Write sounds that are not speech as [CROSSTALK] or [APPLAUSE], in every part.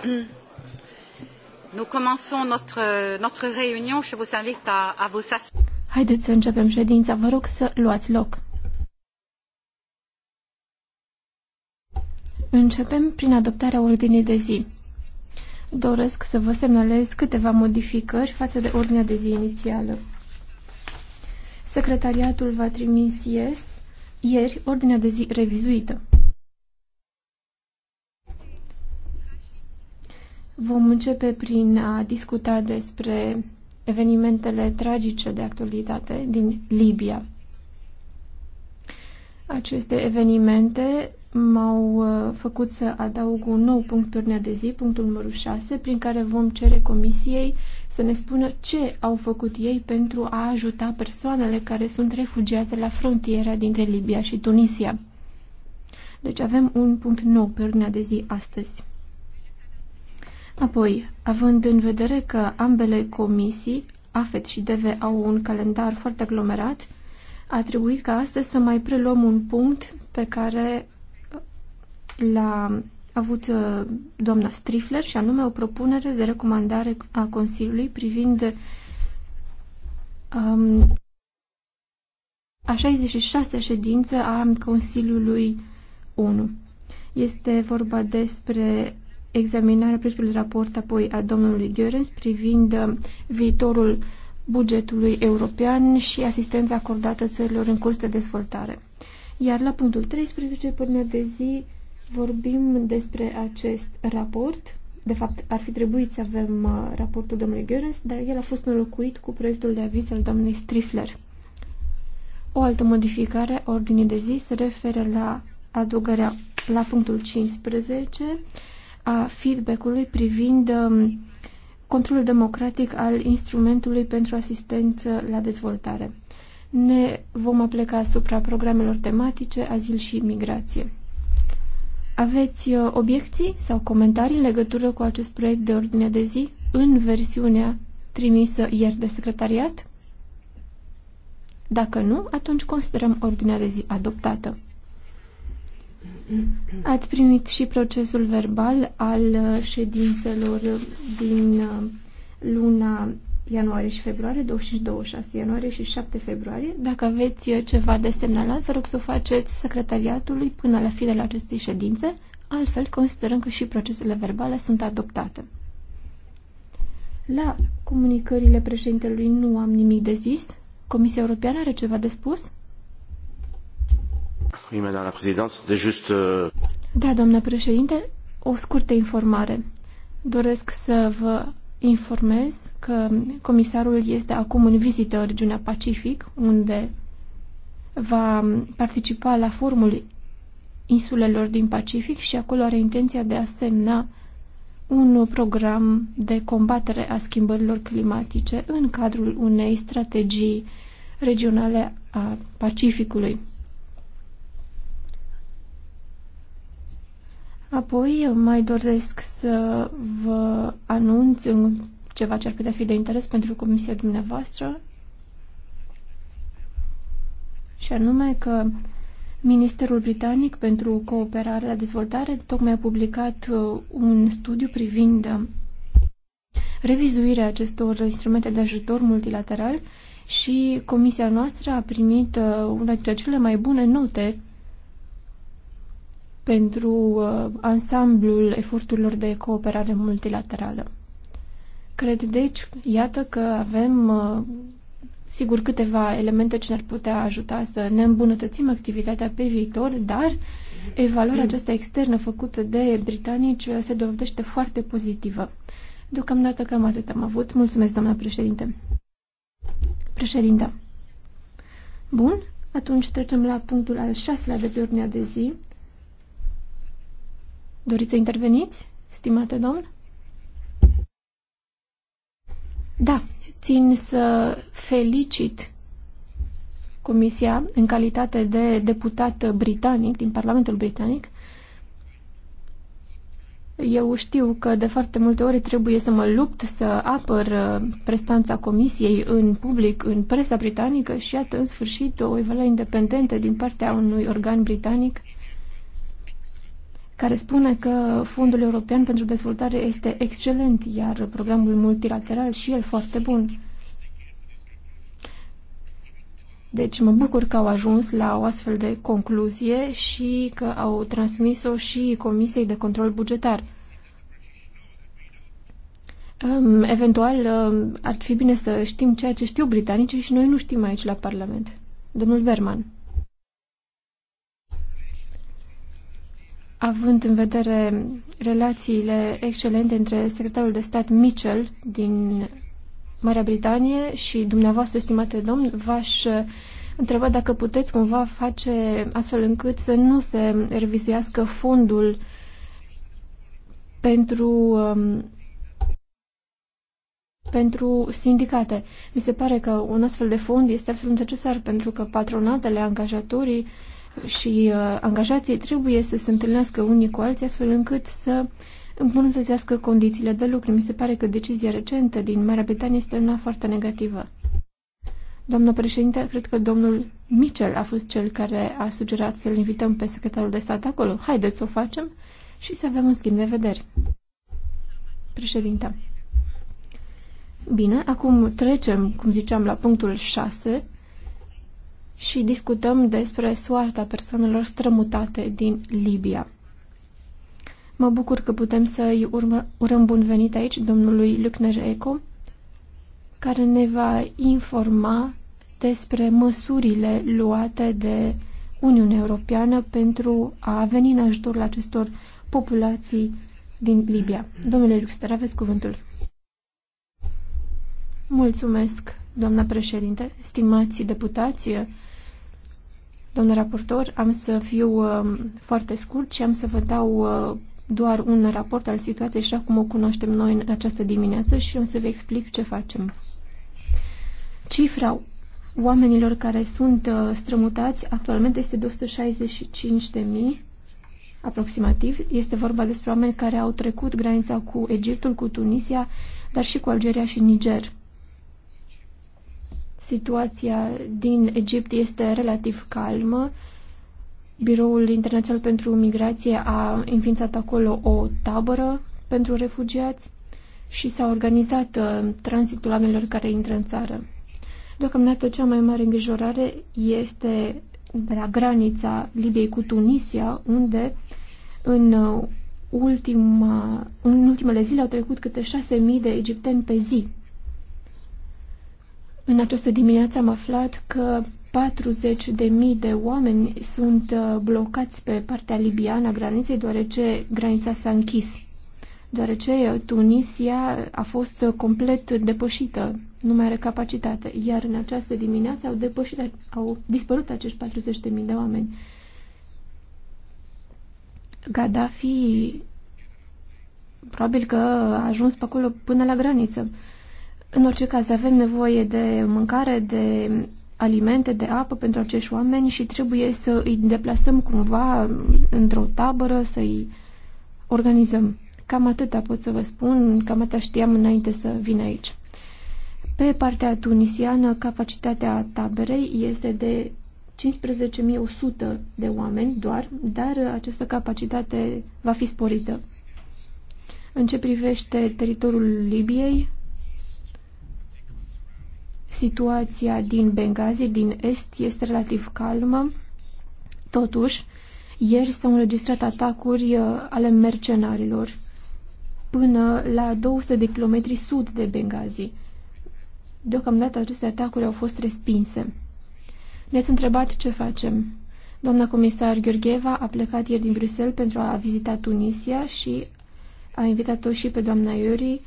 [CLEARS THROAT] Nous commençons notre, notre réunion. Je vous invite à, à vous asseoir. Haideți să începem ședința. Vă rog să luați loc. Începem prin adoptarea ordinii de zi. Doresc să vă semnalez câteva modificări față de ordinea de zi inițială. Secretariatul va trimis ieri ordinea de zi revizuită. Vom începe prin a discuta despre evenimentele tragice de actualitate din Libia. Aceste evenimente m-au uh, făcut să adaug un nou punct pe ordinea de zi, punctul numărul 6, prin care vom cere comisiei să ne spună ce au făcut ei pentru a ajuta persoanele care sunt refugiate la frontiera dintre Libia și Tunisia. Deci avem un punct nou pe ordinea de zi astăzi. Apoi, având în vedere că ambele comisii, AFET și DEVE, au un calendar foarte aglomerat, a trebuit ca astăzi să mai preluăm un punct pe care l-a avut uh, doamna Strifler și anume o propunere de recomandare a Consiliului privind um, a 66-a ședință a Consiliului 1. Este vorba despre examinarea proiectului raport apoi a domnului Görens privind uh, viitorul bugetului european și asistența acordată țărilor în curs de dezvoltare. Iar la punctul 13 până de zi vorbim despre acest raport. De fapt, ar fi trebuit să avem uh, raportul domnului Görens, dar el a fost înlocuit cu proiectul de aviz al domnului Strifler. O altă modificare a ordinii de zi se referă la adugarea la punctul 15 a feedback-ului privind um, controlul democratic al instrumentului pentru asistență la dezvoltare. Ne vom apleca asupra programelor tematice, azil și migrație. Aveți uh, obiecții sau comentarii în legătură cu acest proiect de ordine de zi în versiunea trimisă ieri de secretariat? Dacă nu, atunci considerăm ordinea de zi adoptată. Ați primit și procesul verbal al ședințelor din uh, luna ianuarie și februarie, 25 26 ianuarie și 7 februarie. Dacă aveți uh, ceva de semnalat, vă rog să o faceți secretariatului până la finele acestei ședințe, altfel considerăm că și procesele verbale sunt adoptate. La comunicările președintelui nu am nimic de zis. Comisia Europeană are ceva de spus? Euh, da, președinte, o scurtă informare. Doresc să vă informez că comisarul este acum în vizită în regiunea Pacific, unde va participa la forumul insulelor din Pacific și acolo are intenția de a semna un program de combatere a schimbărilor climatice în cadrul unei strategii regionale a Pacificului. Apoi mai doresc să vă anunț ceva ce ar putea fi de interes pentru comisia dumneavoastră și anume că Ministerul Britanic pentru Cooperare la Dezvoltare tocmai a publicat uh, un studiu privind uh, revizuirea acestor instrumente de ajutor multilateral și comisia noastră a primit uh, una dintre cele mai bune note pentru uh, ansamblul eforturilor de cooperare multilaterală. Cred, deci, iată că avem, uh, sigur, câteva elemente ce ne-ar putea ajuta să ne îmbunătățim activitatea pe viitor, dar evaluarea mm. aceasta externă făcută de britanici se dovedește foarte pozitivă. Deocamdată cam atât am avut. Mulțumesc, doamna președinte. Președinte. Bun, atunci trecem la punctul al șaselea de pe ordinea de zi, Doriți să interveniți, stimate domn? Da, țin să felicit Comisia în calitate de deputat britanic din Parlamentul Britanic. Eu știu că de foarte multe ori trebuie să mă lupt să apăr prestanța Comisiei în public, în presa britanică și iată, în sfârșit, o evaluare independentă din partea unui organ britanic care spune că Fondul European pentru Dezvoltare este excelent, iar programul multilateral și el foarte bun. Deci mă bucur că au ajuns la o astfel de concluzie și că au transmis-o și Comisiei de Control Bugetar. Eventual, ar fi bine să știm ceea ce știu britanicii și noi nu știm aici la Parlament. Domnul Berman. având în vedere relațiile excelente între secretarul de stat Mitchell din Marea Britanie și dumneavoastră, stimate domn, v-aș întreba dacă puteți cumva face astfel încât să nu se revizuiască fondul pentru um, pentru sindicate. Mi se pare că un astfel de fond este absolut necesar pentru că patronatele, angajatorii și uh, angajații trebuie să se întâlnească unii cu alții astfel încât să îmbunătățească condițiile de lucru. Mi se pare că decizia recentă din Marea Britanie este una foarte negativă. Doamnă președinte, cred că domnul Mitchell a fost cel care a sugerat să-l invităm pe secretarul de stat acolo. Haideți să o facem și să avem un schimb de vederi. Președinte. Bine, acum trecem, cum ziceam, la punctul 6 și discutăm despre soarta persoanelor strămutate din Libia. Mă bucur că putem să-i urăm bun venit aici domnului Lucner Eco, care ne va informa despre măsurile luate de Uniunea Europeană pentru a veni în ajutorul acestor populații din Libia. Domnule Lucner, aveți cuvântul. Mulțumesc, doamna președinte, stimați deputați, doamna raportor, am să fiu um, foarte scurt și am să vă dau uh, doar un raport al situației așa cum o cunoaștem noi în această dimineață și o să vă explic ce facem. Cifra oamenilor care sunt uh, strămutați actualmente este de 165.000 aproximativ. Este vorba despre oameni care au trecut granița cu Egiptul, cu Tunisia, dar și cu Algeria și Niger. Situația din Egipt este relativ calmă. Biroul Internațional pentru Migrație a înființat acolo o tabără pentru refugiați și s-a organizat uh, tranzitul oamenilor care intră în țară. Deocamdată cea mai mare îngrijorare este la granița Libiei cu Tunisia, unde în, uh, ultima, în ultimele zile au trecut câte 6.000 de egipteni pe zi în această dimineață am aflat că 40 de mii de oameni sunt uh, blocați pe partea libiană a graniței, deoarece granița s-a închis, deoarece uh, Tunisia a fost uh, complet depășită, nu mai are capacitate, iar în această dimineață au, depășit, au dispărut acești 40 de mii de oameni. Gaddafi probabil că a ajuns pe acolo până la graniță. În orice caz, avem nevoie de mâncare, de alimente, de apă pentru acești oameni și trebuie să îi deplasăm cumva într-o tabără, să îi organizăm. Cam atâta pot să vă spun, cam atâta știam înainte să vin aici. Pe partea tunisiană, capacitatea taberei este de 15.100 de oameni doar, dar această capacitate va fi sporită. În ce privește teritoriul Libiei, Situația din Benghazi, din est, este relativ calmă. Totuși, ieri s-au înregistrat atacuri uh, ale mercenarilor până la 200 de kilometri sud de Benghazi. Deocamdată aceste atacuri au fost respinse. Ne-ați întrebat ce facem. Doamna comisar Gheorgheva a plecat ieri din Bruxelles pentru a vizita Tunisia și a invitat-o și pe doamna Iori,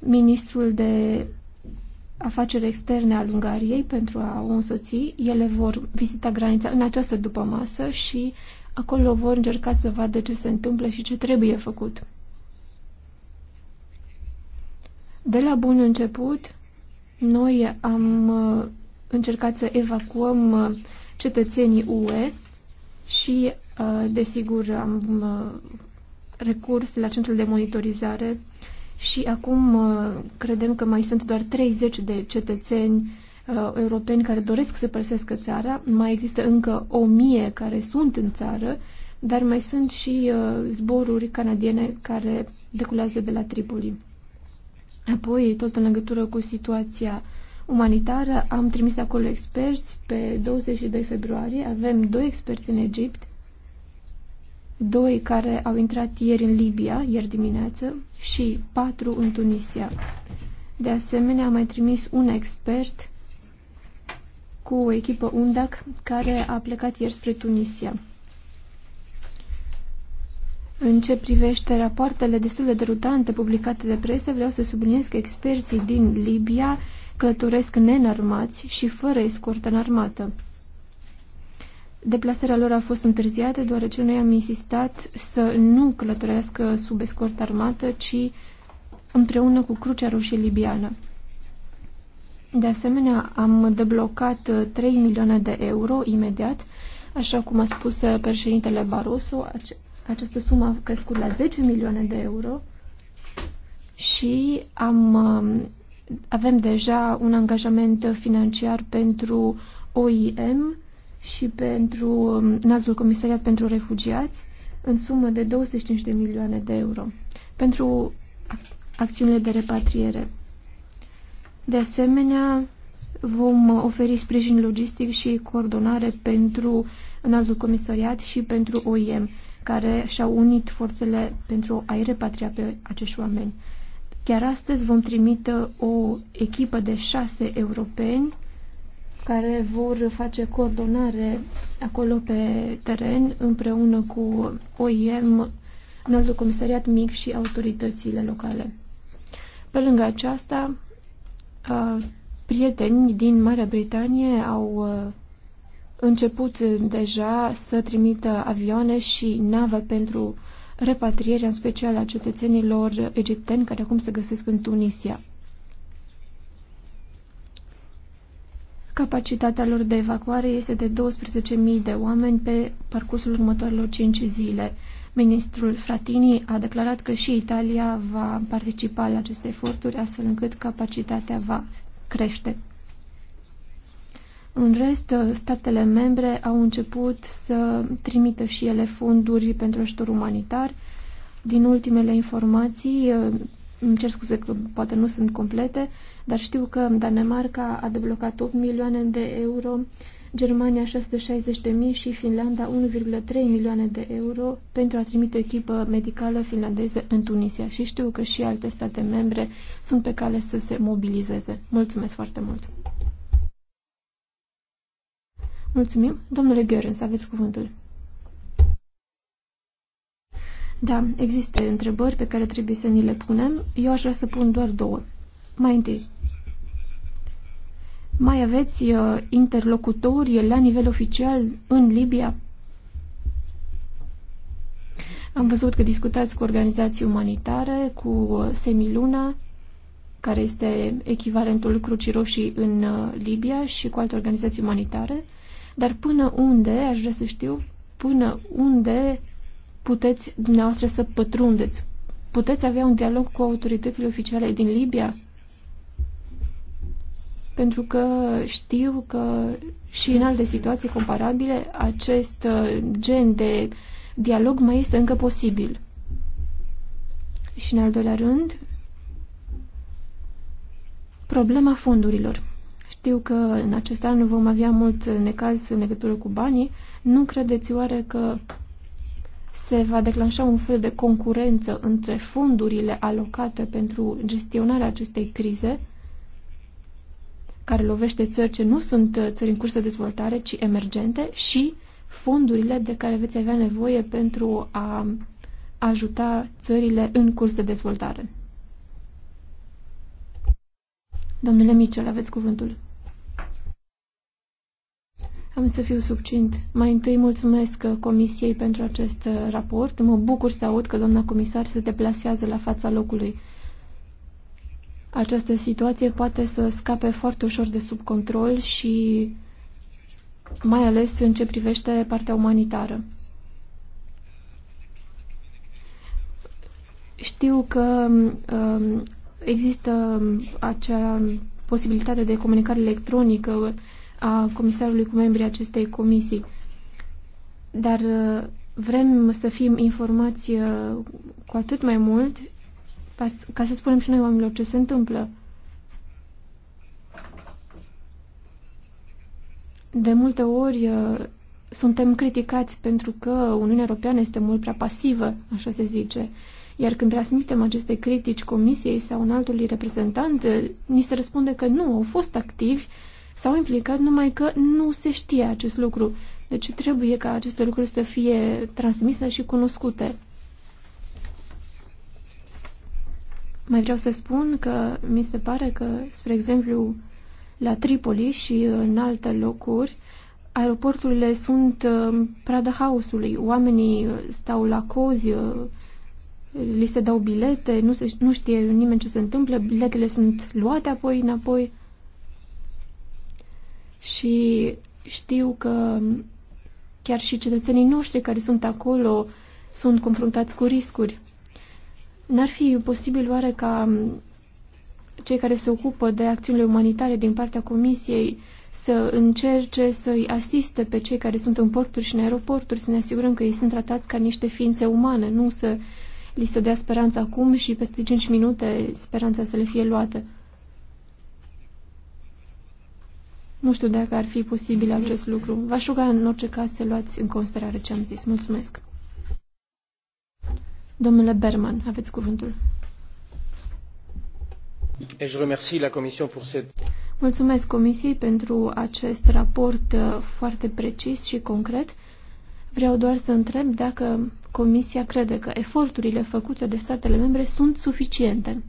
ministrul de afaceri externe al Ungariei pentru a o însoți. Ele vor vizita granița în această dupămasă și acolo vor încerca să vadă ce se întâmplă și ce trebuie făcut. De la bun început, noi am uh, încercat să evacuăm uh, cetățenii UE și, uh, desigur, am recurs la centrul de monitorizare și acum uh, credem că mai sunt doar 30 de cetățeni uh, europeni care doresc să părăsească țara, mai există încă o mie care sunt în țară, dar mai sunt și uh, zboruri canadiene care deculează de la Tripoli. Apoi, tot în legătură cu situația umanitară, am trimis acolo experți pe 22 februarie, avem doi experți în Egipt, doi care au intrat ieri în Libia, ieri dimineață, și patru în Tunisia. De asemenea, am mai trimis un expert cu o echipă UNDAC care a plecat ieri spre Tunisia. În ce privește rapoartele destul de derutante publicate de presă, vreau să subliniez că experții din Libia călătoresc nenarmați și fără escortă în armată. Deplasarea lor a fost întârziată deoarece noi am insistat să nu călătorească sub escort armată, ci împreună cu Crucea Roșie Libiană. De asemenea, am deblocat 3 uh, milioane de euro imediat, așa cum a spus uh, președintele Barroso, această sumă a crescut la 10 milioane de euro și am, um, avem deja un angajament financiar pentru OIM și pentru um, înaltul comisariat pentru refugiați în sumă de 25 de milioane de euro pentru acțiunile de repatriere. De asemenea, vom oferi sprijin logistic și coordonare pentru înaltul comisariat și pentru OIM, care și-au unit forțele pentru a-i repatria pe acești oameni. Chiar astăzi vom trimite o echipă de șase europeni care vor face coordonare acolo pe teren împreună cu OIM, Înaltul Comisariat Mic și autoritățile locale. Pe lângă aceasta, prieteni din Marea Britanie au început deja să trimită avioane și nave pentru repatrierea, în special a cetățenilor egipteni care acum se găsesc în Tunisia. Capacitatea lor de evacuare este de 12.000 de oameni pe parcursul următoarelor 5 zile. Ministrul Fratini a declarat că și Italia va participa la aceste eforturi, astfel încât capacitatea va crește. În rest, statele membre au început să trimită și ele fonduri pentru ajutor umanitar. Din ultimele informații, îmi cer scuze că poate nu sunt complete, dar știu că Danemarca a deblocat 8 milioane de euro, Germania 660.000 și Finlanda 1,3 milioane de euro pentru a trimite o echipă medicală finlandeză în Tunisia și știu că și alte state membre sunt pe cale să se mobilizeze. Mulțumesc foarte mult! Mulțumim. Domnule Gheorens, aveți cuvântul. Da, există întrebări pe care trebuie să ni le punem. Eu aș vrea să pun doar două. Mai întâi, mai aveți uh, interlocutori la nivel oficial în Libia? Am văzut că discutați cu organizații umanitare, cu uh, Semiluna, care este echivalentul Crucii Roșii în uh, Libia și cu alte organizații umanitare. Dar până unde, aș vrea să știu, până unde puteți dumneavoastră să pătrundeți? Puteți avea un dialog cu autoritățile oficiale din Libia? pentru că știu că și în alte situații comparabile acest uh, gen de dialog mai este încă posibil. Și în al doilea rând, problema fondurilor. Știu că în acest an vom avea mult necaz în legătură cu banii. Nu credeți oare că se va declanșa un fel de concurență între fondurile alocate pentru gestionarea acestei crize care lovește țări ce nu sunt uh, țări în curs de dezvoltare, ci emergente și fondurile de care veți avea nevoie pentru a ajuta țările în curs de dezvoltare. Domnule Michel, aveți cuvântul. Am să fiu succint. Mai întâi mulțumesc uh, Comisiei pentru acest uh, raport. Mă bucur să aud că doamna comisar se deplasează la fața locului această situație poate să scape foarte ușor de sub control și mai ales în ce privește partea umanitară. Știu că um, există acea posibilitate de comunicare electronică a comisarului cu membrii acestei comisii, dar uh, vrem să fim informați uh, cu atât mai mult ca, ca să spunem și noi oamenilor ce se întâmplă. De multe ori uh, suntem criticați pentru că Uniunea Europeană este mult prea pasivă, așa se zice. Iar când transmitem aceste critici comisiei sau un altului reprezentant, uh, ni se răspunde că nu, au fost activi, s-au implicat, numai că nu se știe acest lucru. Deci trebuie ca aceste lucruri să fie transmise și cunoscute. Mai vreau să spun că mi se pare că, spre exemplu, la Tripoli și în alte locuri, aeroporturile sunt uh, prada haosului. Oamenii uh, stau la cozi, uh, li se dau bilete, nu, se, nu știe nimeni ce se întâmplă, biletele sunt luate apoi înapoi. Și știu că um, chiar și cetățenii noștri care sunt acolo sunt confruntați cu riscuri. N-ar fi posibil oare ca cei care se ocupă de acțiunile umanitare din partea Comisiei să încerce să-i asiste pe cei care sunt în porturi și în aeroporturi, să ne asigurăm că ei sunt tratați ca niște ființe umane, nu să li se dea speranța acum și peste 5 minute speranța să le fie luată. Nu știu dacă ar fi posibil acest lucru. V-aș ruga în orice caz să luați în considerare ce am zis. Mulțumesc! Domnule Berman, aveți cuvântul. Mulțumesc Comisiei pentru acest raport uh, foarte precis și concret. Vreau doar să întreb dacă Comisia crede că eforturile făcute de statele membre sunt suficiente.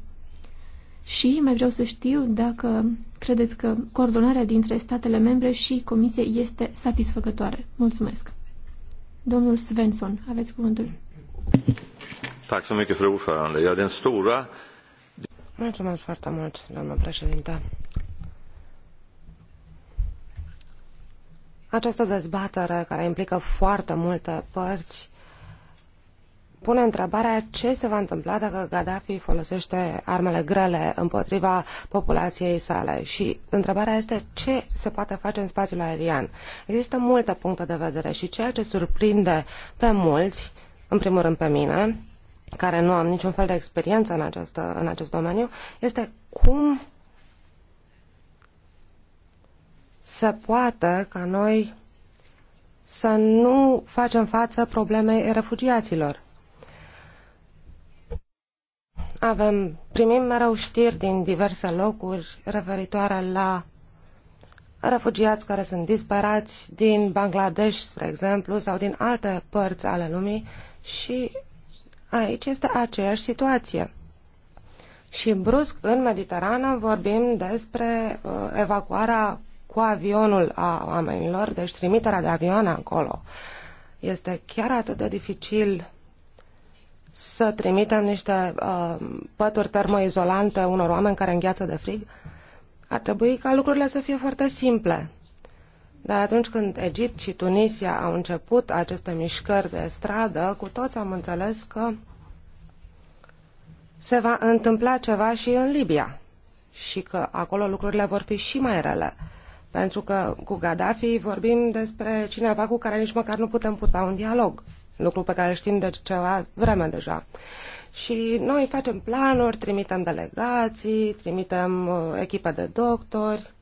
Și mai vreau să știu dacă credeți că coordonarea dintre statele membre și Comisie este satisfăcătoare. Mulțumesc. Domnul Svensson, aveți cuvântul. Mulțumesc foarte mult, doamnă președinte. Această dezbatere, care implică foarte multe părți, pune întrebarea ce se va întâmpla dacă Gaddafi folosește armele grele împotriva populației sale și întrebarea este ce se poate face în spațiul aerian. Există multe puncte de vedere și ceea ce surprinde pe mulți, în primul rând pe mine, care nu am niciun fel de experiență în, această, în acest domeniu, este cum se poate ca noi să nu facem față problemei refugiaților. Avem, primim mereu știri din diverse locuri referitoare la refugiați care sunt disperați din Bangladesh, spre exemplu, sau din alte părți ale lumii și Aici este aceeași situație. Și brusc, în Mediterană, vorbim despre uh, evacuarea cu avionul a oamenilor, deci trimiterea de avioane acolo. Este chiar atât de dificil să trimitem niște uh, pături termoizolante unor oameni care îngheață de frig? Ar trebui ca lucrurile să fie foarte simple. Dar atunci când Egipt și Tunisia au început aceste mișcări de stradă, cu toți am înțeles că se va întâmpla ceva și în Libia și că acolo lucrurile vor fi și mai rele. Pentru că cu Gaddafi vorbim despre cineva cu care nici măcar nu putem purta un dialog, lucru pe care știm de ceva vreme deja. Și noi facem planuri, trimitem delegații, trimitem uh, echipe de doctori,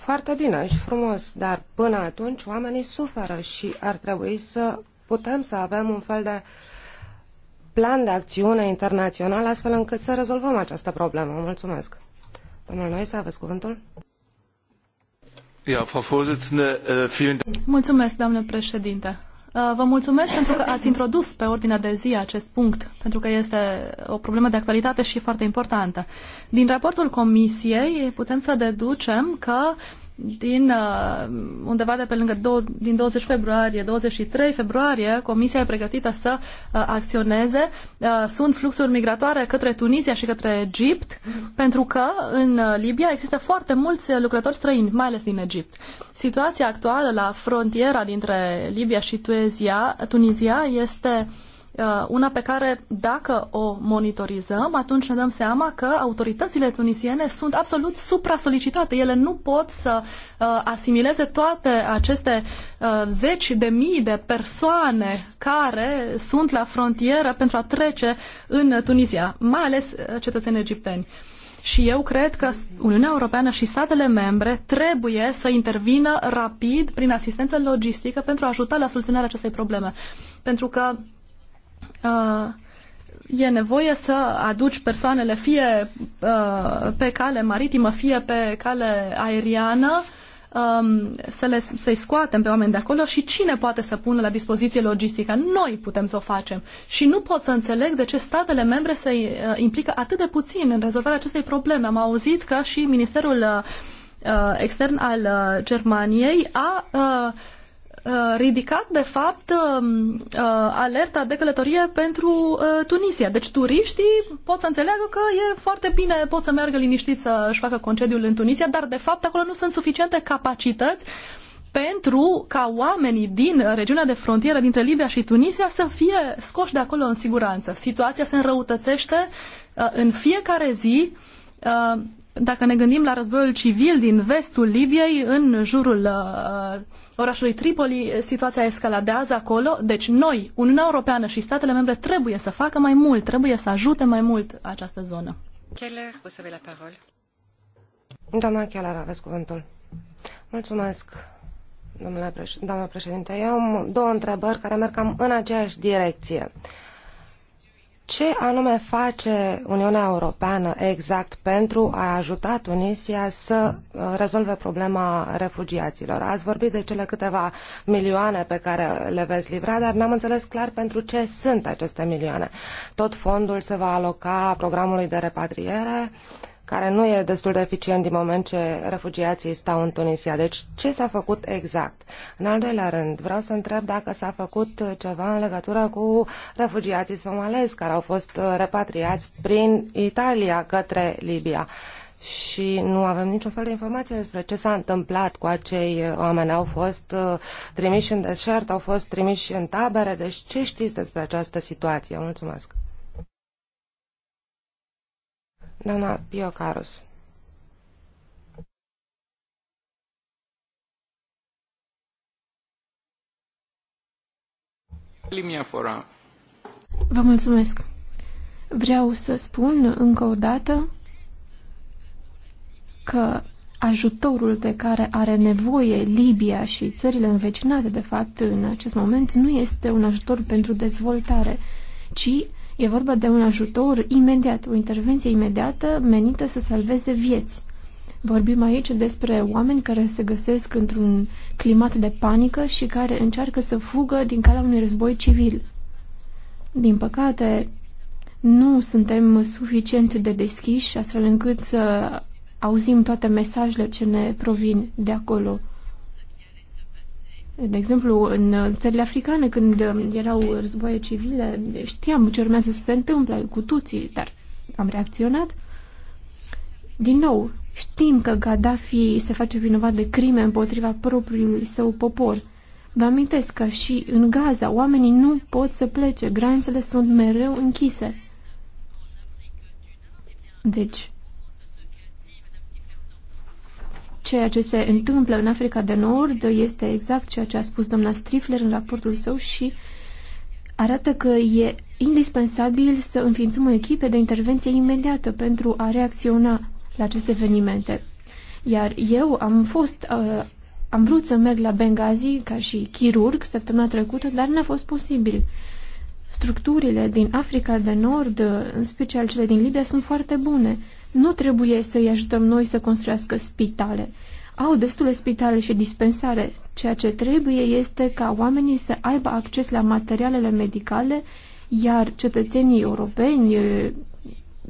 foarte bine și frumos, dar până atunci oamenii suferă și ar trebui să putem să avem un fel de plan de acțiune internațional astfel încât să rezolvăm această problemă. Mulțumesc. Domnul să aveți cuvântul? Äh, Mulțumesc, doamnă președinte. Uh, vă mulțumesc pentru că ați introdus pe ordinea de zi acest punct, pentru că este o problemă de actualitate și foarte importantă. Din raportul Comisiei putem să deducem că uh, din uh, undeva de pe lângă din 20 februarie, 23 februarie, Comisia e pregătită să uh, acționeze. Uh, sunt fluxuri migratoare către Tunisia și către Egipt, pentru că în Libia există foarte mulți lucrători străini, mai ales din Egipt. Situația actuală la frontiera dintre Libia și Tunisia este Uh, una pe care, dacă o monitorizăm, atunci ne dăm seama că autoritățile tunisiene sunt absolut supra-solicitate. Ele nu pot să uh, asimileze toate aceste uh, zeci de mii de persoane care sunt la frontieră pentru a trece în Tunisia, mai ales cetățeni egipteni. Și eu cred că Uniunea Europeană și statele membre trebuie să intervină rapid prin asistență logistică pentru a ajuta la soluționarea acestei probleme. Pentru că Uh, e nevoie să aduci persoanele fie uh, pe cale maritimă, fie pe cale aeriană, um, să le, să-i scoatem pe oameni de acolo și cine poate să pună la dispoziție logistica? Noi putem să o facem. Și nu pot să înțeleg de ce statele membre se uh, implică atât de puțin în rezolvarea acestei probleme. Am auzit că și Ministerul Extern al Germaniei a Uh, ridicat, de fapt, um, uh, alerta de călătorie pentru uh, Tunisia. Deci turiștii pot să înțeleagă că e foarte bine, pot să meargă liniștit să-și facă concediul în Tunisia, dar, de fapt, acolo nu sunt suficiente capacități pentru ca oamenii din regiunea de frontieră dintre Libia și Tunisia să fie scoși de acolo în siguranță. Situația se înrăutățește în fiecare zi dacă ne gândim la războiul civil din vestul Libiei, în jurul orașului Tripoli, situația escaladează acolo, deci noi, Uniunea Europeană și statele membre trebuie să facă mai mult, trebuie să ajute mai mult această zonă. Keller, vă să la parol. Doamna Keller, aveți cuvântul. Mulțumesc, domnule doamna președinte. Eu am două întrebări care merg cam în aceeași direcție. Uh, ce anume face Uniunea Europeană exact pentru a ajuta Tunisia să uh, rezolve problema refugiaților? Ați vorbit de cele câteva milioane pe care le veți livra, dar n-am înțeles clar pentru ce sunt aceste milioane. Tot fondul se va aloca programului de repatriere care nu e destul de eficient din moment ce refugiații stau în Tunisia. Deci ce s-a făcut exact? În al doilea rând, vreau să întreb dacă s-a făcut ceva în legătură cu refugiații somalezi care au fost repatriați prin Italia către Libia și nu avem niciun fel de informație despre ce s-a întâmplat cu acei oameni. Au fost uh, trimiși în deșert, au fost trimiși în tabere, deci ce știți despre această situație? Mulțumesc! Doamna Biocarus. Vă mulțumesc. Vreau să spun încă o dată că ajutorul de care are nevoie Libia și țările învecinate, de fapt, în acest moment, nu este un ajutor pentru dezvoltare, ci E vorba de un ajutor imediat, o intervenție imediată menită să salveze vieți. Vorbim aici despre oameni care se găsesc într-un climat de panică și care încearcă să fugă din calea unui război civil. Din păcate, nu suntem suficient de deschiși astfel încât să auzim toate mesajele ce ne provin de acolo. De exemplu, în țările africane, când erau războaie civile, știam ce urmează să se întâmple cu toții, dar am reacționat. Din nou, știm că Gaddafi se face vinovat de crime împotriva propriului său popor. Vă amintesc că și în Gaza oamenii nu pot să plece, granițele sunt mereu închise. Deci, Ceea ce se întâmplă în Africa de Nord este exact ceea ce a spus doamna Strifler în raportul său și arată că e indispensabil să înființăm o echipă de intervenție imediată pentru a reacționa la aceste evenimente. Iar eu am fost, uh, am vrut să merg la Benghazi ca și chirurg săptămâna trecută, dar n-a fost posibil. Structurile din Africa de Nord, în special cele din Libia, sunt foarte bune nu trebuie să-i ajutăm noi să construiască spitale. Au destule spitale și dispensare. Ceea ce trebuie este ca oamenii să aibă acces la materialele medicale, iar cetățenii europeni,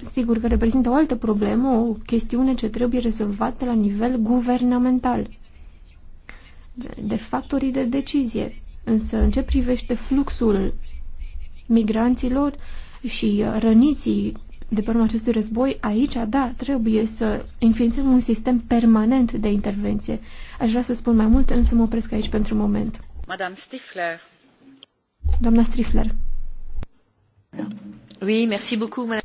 sigur că reprezintă o altă problemă, o chestiune ce trebuie rezolvată la nivel guvernamental, de factorii de decizie. Însă, în ce privește fluxul migranților și răniții de pe urma acestui război, aici, da, trebuie să înființăm un sistem permanent de intervenție. Aș vrea să spun mai mult, însă mă opresc aici pentru moment. Madame Stifler. Doamna Strifler. Oui, merci beaucoup, madame.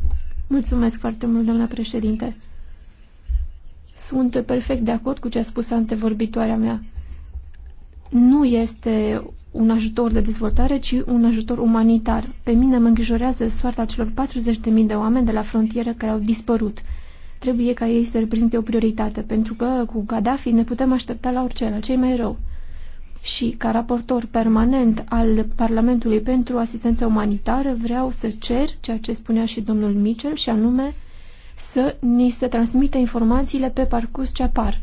Mulțumesc foarte mult, doamna președinte. Sunt perfect de acord cu ce a spus antevorbitoarea mea. Nu este un ajutor de dezvoltare, ci un ajutor umanitar. Pe mine mă îngrijorează soarta celor 40.000 de oameni de la frontieră care au dispărut. Trebuie ca ei să reprezinte o prioritate, pentru că cu Gaddafi ne putem aștepta la orice, la cei mai rău. Și ca raportor permanent al Parlamentului pentru asistență umanitară vreau să cer ceea ce spunea și domnul Mitchell și anume să ni se transmită informațiile pe parcurs ce apar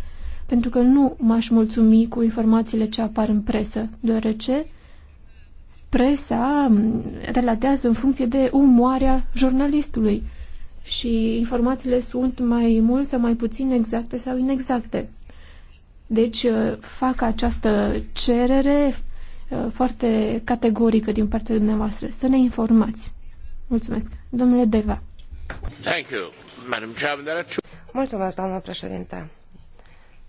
pentru că nu m-aș mulțumi cu informațiile ce apar în presă, deoarece presa relatează în funcție de umoarea jurnalistului și informațiile sunt mai mult sau mai puțin exacte sau inexacte. Deci uh, fac această cerere uh, foarte categorică din partea dumneavoastră să ne informați. Mulțumesc. Domnule Deva. Thank you, Mulțumesc, doamnă președinte.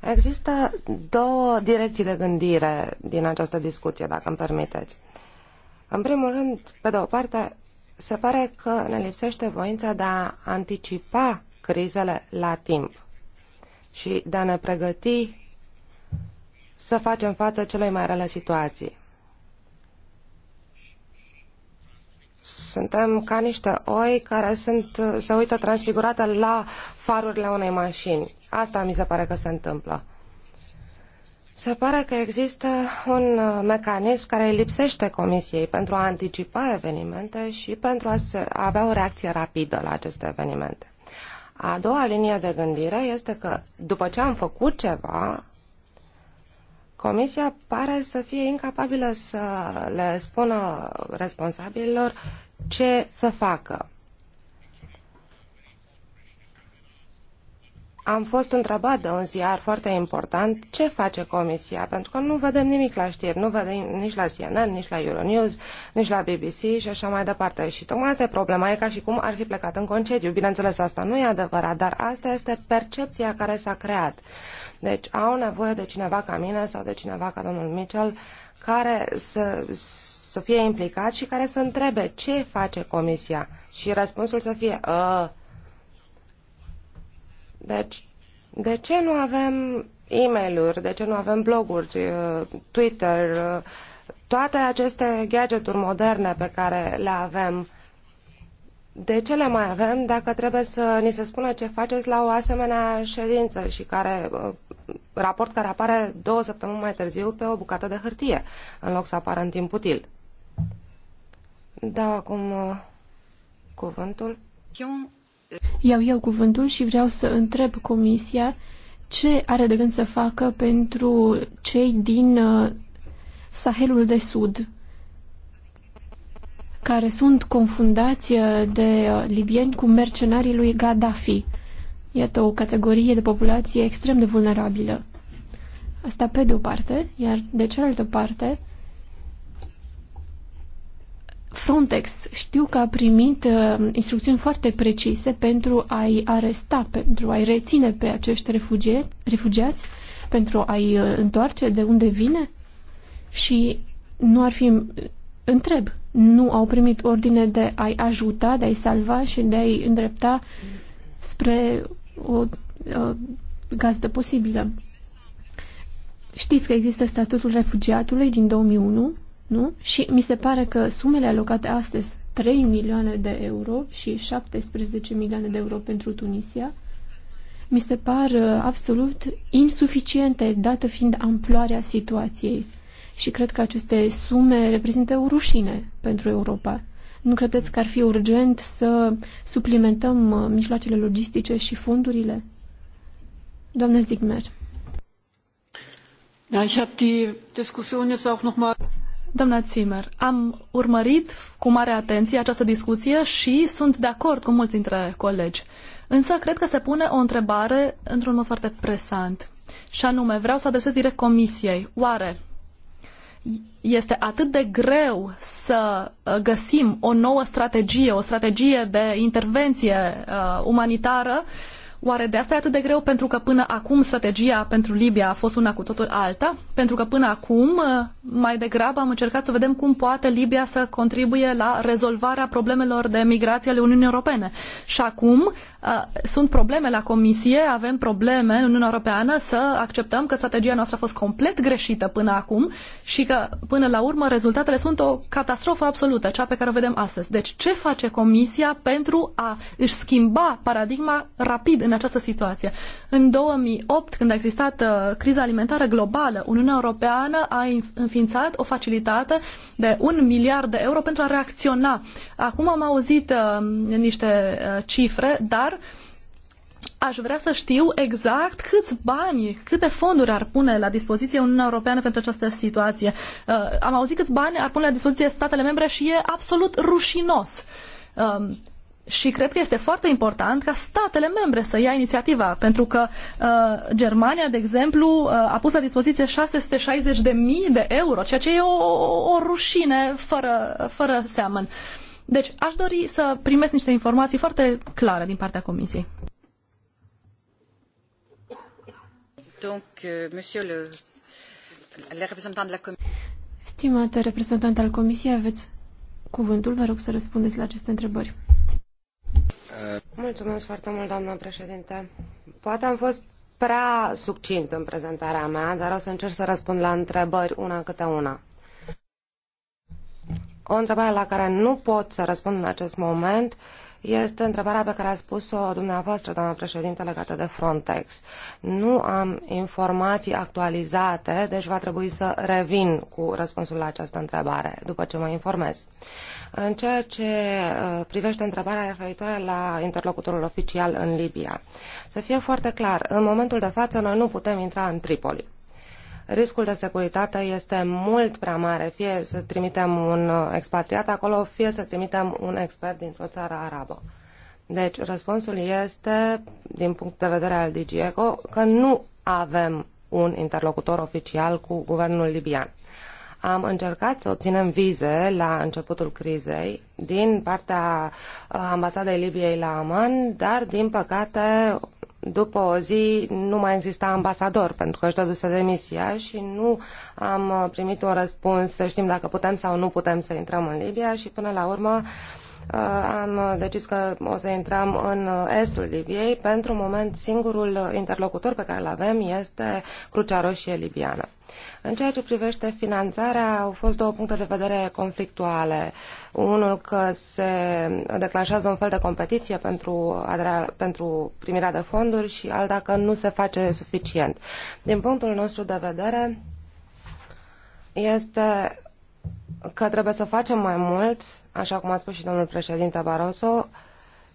Există două direcții de gândire din această discuție, dacă îmi permiteți. În primul rând, pe de o parte, se pare că ne lipsește voința de a anticipa crizele la timp și de a ne pregăti să facem față celei mai rele situații. Suntem ca niște oi care sunt, se uită transfigurate la farurile unei mașini. Asta mi se pare că se întâmplă. Se pare că există un uh, mecanism care îi lipsește Comisiei pentru a anticipa evenimente și pentru a avea o reacție rapidă la aceste evenimente. A doua linie de gândire este că după ce am făcut ceva, Comisia pare să fie incapabilă să le spună responsabililor ce să facă. am fost întrebat de un ziar foarte important ce face Comisia, pentru că nu vedem nimic la știri, nu vedem nici la CNN, nici la Euronews, nici la BBC și așa mai departe. Și tocmai asta e problema, e ca și cum ar fi plecat în concediu. Bineînțeles, asta nu e adevărat, dar asta este percepția care s-a creat. Deci au nevoie de cineva ca mine sau de cineva ca domnul Mitchell care să, să fie implicat și care să întrebe ce face Comisia. Și răspunsul să fie, uh, deci, de ce nu avem e mail de ce nu avem bloguri, uh, Twitter, uh, toate aceste gadgeturi moderne pe care le avem? De ce le mai avem dacă trebuie să ni se spună ce faceți la o asemenea ședință și care, uh, raport care apare două săptămâni mai târziu pe o bucată de hârtie, în loc să apară în timp util? Dau acum cuvântul. Eu Iau eu cuvântul și vreau să întreb Comisia ce are de gând să facă pentru cei din uh, Sahelul de Sud care sunt confundați uh, de uh, libieni cu mercenarii lui Gaddafi. Iată o categorie de populație extrem de vulnerabilă. Asta pe de o parte, iar de cealaltă parte, Frontex știu că a primit uh, instrucțiuni foarte precise pentru a-i aresta, pentru a-i reține pe acești refugie, refugiați, pentru a-i uh, întoarce de unde vine? Și nu ar fi... Întreb, nu au primit ordine de a-i ajuta, de a-i salva și de a-i îndrepta spre o uh, gazdă posibilă? Știți că există statutul refugiatului din 2001 nu? Și mi se pare că sumele alocate astăzi, 3 milioane de euro și 17 milioane de euro pentru Tunisia, mi se par uh, absolut insuficiente, dată fiind amploarea situației. Și cred că aceste sume reprezintă o rușine pentru Europa. Nu credeți că ar fi urgent să suplimentăm uh, mijloacele logistice și fondurile? Doamne Zigmer. Ja, ich habe die Diskussion jetzt auch noch mal Doamna Zimmer, am urmărit cu mare atenție această discuție și sunt de acord cu mulți dintre colegi. Însă cred că se pune o întrebare într-un mod foarte presant. Și anume, vreau să adresez direct comisiei. Oare este atât de greu să uh, găsim o nouă strategie, o strategie de intervenție uh, umanitară uh, Oare de asta e atât de greu pentru că până acum strategia pentru Libia a fost una cu totul alta? Pentru că până acum uh, mai degrabă am încercat să vedem cum poate Libia să contribuie la rezolvarea problemelor de migrație ale Uniunii Europene. Și acum uh, sunt probleme la Comisie, avem probleme în Uniunea Europeană să acceptăm că strategia noastră a fost complet greșită până acum și că până la urmă rezultatele sunt o catastrofă absolută, cea pe care o vedem astăzi. Deci ce face Comisia pentru a își schimba paradigma rapid în în această situație. În 2008, când a existat uh, criza alimentară globală, Uniunea Europeană a înființat o facilitate de un miliard de euro pentru a reacționa. Acum am auzit uh, niște uh, cifre, dar aș vrea să știu exact câți bani, câte fonduri ar pune la dispoziție Uniunea Europeană pentru această situație. Uh, am auzit câți bani ar pune la dispoziție statele membre și e absolut rușinos. Uh, și cred că este foarte important ca statele membre să ia inițiativa, pentru că uh, Germania, de exemplu, uh, a pus la dispoziție 660.000 de euro, ceea ce e o, o rușine fără, fără seamăn. Deci aș dori să primesc niște informații foarte clare din partea Comisiei. Donc, euh, monsieur le, le reprezentant de la Comisie. Stimate reprezentant al Comisiei, aveți cuvântul, vă rog să răspundeți la aceste întrebări. Mulțumesc foarte mult, doamna președinte. Poate am fost prea succint în prezentarea mea, dar o să încerc să răspund la întrebări una câte una. O întrebare la care nu pot să răspund în acest moment este întrebarea pe care a spus-o dumneavoastră, doamnă președinte, legată de Frontex. Nu am informații actualizate, deci va trebui să revin cu răspunsul la această întrebare după ce mă informez. În ceea ce uh, privește întrebarea referitoare la interlocutorul oficial în Libia, să fie foarte clar, în momentul de față noi nu putem intra în Tripoli riscul de securitate este mult prea mare, fie să trimitem un uh, expatriat acolo, fie să trimitem un expert dintr-o țară arabă. Deci, răspunsul este, din punct de vedere al DGECO, că nu avem un interlocutor oficial cu guvernul libian. Am încercat să obținem vize la începutul crizei din partea uh, ambasadei Libiei la Aman, dar din păcate după o zi nu mai exista ambasador pentru că își dăduse demisia și nu am primit un răspuns să știm dacă putem sau nu putem să intrăm în Libia și până la urmă uh, Uh, am decis că o să intrăm în uh, estul Libiei. Pentru moment, singurul uh, interlocutor pe care îl avem este Crucea Roșie Libiană. În ceea ce privește finanțarea, au fost două puncte de vedere conflictuale. Unul că se declanșează un fel de competiție pentru, aderea, pentru primirea de fonduri și al dacă nu se face suficient. Din punctul nostru de vedere, este că trebuie să facem mai mult, așa cum a spus și domnul președinte Barroso,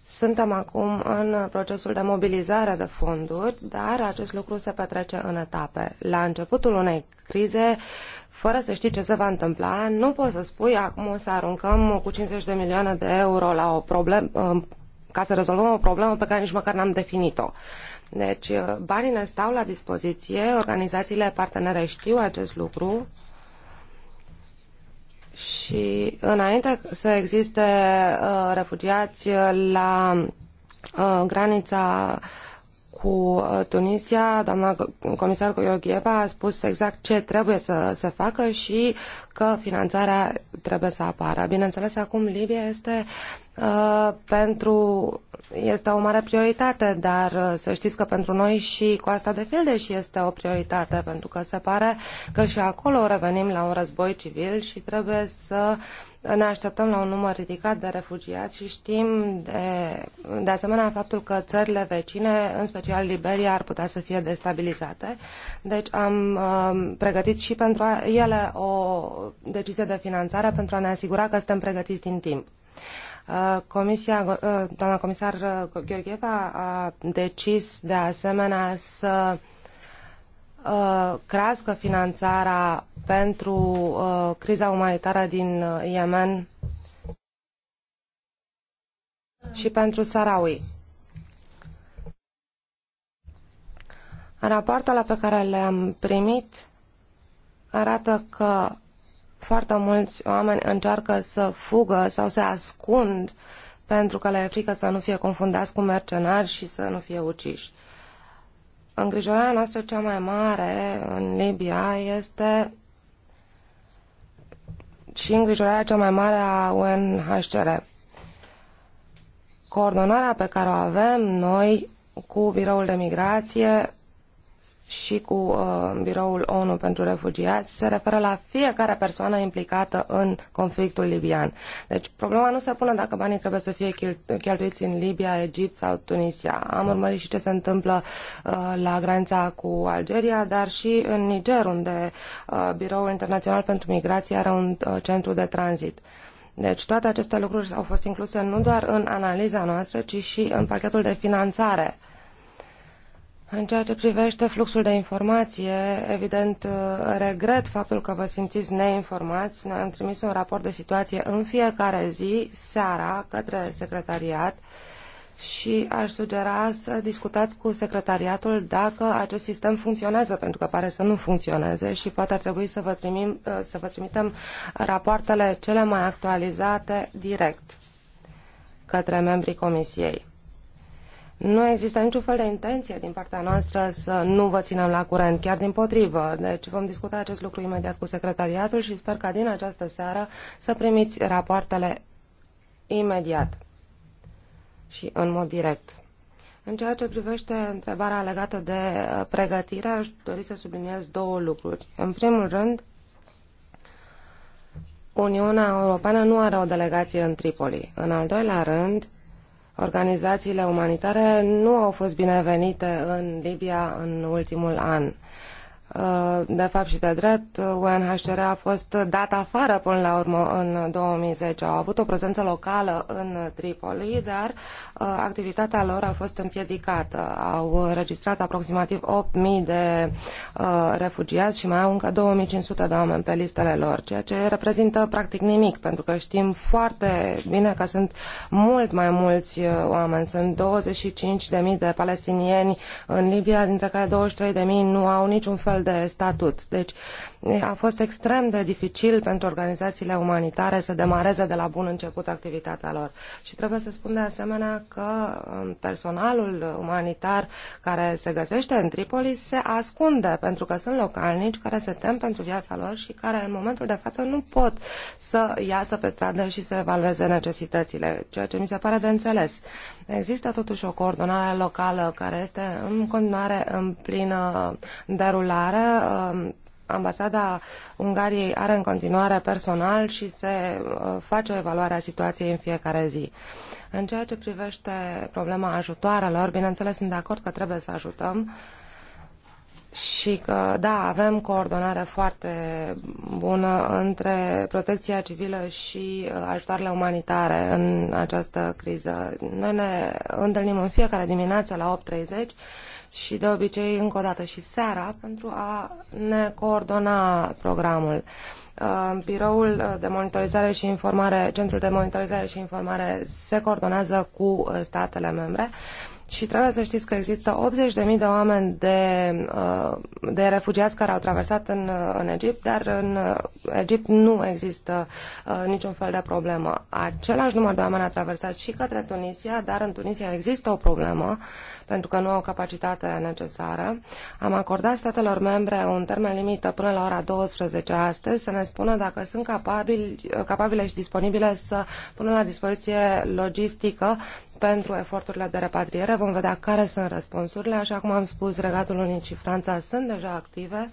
suntem acum în procesul de mobilizare de fonduri, dar acest lucru se petrece în etape. La începutul unei crize, fără să știi ce se va întâmpla, nu poți să spui acum o să aruncăm cu 50 de milioane de euro la o problemă, um, ca să rezolvăm o problemă pe care nici măcar n-am definit-o. Deci, banii ne stau la dispoziție, organizațiile partenere știu acest lucru, și înainte să existe uh, refugiați la uh, granița cu uh, Tunisia, doamna comisar Gheorgheva a spus exact ce trebuie să se facă și că finanțarea trebuie să apară. Bineînțeles, acum Libia este Uh, pentru este o mare prioritate, dar uh, să știți că pentru noi și Coasta de Fildeș este o prioritate, pentru că se pare că și acolo revenim la un război civil și trebuie să ne așteptăm la un număr ridicat de refugiați și știm de, de asemenea faptul că țările vecine, în special Liberia, ar putea să fie destabilizate. Deci am um, pregătit și pentru ele o decizie de finanțare pentru a ne asigura că suntem pregătiți din timp. Uh, Uh, comisia, uh, doamna comisar uh, Gheorgheva a decis de asemenea să crească finanțarea pentru criza umanitară din Yemen și pentru Sarawi. Rapoartele pe care le-am primit arată că foarte mulți oameni încearcă să fugă sau se ascund pentru că le e frică să nu fie confundați cu mercenari și să nu fie uciși. Îngrijorarea noastră cea mai mare în Libia este și îngrijorarea cea mai mare a UNHCR. Coordonarea pe care o avem noi cu biroul de migrație și cu uh, biroul ONU pentru refugiați se referă la fiecare persoană implicată în conflictul libian. Deci problema nu se pune dacă banii trebuie să fie cheltuiți în Libia, Egipt sau Tunisia. Am da. urmărit și ce se întâmplă uh, la granița cu Algeria, dar și în Niger, unde uh, biroul internațional pentru migrație are un uh, centru de tranzit. Deci toate aceste lucruri au fost incluse nu doar în analiza noastră, ci și în pachetul de finanțare în ceea ce privește fluxul de informație, evident uh, regret faptul că vă simțiți neinformați. Noi am trimis un raport de situație în fiecare zi, seara, către secretariat și aș sugera să discutați cu secretariatul dacă acest sistem funcționează, pentru că pare să nu funcționeze și poate ar trebui să vă, trimim, uh, să vă trimitem rapoartele cele mai actualizate direct către membrii comisiei. Nu există niciun fel de intenție din partea noastră să nu vă ținem la curent, chiar din potrivă. Deci vom discuta acest lucru imediat cu secretariatul și sper ca din această seară să primiți rapoartele imediat și în mod direct. În ceea ce privește întrebarea legată de uh, pregătire, aș dori să subliniez două lucruri. În primul rând, Uniunea Europeană nu are o delegație în Tripoli. În al doilea rând, Organizațiile umanitare nu au fost binevenite în Libia în ultimul an. Uh, de fapt și de drept, UNHCR uh, a fost dat afară până la urmă în 2010. Au avut o prezență locală în Tripoli, dar uh, activitatea lor a fost împiedicată. Au registrat aproximativ 8.000 de refugiați și mai au încă 2.500 de oameni pe listele lor, ceea ce reprezintă practic nimic, pentru că știm foarte bine că sunt mult mai mulți oameni. Sunt 25.000 de palestinieni în Libia, dintre care 23.000 nu au niciun fel astfel de statut. Deci a fost extrem de dificil pentru organizațiile umanitare să demareze de la bun început activitatea lor. Și trebuie să spun de asemenea că um, personalul umanitar care se găsește în Tripoli se ascunde pentru că sunt localnici care se tem pentru viața lor și care în momentul de față nu pot să iasă pe stradă și să evalueze necesitățile, ceea ce mi se pare de înțeles. Există totuși o coordonare locală care este în continuare în plină derulare um, ambasada Ungariei are în continuare personal și se uh, face o evaluare a situației în fiecare zi. În ceea ce privește problema ajutoarelor, bineînțeles sunt de acord că trebuie să ajutăm și că, da, avem coordonare foarte bună între protecția civilă și uh, ajutoarele umanitare în această criză. Noi ne întâlnim în fiecare dimineață la 8.30 și de obicei încă o dată și seara pentru a ne coordona programul. Uh, biroul uh, de monitorizare și informare, Centrul de monitorizare și informare se coordonează cu uh, statele membre și trebuie să știți că există 80.000 de oameni de, de refugiați care au traversat în, în Egipt, dar în Egipt nu există niciun fel de problemă. Același număr de oameni a traversat și către Tunisia, dar în Tunisia există o problemă pentru că nu au capacitatea necesară. Am acordat statelor membre un termen limită până la ora 12 astăzi să ne spună dacă sunt capabili, capabile și disponibile să pună la dispoziție logistică pentru eforturile de repatriere. Vom vedea care sunt răspunsurile. Așa cum am spus, Regatul unic și Franța sunt deja active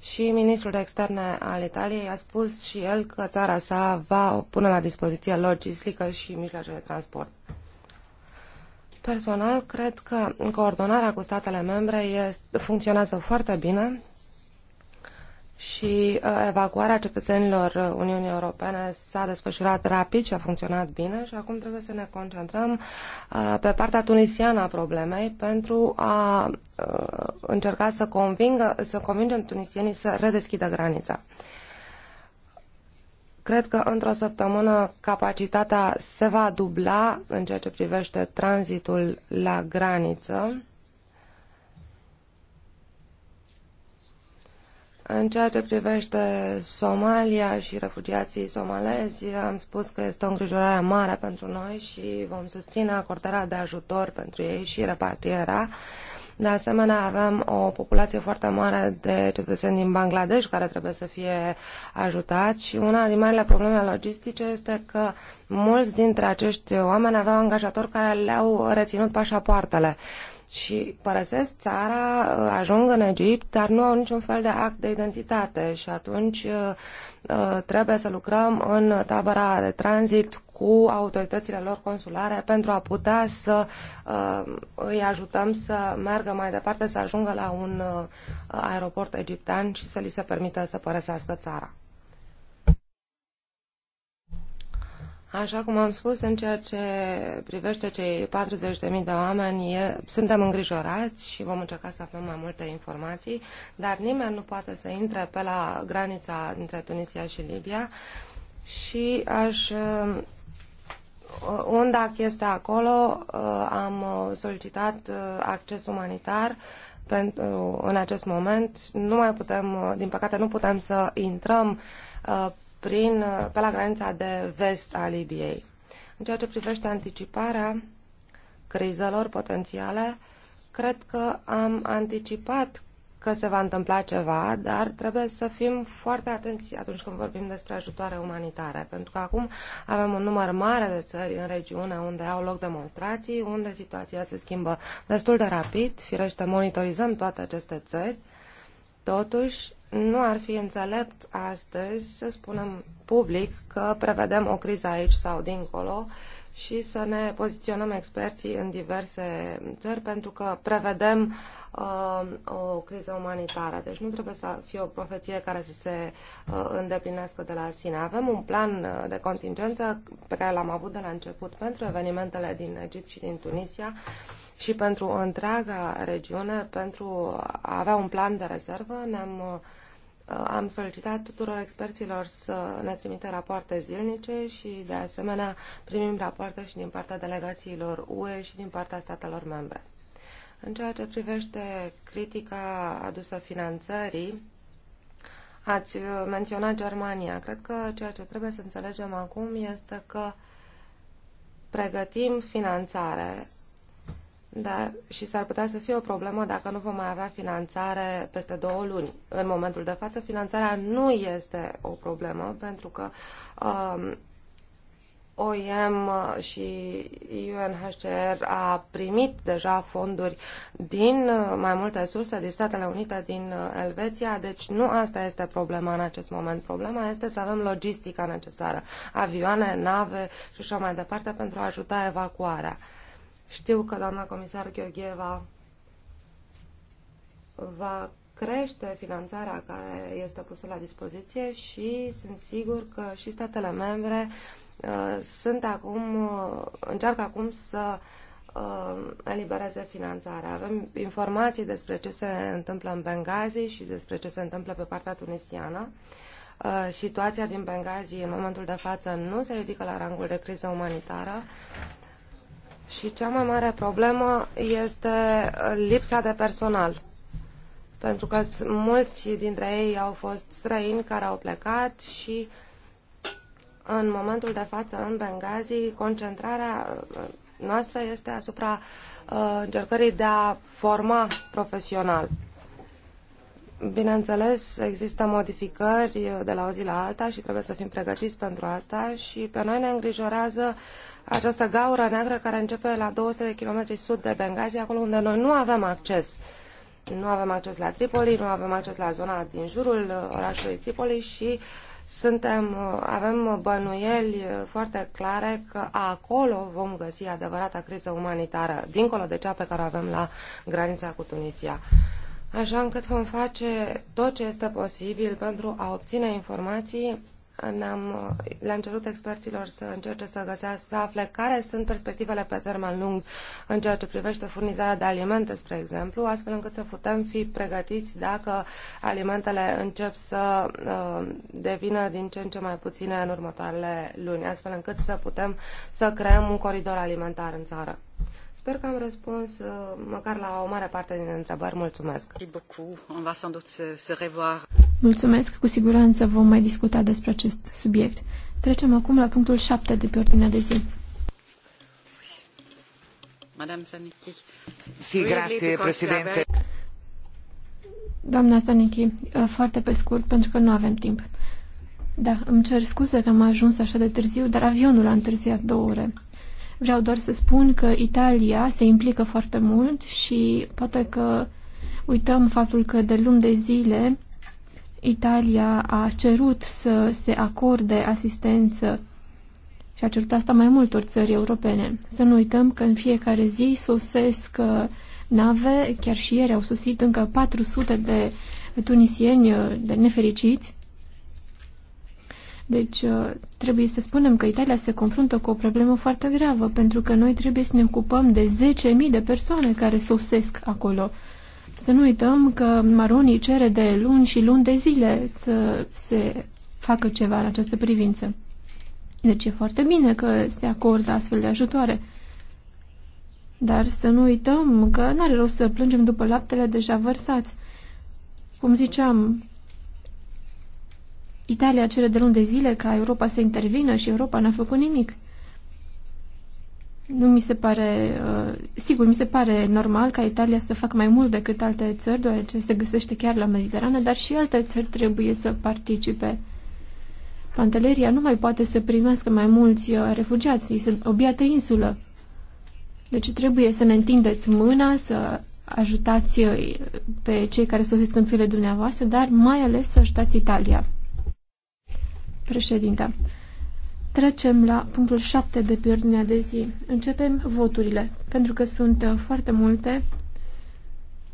și ministrul de externe al Italiei a spus și el că țara sa va pune la dispoziție logistică și mijloace de transport. Personal, cred că coordonarea cu statele membre este, funcționează foarte bine și uh, evacuarea cetățenilor uh, Uniunii Europene s-a desfășurat rapid și a funcționat bine și acum trebuie să ne concentrăm uh, pe partea tunisiană a problemei pentru a încerca să, convingă, să convingem tunisienii să redeschidă granița. Cred că într-o săptămână capacitatea se va dubla în ceea ce privește tranzitul la graniță. În ceea ce privește Somalia și refugiații somalezi, am spus că este o îngrijorare mare pentru noi și vom susține acordarea de ajutor pentru ei și repatrierea de asemenea, avem o populație foarte mare de cetățeni din Bangladesh care trebuie să fie ajutați și una din marile probleme logistice este că mulți dintre acești oameni aveau angajatori care le-au reținut pașapoartele și părăsesc țara, ajung în Egipt, dar nu au niciun fel de act de identitate și atunci uh, trebuie să lucrăm în tabăra de tranzit cu autoritățile lor consulare pentru a putea să uh, îi ajutăm să meargă mai departe, să ajungă la un uh, aeroport egiptean și să li se permită să părăsească țara. Așa cum am spus, în ceea ce privește cei 40.000 de oameni, e, suntem îngrijorați și vom încerca să avem mai multe informații, dar nimeni nu poate să intre pe la granița dintre Tunisia și Libia și aș uh, Uh, UNDAC este acolo, uh, am uh, solicitat acces umanitar pentru, în acest moment. Nu mai putem, din păcate, nu putem să intrăm prin, pe la granița de vest a Libiei. În ceea ce privește anticiparea crizelor potențiale, cred că am anticipat că se va întâmpla ceva, dar trebuie să fim foarte atenți atunci când vorbim despre ajutoare umanitare, pentru că acum avem un număr mare de țări în regiune unde au loc demonstrații, unde situația se schimbă destul de rapid, firește monitorizăm toate aceste țări, totuși nu ar fi înțelept astăzi să spunem public că prevedem o criză aici sau dincolo, uh, și să ne poziționăm experții în diverse țări pentru că prevedem uh, o criză umanitară. Deci nu trebuie să fie o profeție care să se uh, îndeplinească de la sine. Avem un plan uh, de contingență pe care l-am avut de la început pentru evenimentele din Egipt și din Tunisia și pentru întreaga regiune, pentru a avea un plan de rezervă. Ne-am uh, Uh, am solicitat tuturor experților să ne trimite rapoarte zilnice și, de asemenea, primim rapoarte și din partea delegațiilor UE și din partea statelor membre. În ceea ce privește critica adusă finanțării, ați menționat Germania. Cred că ceea ce trebuie să înțelegem acum este că pregătim finanțare da, și s-ar putea să fie o problemă dacă nu vom mai avea finanțare peste două luni. În momentul de față, finanțarea nu este o problemă, pentru că um, OIM și UNHCR a primit deja fonduri din uh, mai multe surse, din Statele Unite, din uh, Elveția, deci nu asta este problema în acest moment. Problema este să avem logistica necesară, avioane, nave și așa mai departe pentru a ajuta evacuarea. Știu că doamna comisar Gheorgheva va crește finanțarea care este pusă la dispoziție și sunt sigur că și statele membre uh, sunt acum, uh, încearcă acum să uh, elibereze finanțarea. Avem informații despre ce se întâmplă în Benghazi și despre ce se întâmplă pe partea tunisiană. Uh, situația din Benghazi în momentul de față nu se ridică la rangul de criză umanitară și cea mai mare problemă este uh, lipsa de personal. Pentru că mulți dintre ei au fost străini care au plecat și în momentul de față în Benghazi concentrarea uh, noastră este asupra uh, încercării de a forma profesional. Bineînțeles, există modificări de la o zi la alta și trebuie să fim pregătiți pentru asta și pe noi ne îngrijorează uh, această gaură neagră care începe la 200 de kilometri sud de Benghazi, acolo unde noi nu avem acces. Nu avem acces la Tripoli, nu avem acces la zona din jurul uh, orașului Tripoli și suntem, uh, avem bănuieli uh, foarte clare că acolo vom găsi adevărata criză umanitară, dincolo de cea pe care o avem la granița cu Tunisia așa încât vom face tot ce este posibil pentru a obține informații ne-am, le-am cerut experților să încerce să găsească, să afle care sunt perspectivele pe termen lung în ceea ce privește furnizarea de alimente, spre exemplu, astfel încât să putem fi pregătiți dacă alimentele încep să uh, devină din ce în ce mai puține în următoarele luni, astfel încât să putem să creăm un coridor alimentar în țară. Sper că am răspuns uh, măcar la o mare parte din întrebări. Mulțumesc! Mulțumesc! Cu siguranță vom mai discuta despre acest subiect. Trecem acum la punctul 7 de pe ordinea de zi. Si, grazie, Doamna Stanichi, uh, foarte pe scurt, pentru că nu avem timp. Da, îmi cer scuze că am ajuns așa de târziu, dar avionul a întârziat două ore. Vreau doar să spun că Italia se implică foarte mult și poate că uităm faptul că de luni de zile Italia a cerut să se acorde asistență și a cerut asta mai multor țări europene. Să nu uităm că în fiecare zi sosesc uh, nave, chiar și ieri au sosit încă 400 de tunisieni uh, de nefericiți deci uh, trebuie să spunem că Italia se confruntă cu o problemă foarte gravă, pentru că noi trebuie să ne ocupăm de 10.000 de persoane care sosesc acolo. Să nu uităm că Maroni cere de luni și luni de zile să se facă ceva în această privință. Deci e foarte bine că se acordă astfel de ajutoare. Dar să nu uităm că nu are rost să plângem după laptele deja vărsat. Cum ziceam, Italia cere de luni de zile ca Europa să intervină și Europa n-a făcut nimic. Nu mi se pare, uh, sigur, mi se pare normal ca Italia să facă mai mult decât alte țări, deoarece se găsește chiar la Mediterană, dar și alte țări trebuie să participe. Panteleria nu mai poate să primească mai mulți uh, refugiați, este obiată insulă. Deci trebuie să ne întindeți mâna, să ajutați uh, pe cei care sosesc în țările dumneavoastră, dar mai ales să ajutați Italia. Președinte, trecem la punctul 7 de pe ordinea de zi. Începem voturile. Pentru că sunt uh, foarte multe,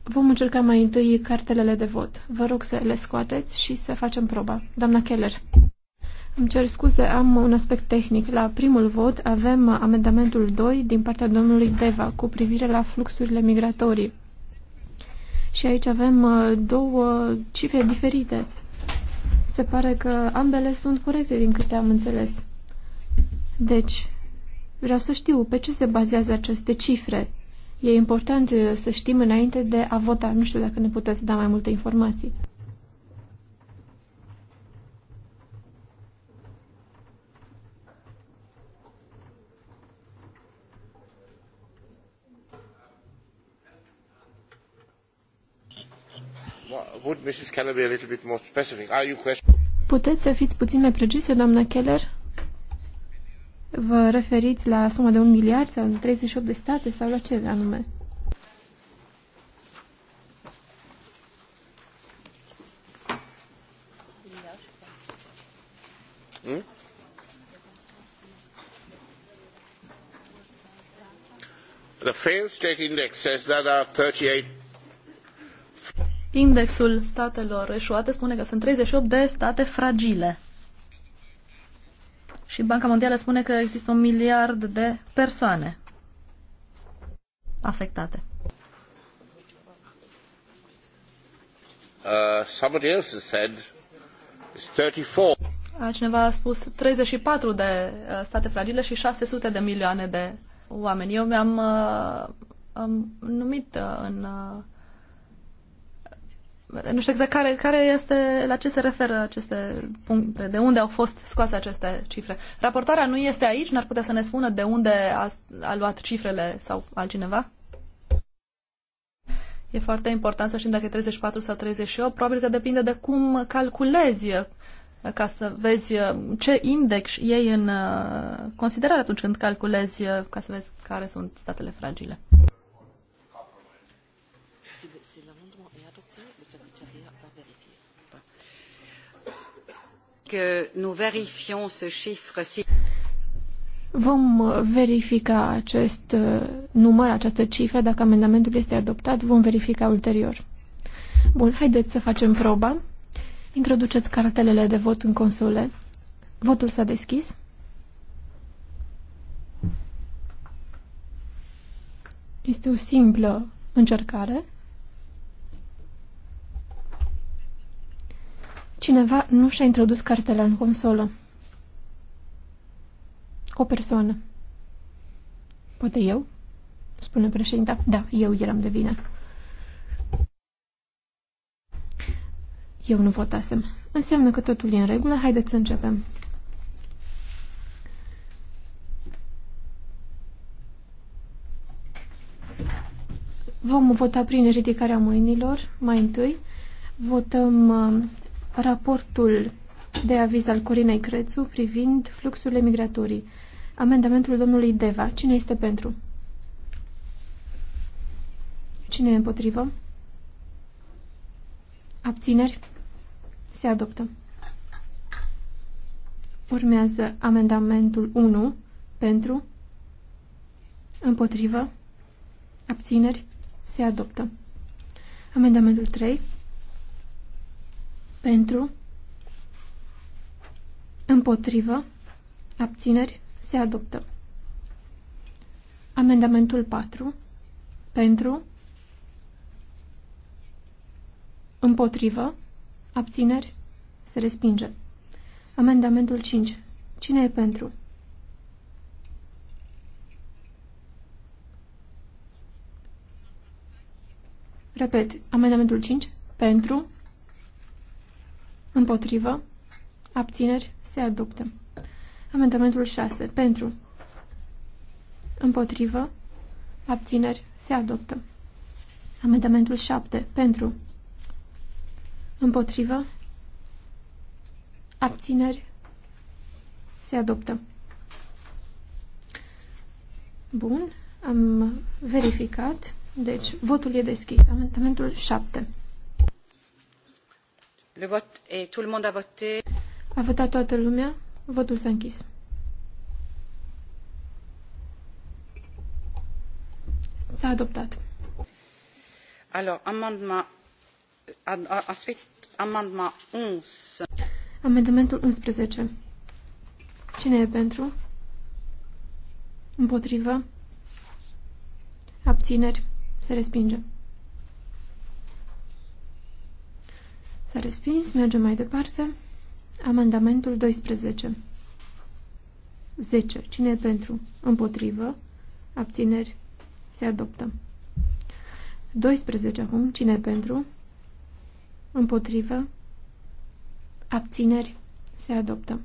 vom încerca mai întâi cartelele de vot. Vă rog să le scoateți și să facem proba. Doamna Keller. Îmi cer scuze, am un aspect tehnic. La primul vot avem uh, amendamentul 2 din partea domnului Deva cu privire la fluxurile migratorii. Și aici avem uh, două cifre diferite. Se pare că ambele sunt corecte din câte am înțeles. Deci, vreau să știu pe ce se bazează aceste cifre. E important să știm înainte de a vota. Nu știu dacă ne puteți da mai multe informații. would Mrs. Keller be a little bit more specific? Are you Puteți să fiți puțin mai precise, doamna Keller? Vă referiți la suma de un miliard sau 38 de state sau la ce anume? Hmm? The failed state index says that there are 38 Indexul statelor eșuate spune că sunt 38 de state fragile. Și Banca Mondială spune că există un miliard de persoane afectate. Uh, somebody else has said it's 34. Cineva a spus 34 de uh, state fragile și 600 de milioane de oameni. Eu mi-am uh, numit uh, în uh, nu știu exact care, care este, la ce se referă aceste puncte, de unde au fost scoase aceste cifre. Raportarea nu este aici, n-ar putea să ne spună de unde a, a luat cifrele sau altcineva? E foarte important să știm dacă e 34 sau 38, probabil că depinde de cum calculezi ca să vezi ce index iei în uh, considerare atunci când calculezi uh, ca să vezi care sunt statele fragile. ce chiffre si... Vom verifica acest uh, număr, această cifră. Dacă amendamentul este adoptat, vom verifica ulterior. Bun, haideți să facem proba. Introduceți cartelele de vot în console. Votul s-a deschis. Este o simplă încercare. Cineva nu și-a introdus cartela în consolă. O persoană. Poate eu? Spune președinta. Da, eu eram de vină. Eu nu votasem. Înseamnă că totul e în regulă. Haideți să începem. Vom vota prin ridicarea mâinilor mai întâi. Votăm uh, raportul de aviz al Corinei Crețu privind fluxurile migratorii. Amendamentul domnului Deva. Cine este pentru? Cine e împotrivă? Abțineri? Se adoptă. Urmează amendamentul 1 pentru, împotrivă, abțineri, se adoptă. Amendamentul 3 pentru, împotrivă, abțineri, se adoptă. Amendamentul 4, pentru, împotrivă, abțineri, se respinge. Amendamentul 5. Cine e pentru? Repet, amendamentul 5. Pentru, Împotrivă. Abțineri. Se adoptă. Amendamentul 6. Pentru. Împotrivă. Abțineri. Se adoptă. Amendamentul 7. Pentru. Împotrivă. Abțineri. Se adoptă. Bun. Am verificat. Deci, votul e deschis. Amendamentul 7. Le vot est, tout le monde a voté. A votat toată lumea. Votul s-a închis. S-a adoptat. Alors, amendement, ensuite, amendement 11. Amendamentul 11. Cine e pentru? Împotrivă? Abțineri? Se respinge. S-a respins. Mergem mai departe. Amendamentul 12. 10. Cine e pentru? Împotrivă. Abțineri. Se adoptă. 12 acum. Cine e pentru? Împotrivă. Abțineri. Se adoptă.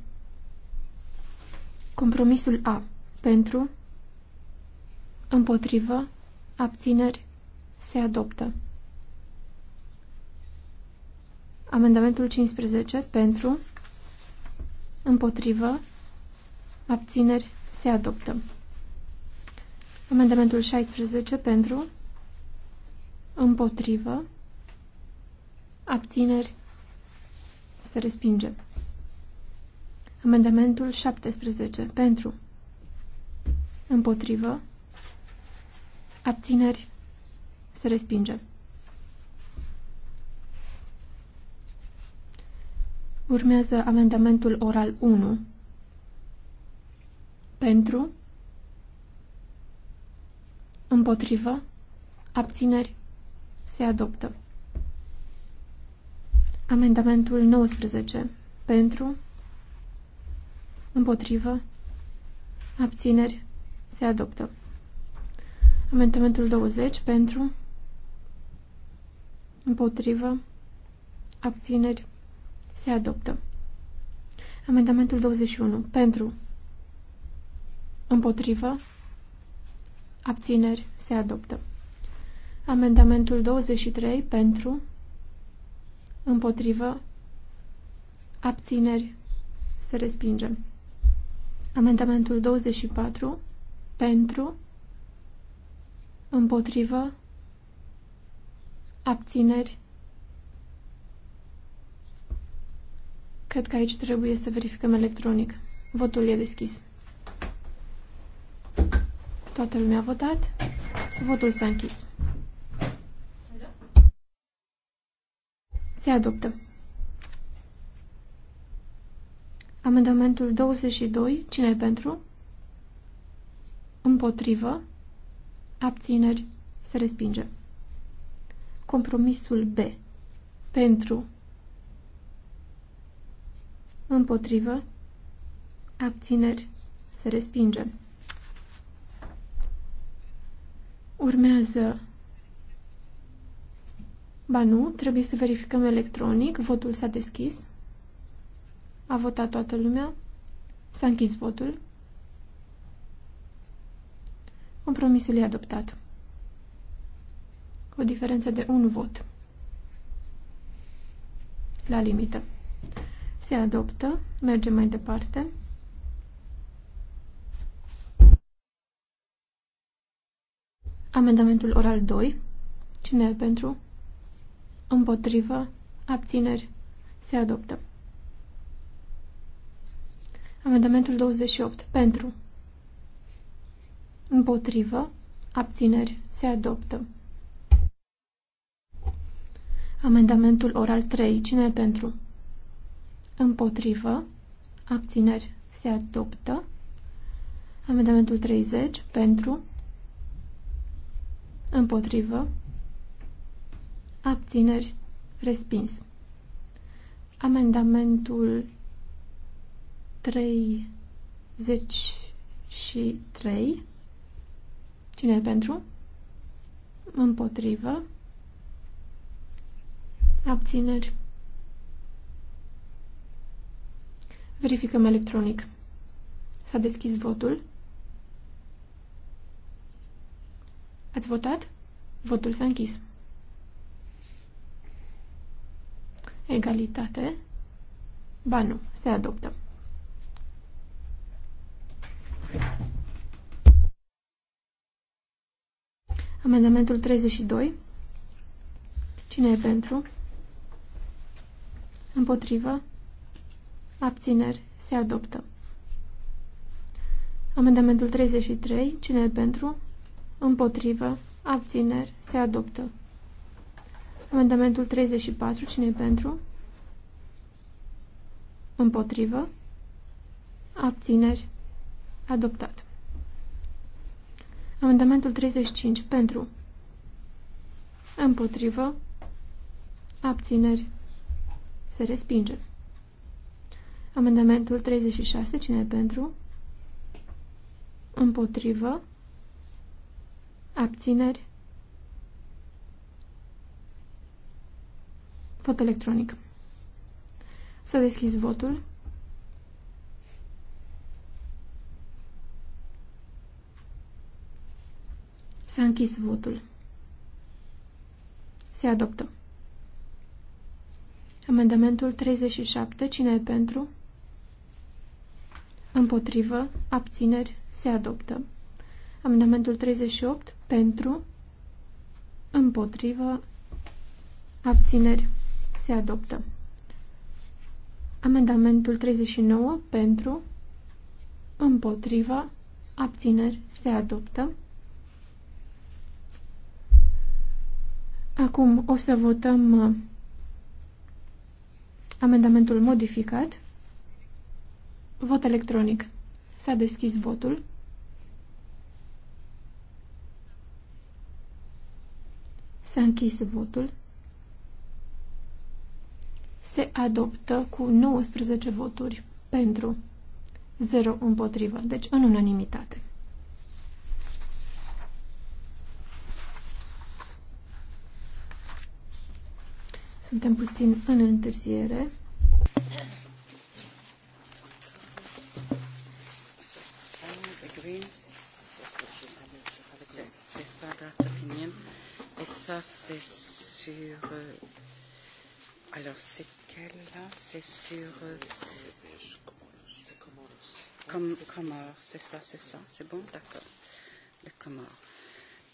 Compromisul A. Pentru. Împotrivă. Abțineri. Se adoptă. Amendamentul 15 pentru, împotrivă, abțineri, se adoptă. Amendamentul 16 pentru, împotrivă, abțineri, se respinge. Amendamentul 17 pentru, împotrivă, abțineri, se respinge. Urmează amendamentul oral 1. Pentru. Împotrivă. Abțineri. Se adoptă. Amendamentul 19. Pentru. Împotrivă. Abțineri. Se adoptă. Amendamentul 20. Pentru. Împotrivă. Abțineri. Se adoptă. Amendamentul 21. Pentru. Împotrivă. Abțineri. Se adoptă. Amendamentul 23. Pentru. Împotrivă. Abțineri. Se respinge. Amendamentul 24. Pentru. Împotrivă. Abțineri. Cred că aici trebuie să verificăm electronic. Votul e deschis. Toată lumea a votat. Votul s-a închis. Se adoptă. Amendamentul 22. Cine e pentru? Împotrivă. Abțineri. Se respinge. Compromisul B. Pentru împotrivă, abțineri, se respinge. Urmează Ba nu, trebuie să verificăm electronic. Votul s-a deschis. A votat toată lumea. S-a închis votul. Compromisul e adoptat. Cu o diferență de un vot. La limită. Se adoptă. Mergem mai departe. Amendamentul oral 2. Cine e pentru? Împotrivă. Abțineri. Se adoptă. Amendamentul 28. Pentru. Împotrivă. Abțineri. Se adoptă. Amendamentul oral 3. Cine e pentru? împotrivă, abțineri se adoptă. Amendamentul 30 pentru, împotrivă, abțineri respins. Amendamentul 33 cine e pentru? Împotrivă, abțineri Verificăm electronic. S-a deschis votul. Ați votat? Votul s-a închis. Egalitate. Ba nu, se adoptă. Amendamentul 32. Cine e pentru? Împotrivă? Abțineri. Se adoptă. Amendamentul 33. Cine e pentru? Împotrivă. Abțineri. Se adoptă. Amendamentul 34. Cine e pentru? Împotrivă. Abțineri. Adoptat. Amendamentul 35. Pentru. Împotrivă. Abțineri. Se respinge. Amendamentul 36, cine e pentru? Împotrivă. Abțineri. Vot electronic. Să deschis votul. S-a închis votul. Se adoptă. Amendamentul 37. Cine e pentru? Împotrivă. Abțineri. Se adoptă. Amendamentul 38. Pentru. Împotrivă. Abțineri. Se adoptă. Amendamentul 39. Pentru. Împotrivă. Abțineri. Se adoptă. Acum o să votăm uh, amendamentul modificat. Vot electronic. S-a deschis votul. S-a închis votul. Se adoptă cu 19 voturi pentru, 0 împotrivă, deci în unanimitate. Suntem puțin în întârziere. Et ça, c'est sur. Euh, alors, c'est là C'est sur. c'est ça, c'est ça. C'est bon D'accord.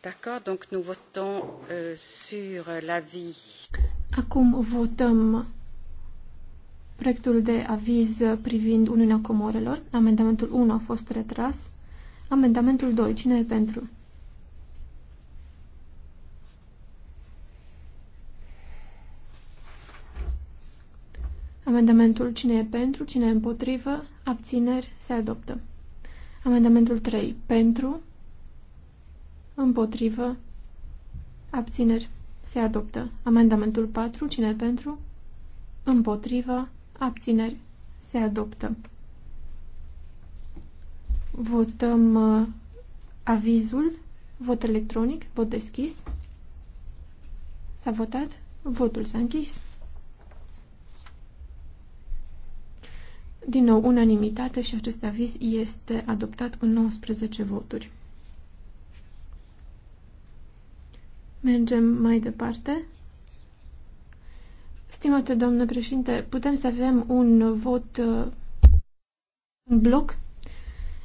D'accord, donc nous votons euh, sur euh, l'avis. Acum votăm proiectul de aviz privind Uniunea Comorelor. Amendamentul 1 a fost retras. Amendamentul 2. Cine e pentru? Amendamentul cine e pentru, cine e împotrivă, abțineri, se adoptă. Amendamentul 3. Pentru, împotrivă, abțineri, se adoptă. Amendamentul 4. Cine e pentru, împotrivă, abțineri, se adoptă. Votăm uh, avizul, vot electronic, vot deschis. S-a votat, votul s-a închis. Din nou, unanimitate și acest aviz este adoptat cu 19 voturi. Mergem mai departe. Stimate domnule președinte, putem să avem un vot uh, în bloc?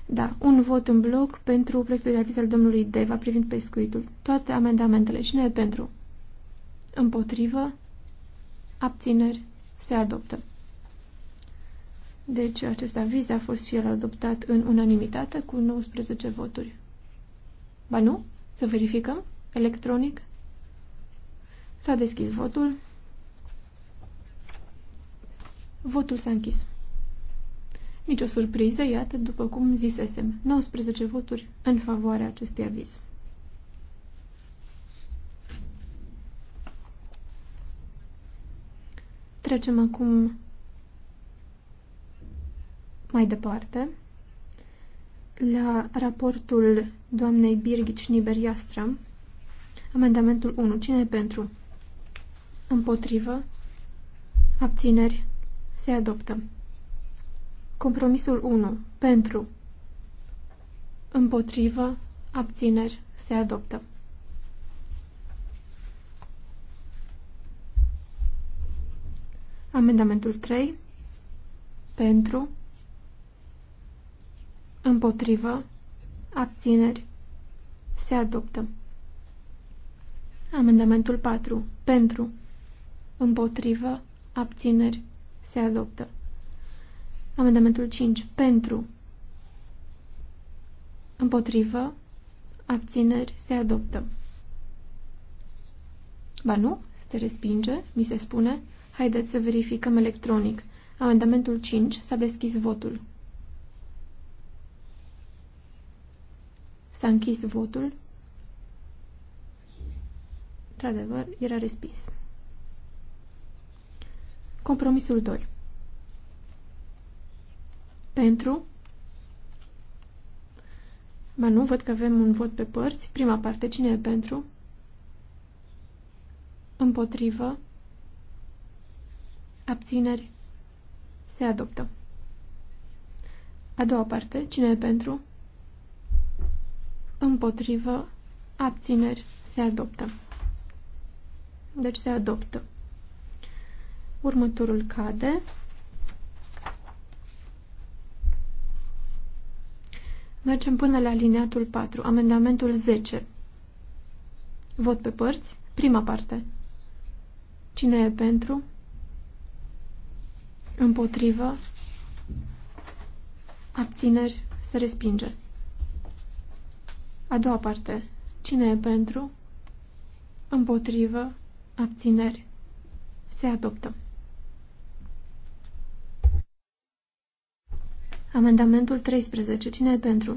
Da, un vot în bloc pentru proiectul de aviz al domnului Deva privind pescuitul. Toate amendamentele. Cine e pentru? Împotrivă? Abțineri? Se adoptă. Deci acest aviz a fost și el adoptat în unanimitate cu 19 voturi. Ba nu? Să verificăm? Electronic? S-a deschis votul. Votul s-a închis. Nici o surpriză, iată, după cum zisesem, 19 voturi în favoarea acestui aviz. Trecem acum mai departe, la raportul doamnei Birgit Schnieber-Jastram, amendamentul 1. Cine e pentru? Împotrivă? Abțineri? Se adoptă. Compromisul 1. Pentru. Împotrivă. Abțineri. Se adoptă. Amendamentul 3. Pentru. Împotrivă. Abțineri. Se adoptă. Amendamentul 4. Pentru. Împotrivă. Abțineri. Se adoptă. Amendamentul 5. Pentru. Împotrivă. Abțineri. Se adoptă. Ba nu, se respinge, mi se spune. Haideți să verificăm electronic. Amendamentul 5. S-a deschis votul. S-a închis votul. Într-adevăr, era respins. Compromisul 2. Pentru. Ba nu, văd că avem un vot pe părți. Prima parte, cine e pentru? Împotrivă. Abțineri. Se adoptă. A doua parte, cine e pentru? Pentru împotrivă, abțineri, se adoptă. Deci se adoptă. Următorul cade. Mergem până la alineatul 4, amendamentul 10. Vot pe părți, prima parte. Cine e pentru? Împotrivă? Abțineri? Se respinge. A doua parte. Cine e pentru? Împotrivă. Abțineri. Se adoptă. Amendamentul 13. Cine e pentru?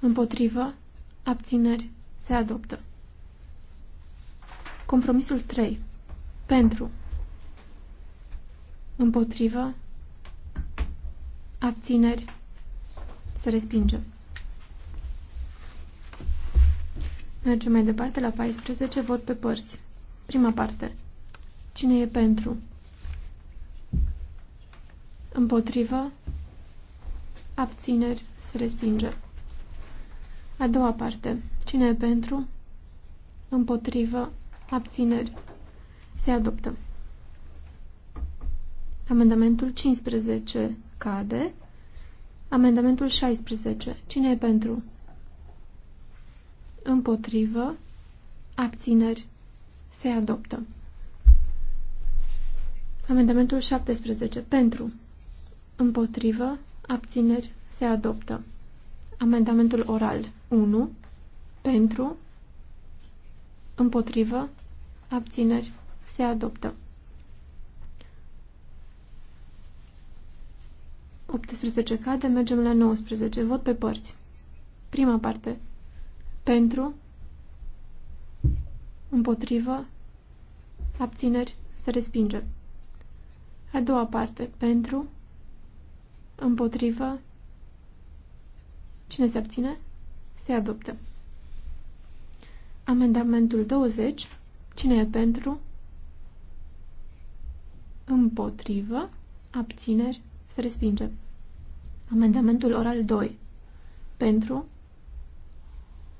Împotrivă. Abțineri. Se adoptă. Compromisul 3. Pentru. Împotrivă. Abțineri. Se respinge. Mergem mai departe la 14, vot pe părți. Prima parte. Cine e pentru? Împotrivă? Abțineri? Se respinge. A doua parte. Cine e pentru? Împotrivă? Abțineri? Se adoptă. Amendamentul 15 cade. Amendamentul 16. Cine e pentru? împotrivă, abțineri, se adoptă. Amendamentul 17. Pentru, împotrivă, abțineri, se adoptă. Amendamentul oral 1. Pentru, împotrivă, abțineri, se adoptă. 18 cade, mergem la 19. Vot pe părți. Prima parte. Pentru. Împotrivă. Abțineri. Se respinge. A doua parte. Pentru. Împotrivă. Cine se abține? Se adoptă. Amendamentul 20. Cine e pentru? Împotrivă. Abțineri. Se respinge. Amendamentul oral 2. Pentru.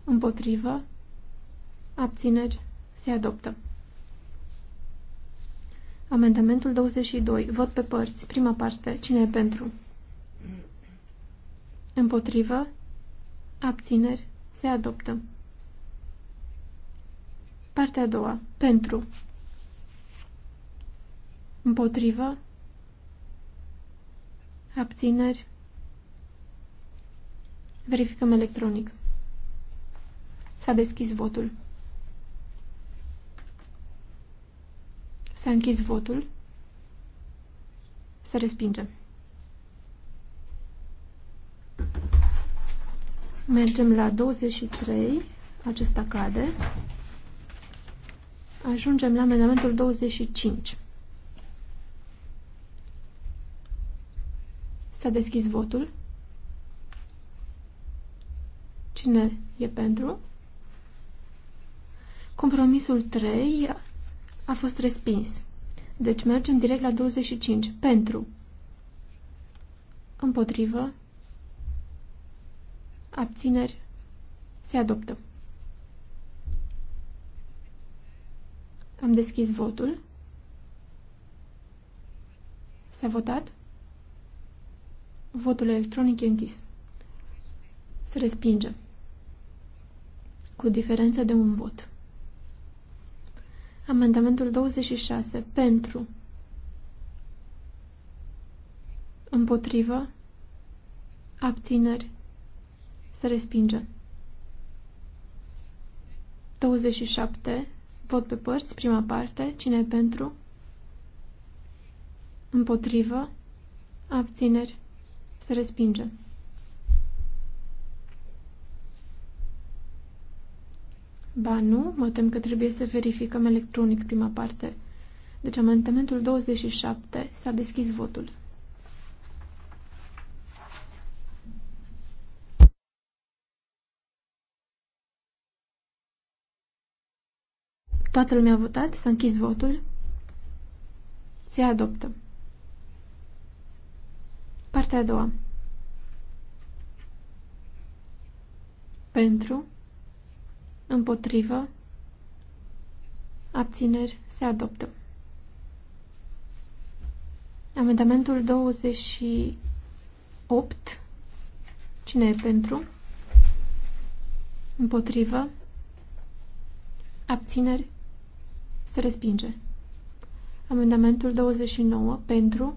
Împotrivă. Abțineri. Se adoptă. Amendamentul 22. Vot pe părți. Prima parte. Cine e pentru? Împotrivă. Abțineri. Se adoptă. Partea a doua. Pentru. Împotrivă. Abțineri. Verificăm electronic. S-a deschis votul. S-a închis votul. Se respinge. Mergem la 23. Acesta cade. Ajungem la amendamentul 25. S-a deschis votul. Cine e pentru? Compromisul 3 a fost respins. Deci mergem direct la 25. Pentru. Împotrivă. Abțineri. Se adoptă. Am deschis votul. S-a votat. Votul electronic e închis. Se respinge. Cu diferența de un vot. Amendamentul 26. Pentru. Împotrivă. Abțineri. Se respinge. 27. Vot pe părți. Prima parte. Cine e pentru? Împotrivă. Abțineri. Se respinge. Ba nu, mă tem că trebuie să verificăm electronic prima parte. Deci amendamentul 27 s-a deschis votul. Toată lumea a votat, s-a închis votul. Se adoptă. Partea a doua. Pentru Împotrivă. Abțineri. Se adoptă. Amendamentul 28. Cine e pentru? Împotrivă. Abțineri. Se respinge. Amendamentul 29. Pentru.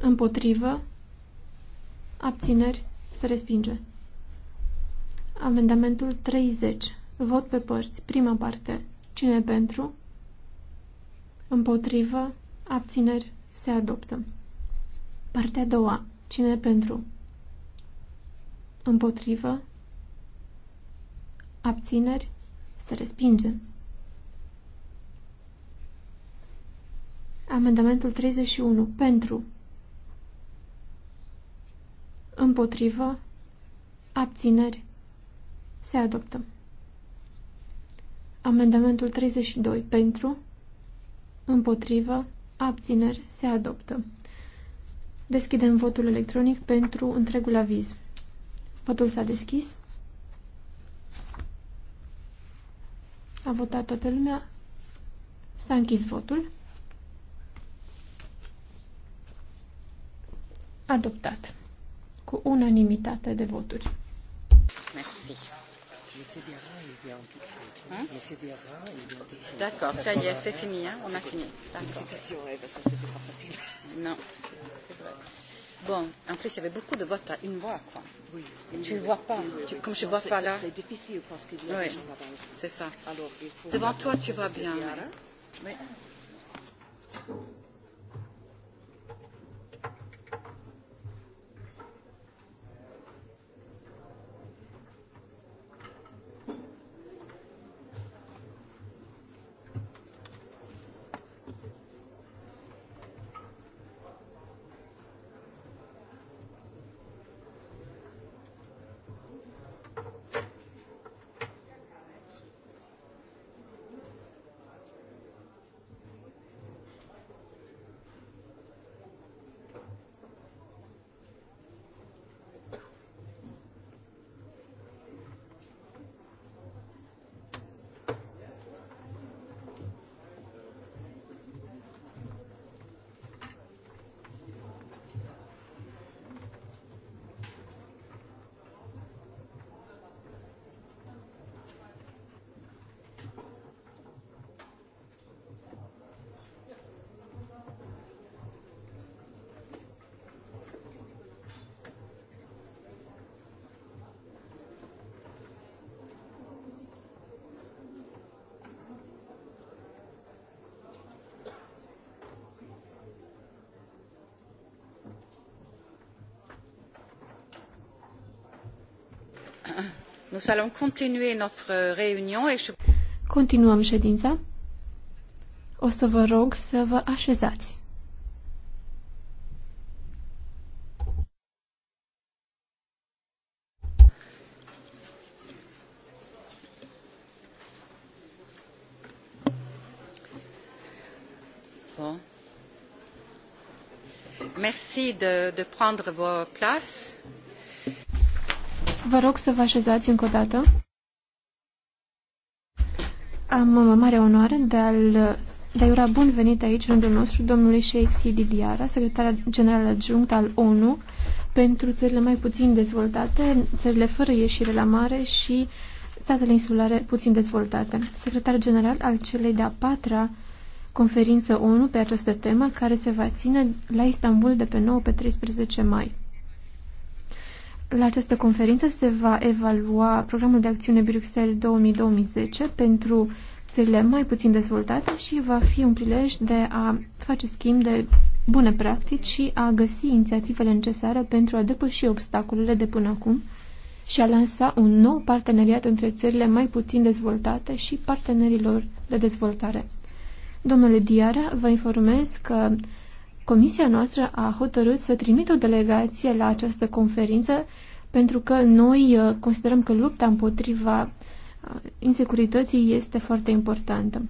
Împotrivă. Abțineri. Se respinge. Amendamentul 30. Vot pe părți. Prima parte. Cine pentru? Împotrivă. Abțineri. Se adoptă. Partea a doua. Cine pentru? Împotrivă. Abțineri. Se respinge. Amendamentul 31. Pentru. Împotrivă. Abțineri. Se adoptă. Amendamentul 32. Pentru, împotrivă, abțineri, se adoptă. Deschidem votul electronic pentru întregul aviz. Votul s-a deschis. A votat toată lumea. S-a închis votul. Adoptat. Cu unanimitate de voturi. Mersi. D'accord, ça y est, c'est fini, hein, on a fini. Eh [LAUGHS] non, Bon, en plus, il y avait beaucoup de votes à une voix, quoi. Oui. Et tu ne vois pas, oui, tu, comme je ne vois pas là. C'est difficile parce qu'il y a oui. des gens là-bas C'est ça. Alors, il faut Devant toi, tu vois bien. Oui. Nous allons continuer notre euh, réunion et je... Continuăm ședința. O să vă rog să vă așezați. Bon. Merci de, de prendre vos places. Vă rog să vă așezați încă o dată. Am o mare onoare de a-l de a ura bun venit aici, în rândul nostru, domnului Sheikh Sidi Diara, secretar general adjunct al ONU pentru țările mai puțin dezvoltate, țările fără ieșire la mare și statele insulare puțin dezvoltate. Secretar general al celei de-a patra conferință ONU pe această temă, care se va ține la Istanbul de pe 9 pe 13 mai. La această conferință se va evalua programul de acțiune Bruxelles 2010 pentru țările mai puțin dezvoltate și va fi un prilej de a face schimb de bune practici și a găsi inițiativele necesare pentru a depăși obstacolele de până acum și a lansa un nou parteneriat între țările mai puțin dezvoltate și partenerilor de dezvoltare. Domnule Diara, vă informez că Comisia noastră a hotărât să trimită o delegație la această conferință pentru că noi uh, considerăm că lupta împotriva uh, insecurității este foarte importantă.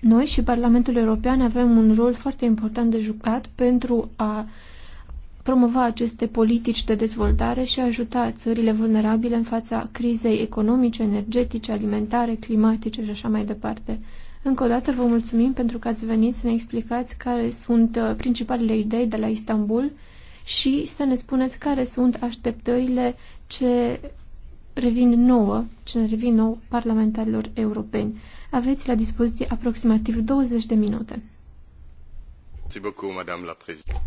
Noi și Parlamentul European avem un rol foarte important de jucat pentru a promova aceste politici de dezvoltare și a ajuta țările vulnerabile în fața crizei economice, energetice, alimentare, climatice și așa mai departe. Încă o dată vă mulțumim pentru că ați venit să ne explicați care sunt uh, principalele idei de la Istanbul și să ne spuneți care sunt așteptările ce revin nouă, ce ne revin nou parlamentarilor europeni. Aveți la dispoziție aproximativ 20 de minute.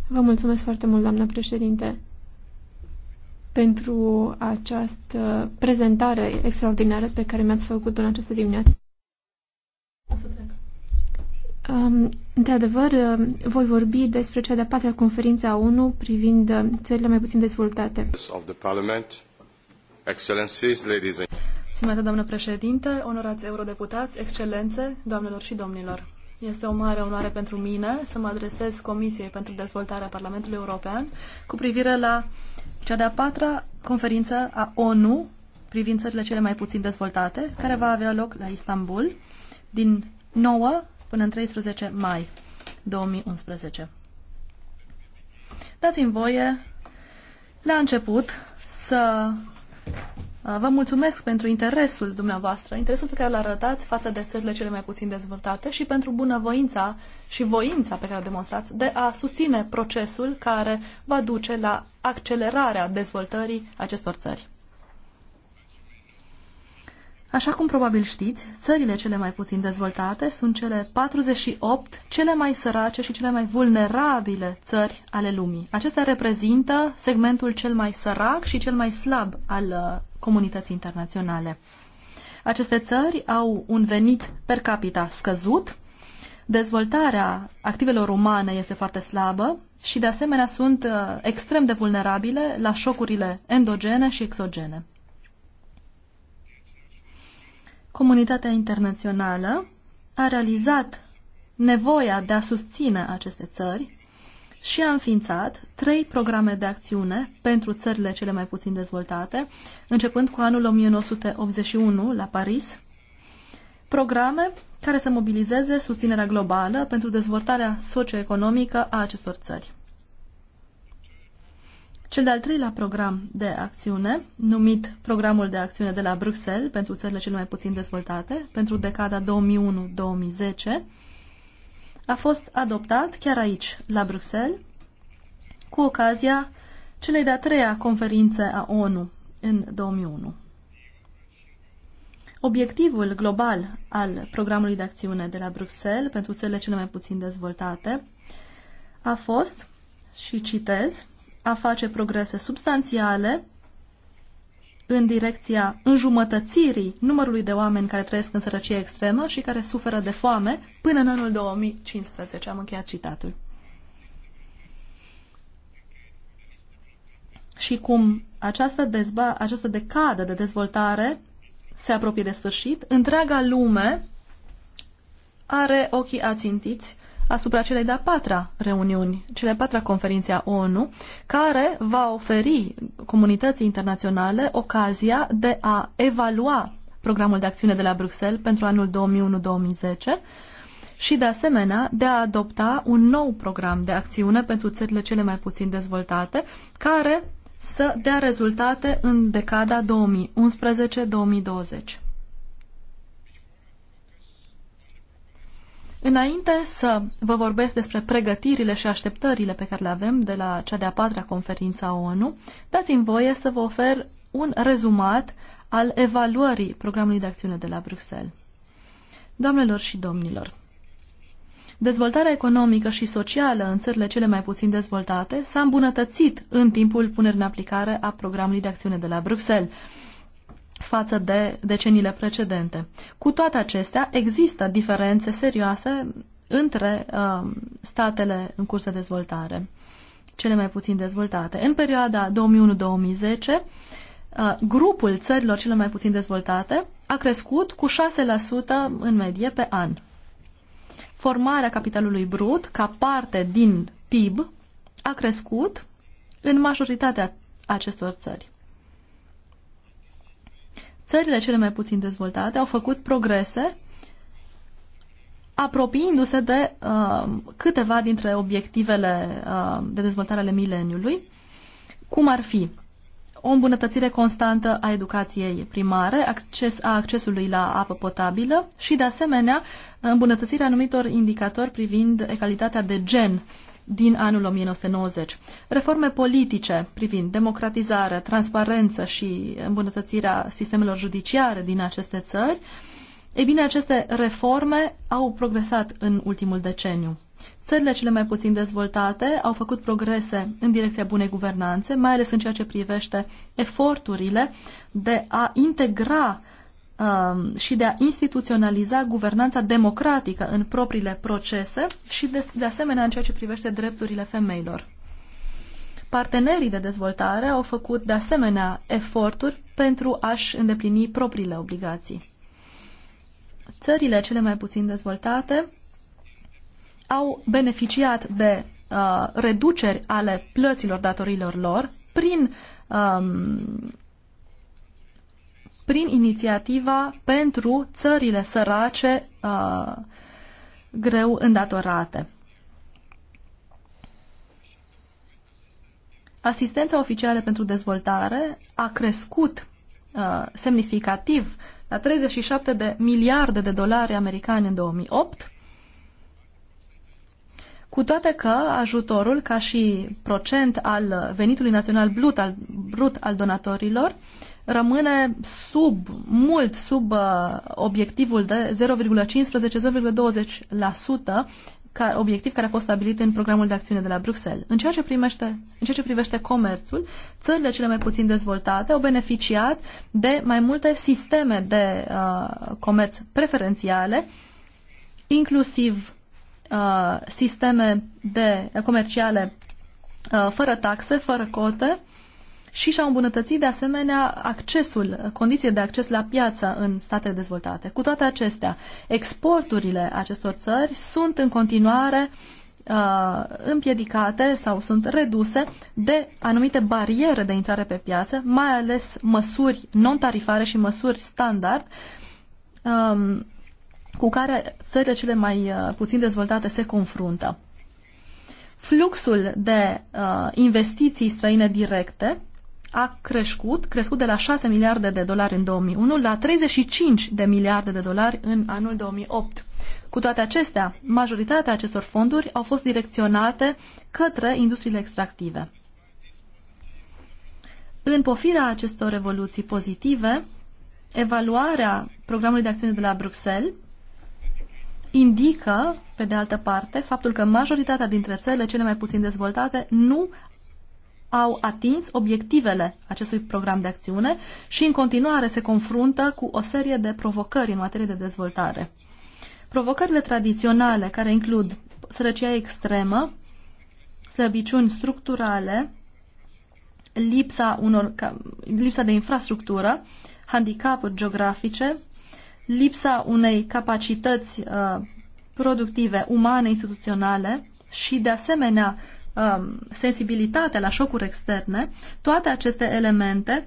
Vă mulțumesc foarte mult, doamna președinte, pentru această prezentare extraordinară pe care mi-ați făcut-o în această dimineață. Um, într-adevăr, um, voi vorbi despre cea de-a patra conferință a ONU privind um, țările mai puțin dezvoltate. Stimată doamnă președinte, onorați eurodeputați, excelențe, doamnelor și domnilor. Este o mare onoare pentru mine să mă adresez Comisiei pentru Dezvoltarea Parlamentului European cu privire la cea de-a patra conferință a ONU privind țările cele mai puțin dezvoltate, care va avea loc la Istanbul din 9 până în 13 mai 2011. Dați-mi voie la început să uh, vă mulțumesc pentru interesul dumneavoastră, interesul pe care l arătați față de țările cele mai puțin dezvoltate și pentru bunăvoința și voința pe care o demonstrați de a susține procesul care va duce la accelerarea dezvoltării acestor țări. Așa cum probabil știți, țările cele mai puțin dezvoltate sunt cele 48 cele mai sărace și cele mai vulnerabile țări ale lumii. Acestea reprezintă segmentul cel mai sărac și cel mai slab al uh, comunității internaționale. Aceste țări au un venit per capita scăzut, dezvoltarea activelor umane este foarte slabă și de asemenea sunt uh, extrem de vulnerabile la șocurile endogene și exogene. Comunitatea internațională a realizat nevoia de a susține aceste țări și a înființat trei programe de acțiune pentru țările cele mai puțin dezvoltate, începând cu anul 1981 la Paris, programe care să mobilizeze susținerea globală pentru dezvoltarea socioeconomică a acestor țări. Cel de-al treilea program de acțiune, numit Programul de Acțiune de la Bruxelles pentru țările cele mai puțin dezvoltate, pentru decada 2001-2010, a fost adoptat chiar aici, la Bruxelles, cu ocazia celei de-a treia conferințe a ONU în 2001. Obiectivul global al programului de acțiune de la Bruxelles pentru țările cele mai puțin dezvoltate a fost, și citez, a face progrese substanțiale în direcția înjumătățirii numărului de oameni care trăiesc în sărăcie extremă și care suferă de foame până în anul 2015. Am încheiat citatul. Și cum această, dezba, această decadă de dezvoltare se apropie de sfârșit, întreaga lume are ochii ațintiți asupra celei de-a patra reuniuni, cele patra conferințe a ONU, care va oferi comunității internaționale ocazia de a evalua programul de acțiune de la Bruxelles pentru anul 2001-2010 și, de asemenea, de a adopta un nou program de acțiune pentru țările cele mai puțin dezvoltate, care să dea rezultate în decada 2011-2020. Înainte să vă vorbesc despre pregătirile și așteptările pe care le avem de la cea de-a patra conferință a ONU, dați-mi voie să vă ofer un rezumat al evaluării programului de acțiune de la Bruxelles. Doamnelor și domnilor, dezvoltarea economică și socială în țările cele mai puțin dezvoltate s-a îmbunătățit în timpul punerii în aplicare a programului de acțiune de la Bruxelles – față de deceniile precedente. Cu toate acestea, există diferențe serioase între uh, statele în curs de dezvoltare, cele mai puțin dezvoltate. În perioada 2001-2010, uh, grupul țărilor cele mai puțin dezvoltate a crescut cu 6% în medie pe an. Formarea capitalului brut ca parte din PIB a crescut în majoritatea acestor țări țările cele mai puțin dezvoltate au făcut progrese apropiindu-se de uh, câteva dintre obiectivele uh, de dezvoltare ale mileniului, cum ar fi o îmbunătățire constantă a educației primare, acces, a accesului la apă potabilă și, de asemenea, îmbunătățirea anumitor indicatori privind egalitatea de gen uh, din anul 1990. Reforme politice privind democratizarea, transparență și îmbunătățirea sistemelor judiciare din aceste țări, ei bine, aceste reforme au progresat în ultimul deceniu. Țările cele mai puțin dezvoltate au făcut progrese în direcția bunei guvernanțe, mai ales în ceea ce privește eforturile de a integra Um, și de a instituționaliza guvernanța democratică în propriile procese și, de, de asemenea, în ceea ce privește drepturile femeilor. Partenerii de dezvoltare au făcut, de asemenea, eforturi pentru a-și îndeplini propriile obligații. Țările cele mai puțin dezvoltate au beneficiat de uh, reduceri ale plăților datorilor lor prin um, prin inițiativa pentru țările sărace uh, greu îndatorate. Asistența oficială pentru dezvoltare a crescut uh, semnificativ la 37 de miliarde de dolari americani în 2008, cu toate că ajutorul, ca și procent al venitului național brut al, brut al donatorilor, uh, rămâne sub, mult sub uh, obiectivul de 0,15-0,20%, ca obiectiv care a fost stabilit în programul de acțiune de la Bruxelles. În ceea ce, primește, în ceea ce privește comerțul, țările cele mai puțin dezvoltate au beneficiat de mai multe sisteme de uh, comerț preferențiale, inclusiv uh, sisteme de, comerciale uh, fără taxe, fără cote, uh, și și-au îmbunătățit de asemenea accesul, condiții de acces la piață în statele dezvoltate. Cu toate acestea, exporturile acestor țări sunt în continuare uh, împiedicate sau sunt reduse de anumite bariere de intrare pe piață, mai ales măsuri non-tarifare și măsuri standard, um, cu care țările cele mai uh, puțin dezvoltate se confruntă. Fluxul de uh, investiții străine directe a crescut, crescut de la 6 miliarde de dolari în 2001 la 35 de miliarde de dolari în anul 2008. Cu toate acestea, majoritatea acestor fonduri au fost direcționate către industriile extractive. În pofida acestor revoluții pozitive, evaluarea programului de acțiune de la Bruxelles indică, pe de altă parte, faptul că majoritatea dintre țările cele mai puțin dezvoltate nu au atins obiectivele acestui program de acțiune și în continuare se confruntă cu o serie de provocări în materie de dezvoltare. Provocările tradiționale, care includ sărăcia extremă, slăbiciuni structurale, lipsa, unor, lipsa de infrastructură, handicapuri geografice, lipsa unei capacități uh, productive, umane, instituționale și, de asemenea, Um, sensibilitatea la șocuri externe, toate aceste elemente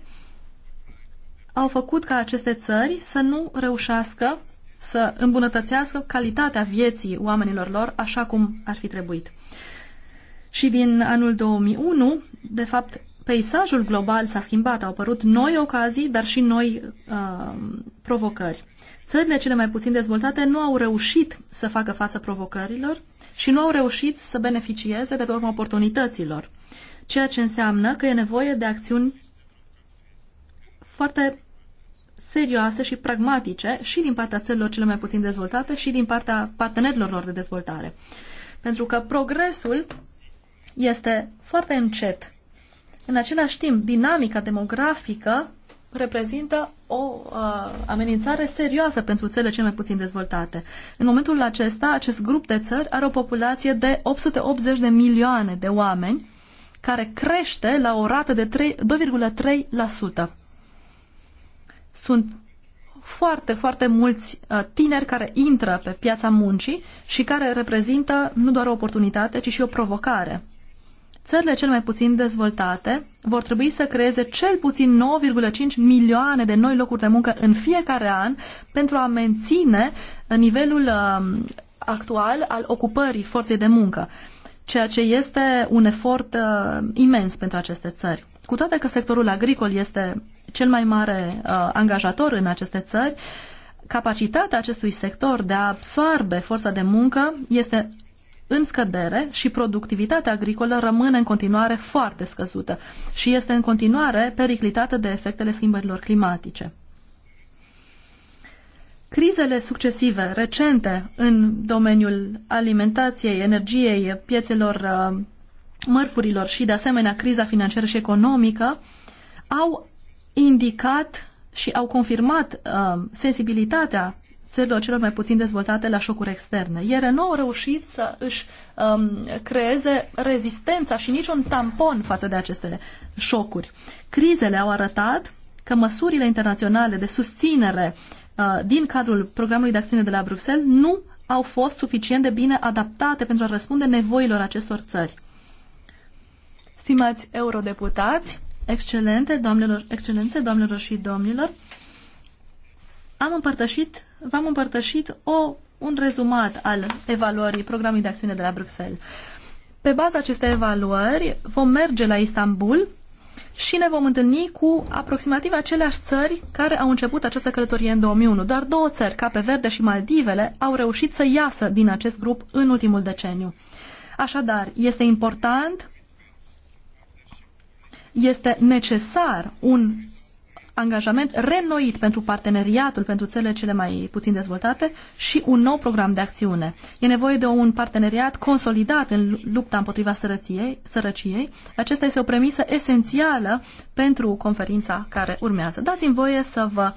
au făcut ca aceste țări să nu reușească să îmbunătățească calitatea vieții oamenilor lor așa cum ar fi trebuit. Și din anul 2001, de fapt, peisajul global s-a schimbat, au apărut noi ocazii, dar și noi uh, provocări. Țările cele mai puțin dezvoltate nu au reușit să facă față provocărilor și nu au reușit să beneficieze de pe urma oportunităților, ceea ce înseamnă că e nevoie de acțiuni foarte serioase și pragmatice și din partea țărilor cele mai puțin dezvoltate și din partea partenerilor lor de dezvoltare. Pentru că progresul este foarte încet. În același timp, dinamica demografică reprezintă o uh, amenințare serioasă pentru țările cele mai puțin dezvoltate. În momentul acesta, acest grup de țări are o populație de 880 de milioane de oameni, care crește la o rată de 2,3%. Sunt foarte, foarte mulți uh, tineri care intră pe piața muncii și care reprezintă nu doar o oportunitate, ci și o provocare țările cel mai puțin dezvoltate vor trebui să creeze cel puțin 9,5 milioane de noi locuri de muncă în fiecare an pentru a menține nivelul um, actual al ocupării forței de muncă, ceea ce este un efort uh, imens pentru aceste țări. Cu toate că sectorul agricol este cel mai mare uh, angajator în aceste țări, capacitatea acestui sector de a absorbe forța de muncă este în scădere și productivitatea agricolă rămâne în continuare foarte scăzută și este în continuare periclitată de efectele schimbărilor climatice. Crizele succesive, recente, în domeniul alimentației, energiei, piețelor uh, mărfurilor și, de asemenea, criza financiară și economică, au indicat și au confirmat uh, sensibilitatea țărilor celor mai puțin dezvoltate la șocuri externe. Ele nu au reușit să își um, creeze rezistența și niciun tampon față de aceste șocuri. Crizele au arătat că măsurile internaționale de susținere uh, din cadrul programului de acțiune de la Bruxelles nu au fost suficient de bine adaptate pentru a răspunde nevoilor acestor țări. Stimați eurodeputați, excelente, doamnelor, excelențe, doamnelor și domnilor, am împărtășit v-am împărtășit o, un rezumat al evaluării programului de acțiune de la Bruxelles. Pe baza acestei evaluări vom merge la Istanbul și ne vom întâlni cu aproximativ aceleași țări care au început această călătorie în 2001. Doar două țări, Cape Verde și Maldivele, au reușit să iasă din acest grup în ultimul deceniu. Așadar, este important, este necesar un angajament renoit pentru parteneriatul pentru țările cele mai puțin dezvoltate și un nou program de acțiune. E nevoie de un parteneriat consolidat în lupta împotriva sărăției, sărăciei. Acesta este o premisă esențială pentru conferința care urmează. Dați-mi voie să vă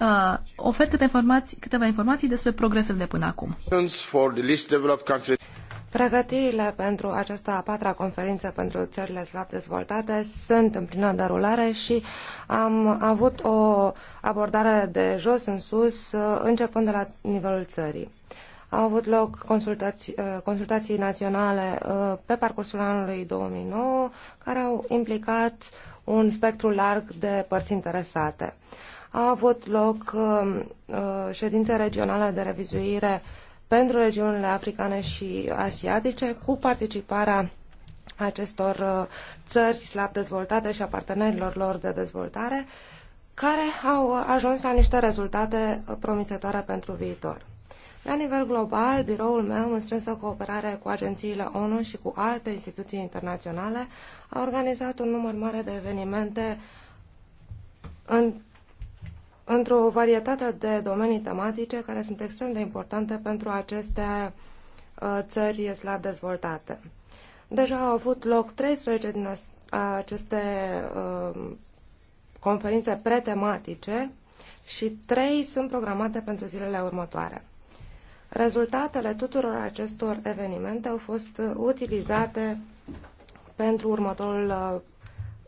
uh, ofer câte informații, câteva informații despre progresele de până acum. Pregătirile pentru această a patra conferință pentru țările slab dezvoltate sunt în plină derulare și am avut o abordare de jos în sus, uh, începând de la nivelul țării. Au avut loc consultații, uh, consultații naționale uh, pe parcursul anului 2009, care au implicat un spectru larg de părți interesate. Au avut loc ședințe regionale de revizuire pentru regiunile africane și asiatice cu participarea acestor uh, țări slab dezvoltate și a partenerilor lor de dezvoltare, care au uh, ajuns la niște rezultate uh, promițătoare pentru viitor. La nivel global, biroul meu, în strânsă cooperare cu agențiile ONU și cu alte instituții internaționale, a organizat un număr mare de evenimente în într-o varietate de domenii tematice care sunt extrem de importante pentru aceste uh, țări slab dezvoltate. Deja au avut loc 13 din aceste uh, conferințe pretematice și 3 sunt programate pentru zilele următoare. Rezultatele tuturor acestor evenimente au fost utilizate pentru următorul uh,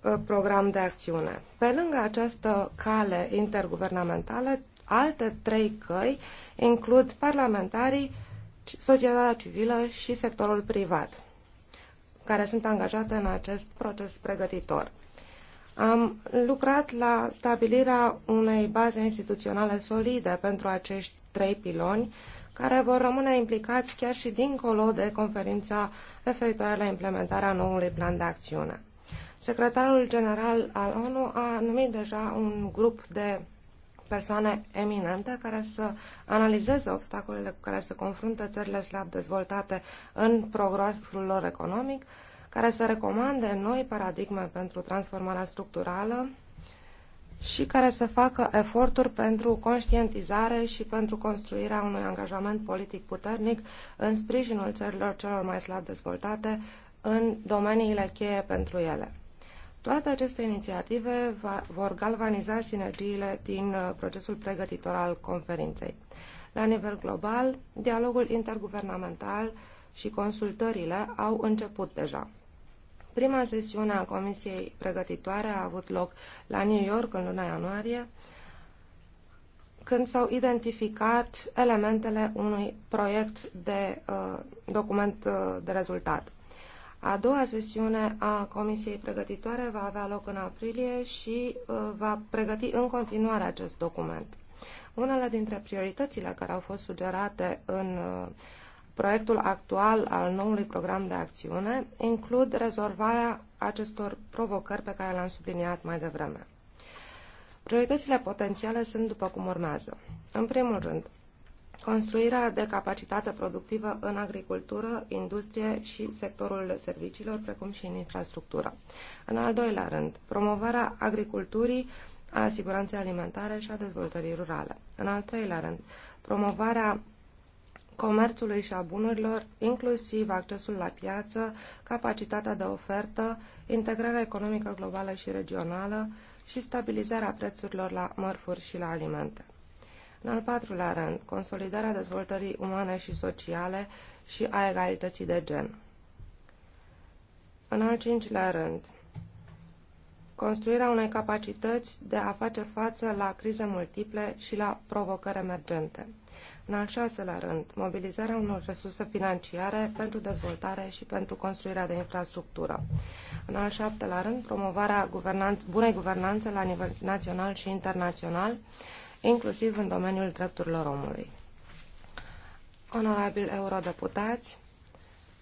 Uh, program de acțiune. Pe lângă această cale interguvernamentală, alte trei căi includ parlamentarii, societatea civilă și sectorul privat, care sunt angajate în acest proces pregătitor. Am lucrat la stabilirea unei baze instituționale solide pentru acești trei piloni, care vor rămâne implicați chiar și dincolo de conferința referitoare la implementarea noului plan de acțiune. Secretarul General al ONU a numit deja un grup de persoane eminente care să analizeze obstacolele cu care se confruntă țările slab dezvoltate în progresul lor economic, care să recomande noi paradigme pentru transformarea structurală și care să facă eforturi pentru conștientizare și pentru construirea unui angajament politic puternic în sprijinul țărilor celor mai slab dezvoltate în domeniile cheie pentru ele. Toate aceste inițiative va, vor galvaniza sinergiile din uh, procesul pregătitor al conferinței. La nivel global, dialogul interguvernamental și consultările au început deja. Prima sesiune a Comisiei Pregătitoare a avut loc la New York în luna ianuarie, când s-au identificat elementele unui proiect de uh, document uh, de rezultat. A doua sesiune a Comisiei Pregătitoare va avea loc în aprilie și uh, va pregăti în continuare acest document. Unele dintre prioritățile care au fost sugerate în uh, proiectul actual al noului program de acțiune includ rezolvarea acestor provocări pe care le-am subliniat mai devreme. Prioritățile potențiale sunt după cum urmează. În primul rând, construirea de capacitate productivă în agricultură, industrie și sectorul serviciilor, precum și în infrastructură. În al doilea rând, promovarea agriculturii, a siguranței alimentare și a dezvoltării rurale. În al treilea rând, promovarea comerțului și a bunurilor, inclusiv accesul la piață, capacitatea de ofertă, integrarea economică globală și regională și stabilizarea prețurilor la mărfuri și la alimente. În al patrulea rând, consolidarea dezvoltării umane și sociale și a egalității de gen. În al cincilea rând, construirea unei capacități de a face față la crize multiple și la provocări emergente. În al șaselea rând, mobilizarea unor resurse financiare pentru dezvoltare și pentru construirea de infrastructură. În al șaptelea rând, promovarea guvernanț- bunei guvernanțe la nivel național și internațional inclusiv în domeniul drepturilor omului. Onorabil eurodeputați,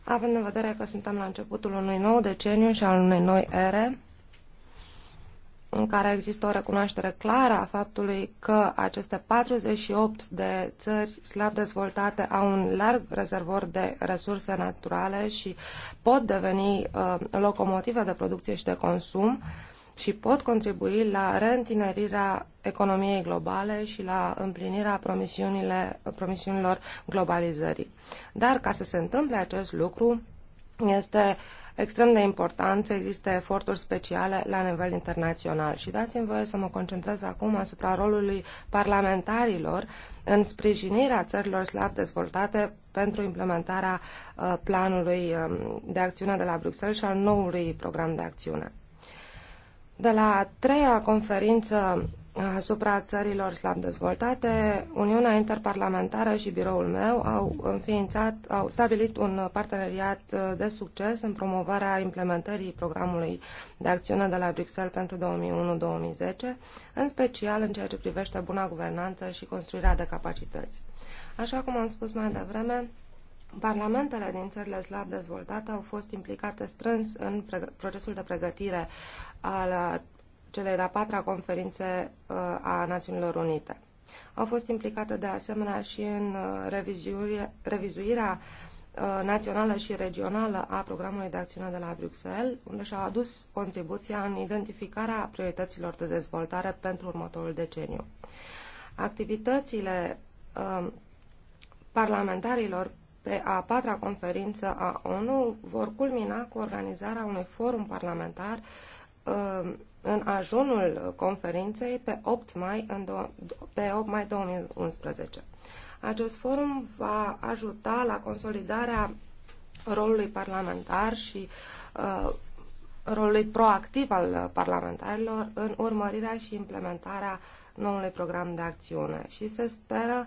având în vedere că suntem la începutul unui nou deceniu și al unei noi ere, în care există o recunoaștere clară a faptului că aceste 48 de țări slab dezvoltate au un larg rezervor de resurse naturale și pot deveni uh, locomotive de producție și de consum, uh, și pot contribui la reîntinerirea economiei globale și la împlinirea promisiunilor globalizării. Dar ca să se întâmple acest lucru, este extrem de important să existe eforturi speciale la nivel internațional. Și dați-mi voie să mă concentrez acum asupra rolului parlamentarilor în sprijinirea țărilor slab dezvoltate pentru implementarea uh, planului um, de acțiune de la Bruxelles și al noului program de acțiune. De la a treia conferință asupra țărilor slab dezvoltate, Uniunea Interparlamentară și biroul meu au înființat, au stabilit un parteneriat de succes în promovarea implementării programului de acțiune de la Bruxelles pentru 2001-2010, în special în ceea ce privește buna guvernanță și construirea de capacități. Așa cum am spus mai devreme, Parlamentele din țările slab dezvoltate au fost implicate strâns în procesul de pregătire al uh, celei de-a patra conferințe uh, a Națiunilor Unite. Au fost implicate de asemenea și în uh, revizuirea națională și regională a programului de acțiune de la Bruxelles, unde și-au adus contribuția în identificarea priorităților de dezvoltare pentru următorul deceniu. Activitățile parlamentarilor pe a patra conferință a ONU vor culmina cu organizarea unui forum parlamentar uh, în ajunul conferinței pe 8 mai, în pe 8 mai 2011. Acest forum va ajuta la consolidarea rolului parlamentar și uh, rolului proactiv al parlamentarilor în urmărirea și implementarea noului program de acțiune și se speră uh,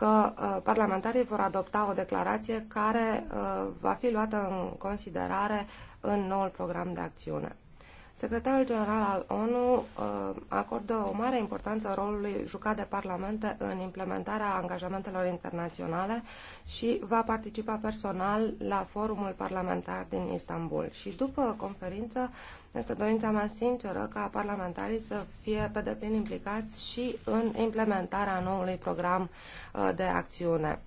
că uh, parlamentarii vor adopta o declarație care uh, va fi luată în considerare în noul program de acțiune. Secretarul General al ONU uh, acordă o mare importanță rolului jucat de parlamente în implementarea angajamentelor internaționale și va participa personal la forumul parlamentar din Istanbul. Și după conferință este dorința mea sinceră ca parlamentarii să fie pe deplin implicați și în implementarea noului program uh, de acțiune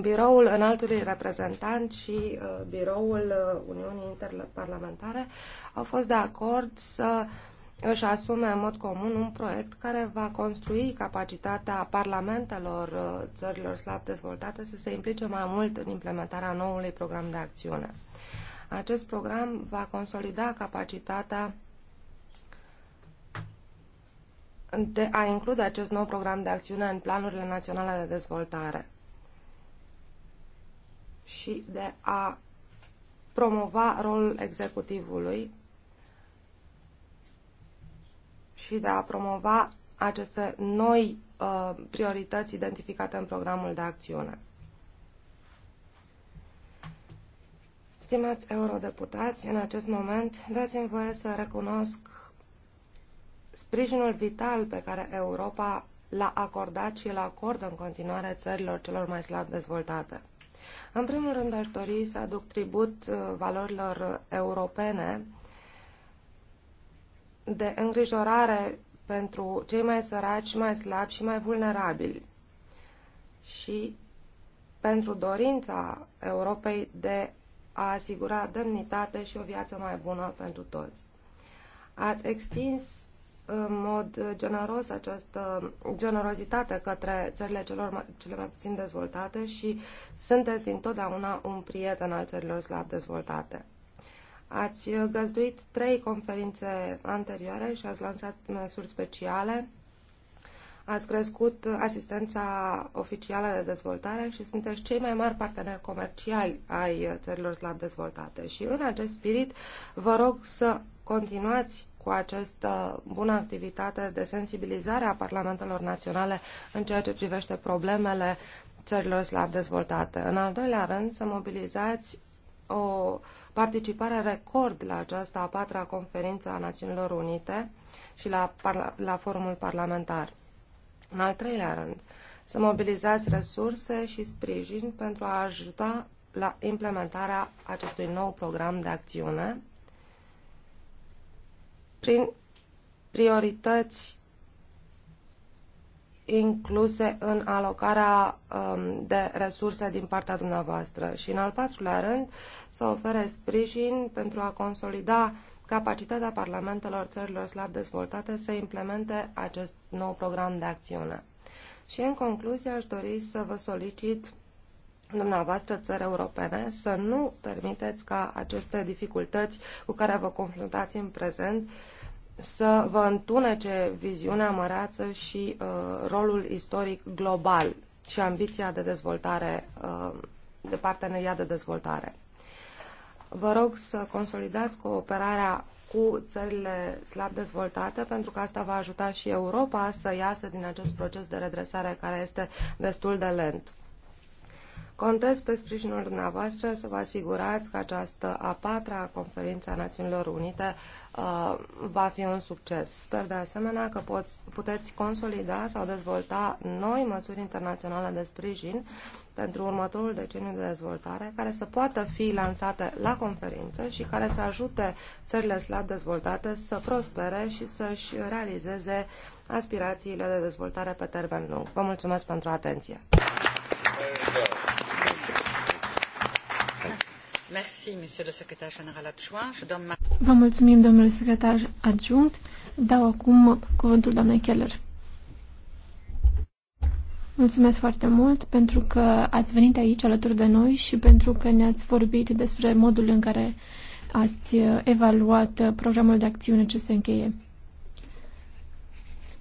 biroul înaltului reprezentant și uh, biroul uh, Uniunii Interparlamentare au fost de acord să își asume în mod comun un proiect care va construi capacitatea parlamentelor uh, țărilor slab dezvoltate să se implice mai mult în implementarea noului program de acțiune. Acest program va consolida capacitatea de a include acest nou program de acțiune în planurile naționale de dezvoltare și de a promova rolul executivului și de a promova aceste noi uh, priorități identificate în programul de acțiune. Stimați eurodeputați, în acest moment dați-mi voie să recunosc sprijinul vital pe care Europa l-a acordat și îl acordă în continuare țărilor celor mai slab dezvoltate. În primul rând, aș dori să aduc tribut uh, valorilor europene de îngrijorare pentru cei mai săraci, mai slabi și mai vulnerabili și pentru dorința Europei de a asigura demnitate și o viață mai bună pentru toți. Ați extins în mod generos această generozitate către țările celor mai, cele mai puțin dezvoltate și sunteți dintotdeauna un prieten al țărilor slab dezvoltate. Ați găzduit trei conferințe anterioare și ați lansat măsuri speciale. Ați crescut asistența oficială de dezvoltare și sunteți cei mai mari parteneri comerciali ai țărilor slab dezvoltate. Și în acest spirit vă rog să continuați cu această bună activitate de sensibilizare a parlamentelor naționale în ceea ce privește problemele țărilor slab dezvoltate. În al doilea rând, să mobilizați o participare record la această a patra conferință a Națiunilor Unite și la, la forumul parlamentar. În al treilea rând, să mobilizați resurse și sprijin pentru a ajuta la implementarea acestui nou program de acțiune prin priorități incluse în alocarea um, de resurse din partea dumneavoastră și, în al patrulea rând, să ofere sprijin pentru a consolida capacitatea parlamentelor țărilor slab dezvoltate să implemente acest nou program de acțiune. Și, în concluzie, aș dori să vă solicit dumneavoastră, țări europene, să nu permiteți ca aceste dificultăți cu care vă confruntați în prezent să vă întunece viziunea măreață și uh, rolul istoric global și ambiția de dezvoltare, uh, de parteneria de dezvoltare. Vă rog să consolidați cooperarea cu țările slab dezvoltate, pentru că asta va ajuta și Europa să iasă din acest proces de redresare care este destul de lent. Contez pe sprijinul dumneavoastră să vă asigurați că această a patra conferință a Națiunilor Unite uh, va fi un succes. Sper de asemenea că poți, puteți consolida sau dezvolta noi măsuri internaționale de sprijin pentru următorul deceniu de dezvoltare, care să poată fi lansate la conferință și care să ajute țările slab dezvoltate să prospere și să-și realizeze aspirațiile de dezvoltare pe termen lung. Vă mulțumesc pentru atenție! Thank you Vă mulțumim, domnule secretar adjunct. Dau acum cuvântul doamnei Keller. Mulțumesc foarte mult pentru că ați venit aici alături de noi și pentru că ne-ați vorbit despre modul în care ați evaluat programul de acțiune ce se încheie.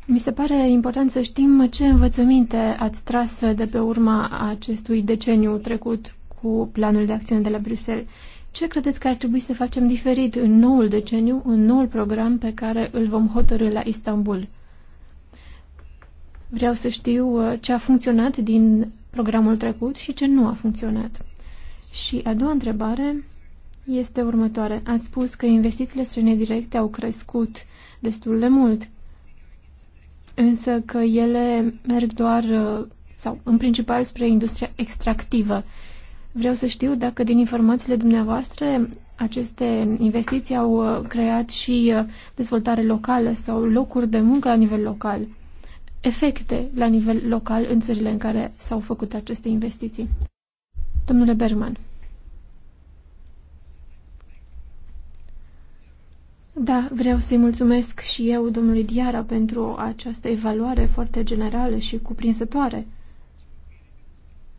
Mi se pare important să știm ce învățăminte ați tras de pe urma acestui deceniu trecut cu planul de acțiune de la Bruxelles. Ce credeți că ar trebui să facem diferit în noul deceniu, în noul program pe care îl vom hotărâ la Istanbul? Vreau să știu uh, ce a funcționat din programul trecut și ce nu a funcționat. Și a doua întrebare este următoare. Ați spus că investițiile străine directe au crescut destul de mult, însă că ele merg doar uh, sau în principal spre industria extractivă. Vreau să știu dacă din informațiile dumneavoastră aceste investiții au uh, creat și uh, dezvoltare locală sau locuri de muncă la nivel local, efecte la nivel local în țările în care s-au făcut aceste investiții. Domnule Berman. Da, vreau să-i mulțumesc și eu domnului Diara pentru această evaluare foarte generală și cuprinsătoare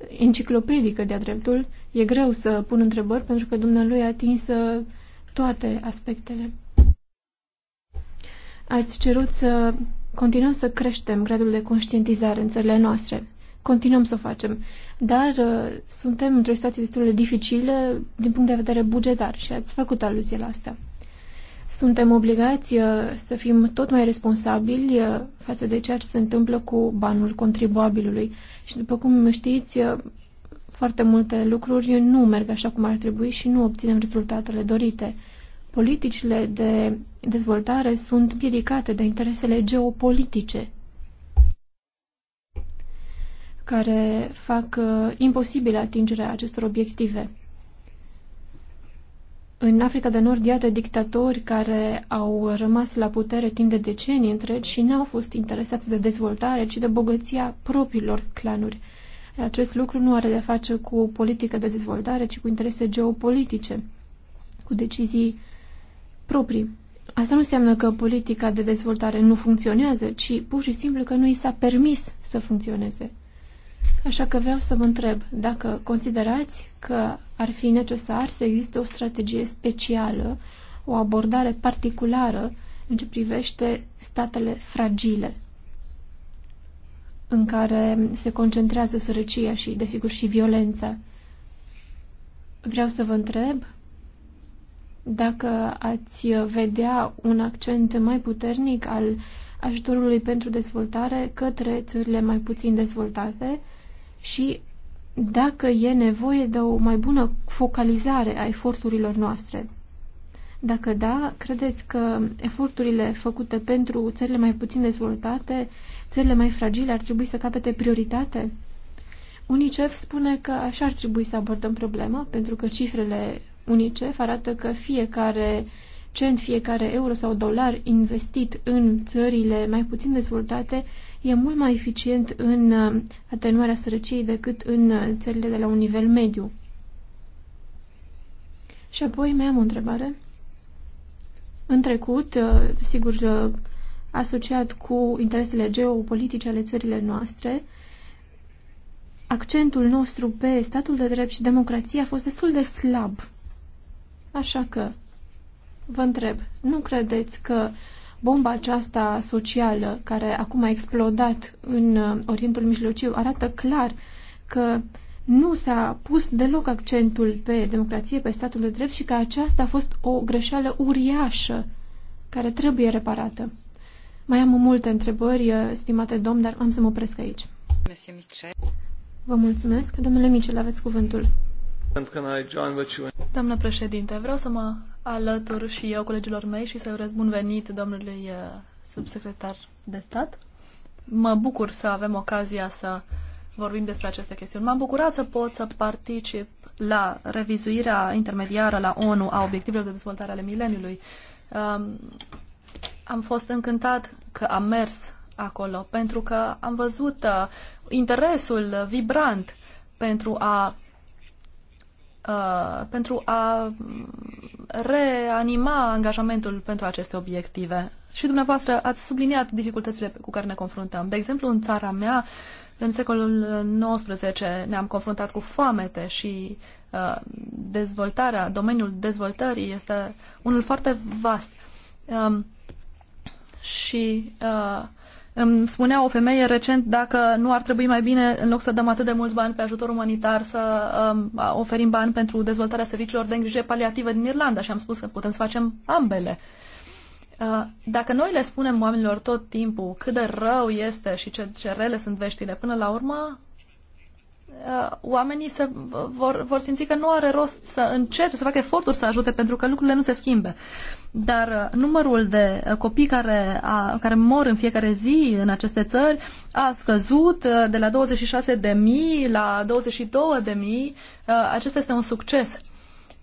enciclopedică de-a dreptul, e greu să pun întrebări pentru că dumnealui a atins uh, toate aspectele. Ați cerut să continuăm să creștem gradul de conștientizare în țările noastre. Continuăm să o facem. Dar uh, suntem într-o situație destul de dificilă din punct de vedere bugetar și ați făcut aluzie la asta. Suntem obligați uh, să fim tot mai responsabili uh, față de ceea ce se întâmplă cu banul contribuabilului. Și după cum știți, uh, foarte multe lucruri nu merg așa cum ar trebui și nu obținem rezultatele dorite. Politicile de dezvoltare sunt piedicate de interesele geopolitice care fac imposibilă atingerea acestor obiective. În Africa de Nord, iată dictatori care au rămas la putere timp de decenii întregi și n-au fost interesați de dezvoltare, ci de bogăția propriilor clanuri. Acest lucru nu are de face cu o politică de dezvoltare, ci cu interese geopolitice, cu decizii proprii. Asta nu înseamnă că politica de dezvoltare nu funcționează, ci pur și simplu că nu i s-a permis să funcționeze. Așa că vreau să vă întreb dacă considerați că ar fi necesar să existe o strategie specială, o abordare particulară în ce privește statele fragile, în care se concentrează sărăcia și, desigur, și violența. Vreau să vă întreb dacă ați vedea un accent mai puternic al ajutorului pentru dezvoltare către țările mai puțin dezvoltate și dacă e nevoie de o mai bună focalizare a eforturilor noastre. Dacă da, credeți că eforturile făcute pentru țările mai puțin dezvoltate, țările mai fragile, ar trebui să capete prioritate? UNICEF spune că așa ar trebui să abordăm problema, pentru că cifrele UNICEF arată că fiecare uh, cent fiecare euro sau dolar investit în țările mai puțin dezvoltate e mult mai eficient în uh, atenuarea sărăciei decât în uh, țările de la un nivel mediu. Și apoi mai am o întrebare. În trecut, uh, sigur, asociat cu interesele geopolitice ale țările noastre, accentul nostru pe statul de drept și democrație a fost destul de slab. Așa că Vă întreb, nu credeți că bomba aceasta socială care acum a explodat în uh, Orientul Mijlociu arată clar că nu s-a pus deloc accentul pe democrație, pe statul de drept și că aceasta a fost o greșeală uriașă care trebuie reparată. Mai am multe întrebări, uh, stimate domn, dar am să mă opresc aici. Vă mulțumesc. Domnule Michel, aveți cuvântul. Doamnă președinte, vreau să mă alături și eu colegilor mei și să-i urez bun venit domnului uh, subsecretar de stat. Mă bucur să avem ocazia să vorbim despre aceste chestiuni. M-am bucurat să pot să particip la revizuirea intermediară la ONU a obiectivelor de dezvoltare ale mileniului. Um, am fost încântat că am mers acolo pentru că am văzut uh, interesul vibrant pentru a Uh, pentru a reanima angajamentul pentru aceste obiective. Și dumneavoastră ați subliniat dificultățile cu care ne confruntăm. De exemplu, în țara mea, în secolul XIX ne-am confruntat cu foamete și uh, dezvoltarea, domeniul dezvoltării este unul foarte vast. Um, și uh, îmi spunea o femeie recent dacă nu ar trebui mai bine, în loc să dăm atât de mulți bani pe ajutor umanitar, să um, oferim bani pentru dezvoltarea serviciilor de îngrijire paliativă din Irlanda și am spus că putem să facem ambele. Uh, dacă noi le spunem oamenilor tot timpul cât de rău este și ce, ce rele sunt veștile, până la urmă Uh, oamenii se vor, vor simți că nu are rost să încerce, să facă eforturi să ajute, pentru că lucrurile nu se schimbe. Dar uh, numărul de uh, copii care, a, care mor în fiecare zi în aceste țări a scăzut de la 26.000 la 22.000. Acesta este un succes.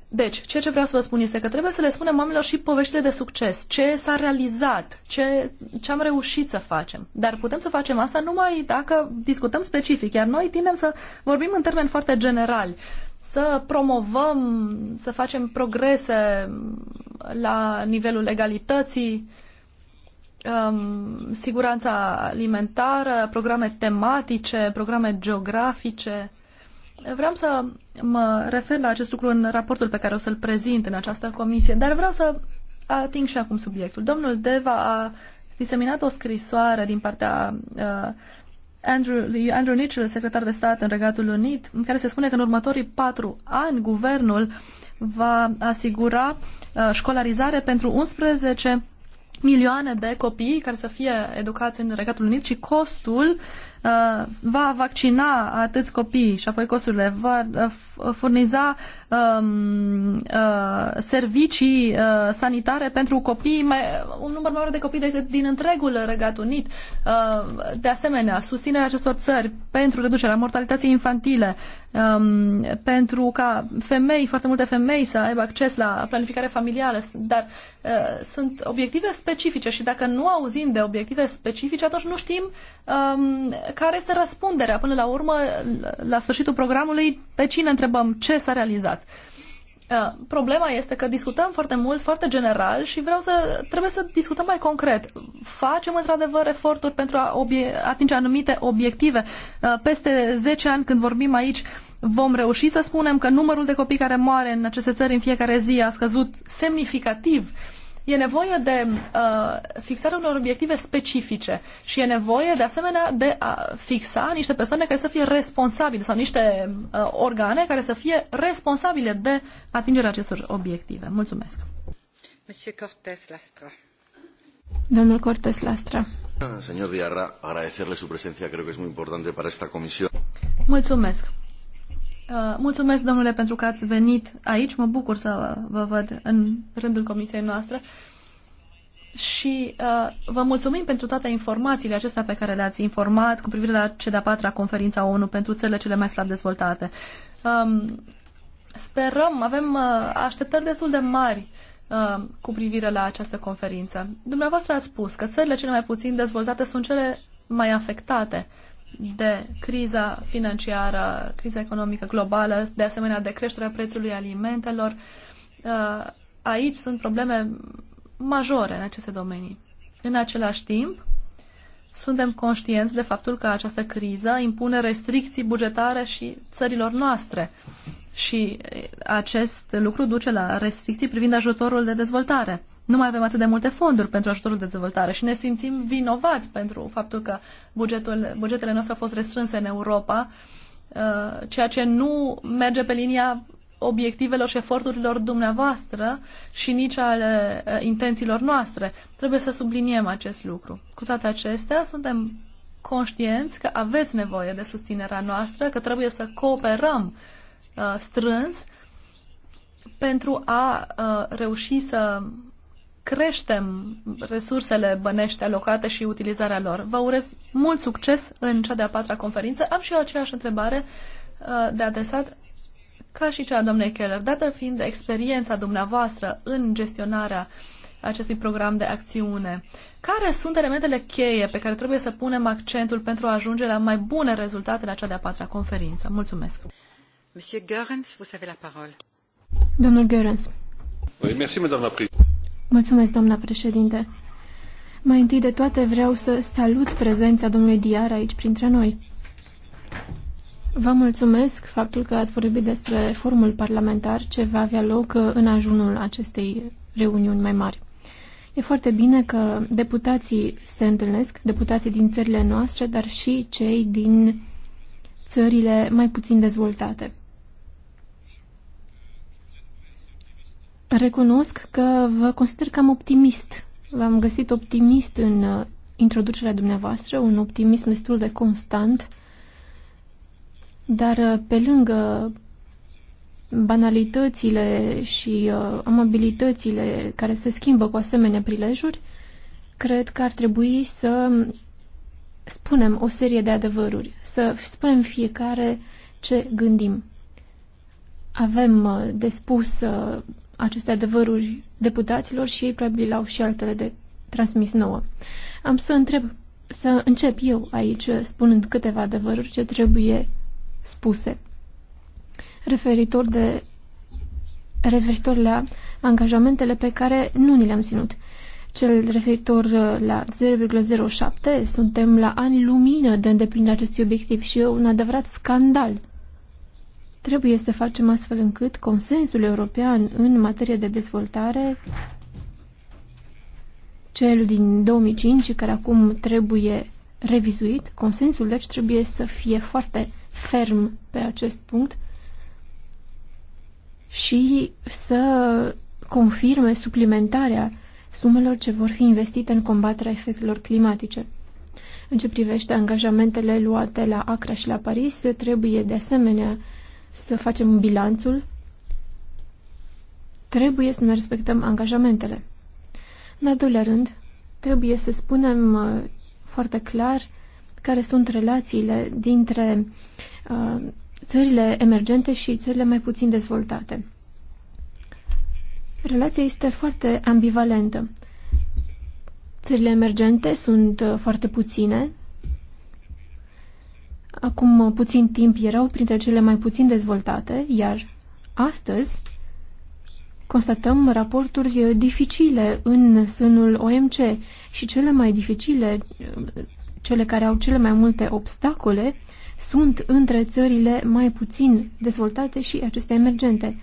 Deci, ceea ce vreau să vă spun este că trebuie să le spunem oamenilor și poveștile de succes, ce s-a realizat, ce, ce am reușit să facem. Dar putem să facem asta numai dacă discutăm specific, iar noi tindem să vorbim în termeni foarte generali, să promovăm, să facem progrese la nivelul egalității, um, siguranța alimentară, programe tematice, programe geografice Vreau să mă refer la acest lucru în raportul pe care o să-l prezint în această comisie, dar vreau să ating și acum subiectul. Domnul Deva a diseminat o scrisoare din partea uh, Andrew, Andrew Mitchell, secretar de stat în Regatul Unit, în care se spune că în următorii patru ani guvernul va asigura uh, școlarizare pentru 11 milioane de copii care să fie educați în Regatul Unit și costul Uh, va vaccina atâți copii și apoi costurile, va uh, furniza um, uh, servicii uh, sanitare pentru copii, mai, un număr mai mare de copii decât din întregul Regat Unit. Uh, de asemenea, susținerea acestor țări pentru reducerea mortalității infantile, um, pentru ca femei, foarte multe femei să aibă acces la planificare familială, dar uh, sunt obiective specifice și dacă nu auzim de obiective specifice, atunci nu știm um, care este răspunderea? Până la urmă, la sfârșitul programului, pe cine întrebăm ce s-a realizat? Uh, problema este că discutăm foarte mult, foarte general și vreau să trebuie să discutăm mai concret. Facem într-adevăr eforturi pentru a obie, atinge anumite obiective. Uh, peste 10 ani, când vorbim aici, vom reuși să spunem că numărul de copii care moare în aceste țări în fiecare zi a scăzut semnificativ. Uh, E nevoie de uh, fixarea unor obiective specifice și e nevoie de asemenea de a fixa niște persoane care să fie responsabile sau niște uh, organe care să fie responsabile de atingerea acestor obiective. Mulțumesc. Monsieur cortes Lastra. Domnul Cortes Lastra. Señor Diarra, agradecerle su presencia, creo que es muy importante para esta comisión. Mulțumesc. Uh, mulțumesc, domnule, pentru că ați venit aici. Mă bucur să vă văd în rândul comisiei noastre. Și uh, vă mulțumim pentru toate informațiile acestea pe care le-ați informat cu privire la cea de-a patra conferința ONU pentru țările cele mai slab dezvoltate. Um, sperăm, avem uh, așteptări destul de mari uh, cu privire la această conferință. Dumneavoastră ați spus că țările cele mai puțin dezvoltate sunt cele mai afectate uh, de criza financiară, criza economică globală, de asemenea de creșterea prețului alimentelor. Uh, aici sunt probleme majore în aceste domenii. În același timp, suntem conștienți de faptul că această criză impune restricții bugetare și țărilor noastre. Și acest lucru duce la restricții privind ajutorul de dezvoltare nu mai avem atât de multe fonduri pentru ajutorul de dezvoltare și ne simțim vinovați pentru faptul că bugetul, bugetele noastre au fost restrânse în Europa, uh, ceea ce nu merge pe linia obiectivelor și eforturilor dumneavoastră și nici ale uh, intențiilor noastre. Trebuie să subliniem acest lucru. Cu toate acestea, suntem conștienți că aveți nevoie de susținerea noastră, că trebuie să cooperăm uh, strâns pentru a reuși să creștem resursele bănești alocate și utilizarea lor. Vă urez mult succes în cea de-a patra conferință. Am și eu aceeași întrebare uh, de adresat ca și cea a domnului Keller, dată fiind experiența dumneavoastră în gestionarea acestui program de acțiune. Care sunt elementele cheie pe care trebuie să punem accentul pentru a ajunge la mai bune rezultate la cea de-a patra conferință? Mulțumesc! Monsieur Goerens, vous avez la parole. Domnul Goerens. Oui, merci, madame la Mulțumesc, doamna președinte. Mai întâi de toate vreau să salut prezența domnului Diar aici printre noi. Vă mulțumesc faptul că ați vorbit despre formul parlamentar ce va avea loc în ajunul acestei reuniuni mai mari. E foarte bine că deputații se întâlnesc, deputații din țările noastre, dar și cei din țările mai puțin dezvoltate. Recunosc că vă consider cam optimist. V-am găsit optimist în uh, introducerea dumneavoastră, un optimism destul de constant, dar uh, pe lângă banalitățile și uh, amabilitățile care se schimbă cu asemenea prilejuri, cred că ar trebui să spunem o serie de adevăruri, să spunem fiecare ce gândim. Avem uh, de spus aceste adevăruri deputaților și ei probabil au și altele de transmis nouă. Am să întreb, să încep eu aici spunând câteva adevăruri ce trebuie spuse. Referitor, de, referitor la angajamentele pe care nu ni le-am ținut. Cel referitor la 0,07, suntem la ani lumină de îndeplinirea acestui obiectiv și e un adevărat scandal Trebuie să facem astfel încât consensul european în materie de dezvoltare, cel din 2005, care acum trebuie revizuit, consensul deci trebuie să fie foarte ferm pe acest punct și să confirme suplimentarea sumelor ce vor fi investite în combaterea efectelor climatice. În ce privește angajamentele luate la Acra și la Paris, trebuie de asemenea să facem bilanțul, trebuie să ne respectăm angajamentele. În al doilea rând, trebuie să spunem uh, foarte clar care sunt relațiile dintre uh, țările emergente și țările mai puțin dezvoltate. Relația este foarte ambivalentă. Țările emergente sunt uh, foarte puține, Acum puțin timp erau printre cele mai puțin dezvoltate, iar astăzi constatăm raporturi dificile în sânul OMC și cele mai dificile, cele care au cele mai multe obstacole, sunt între țările mai puțin dezvoltate și acestea emergente.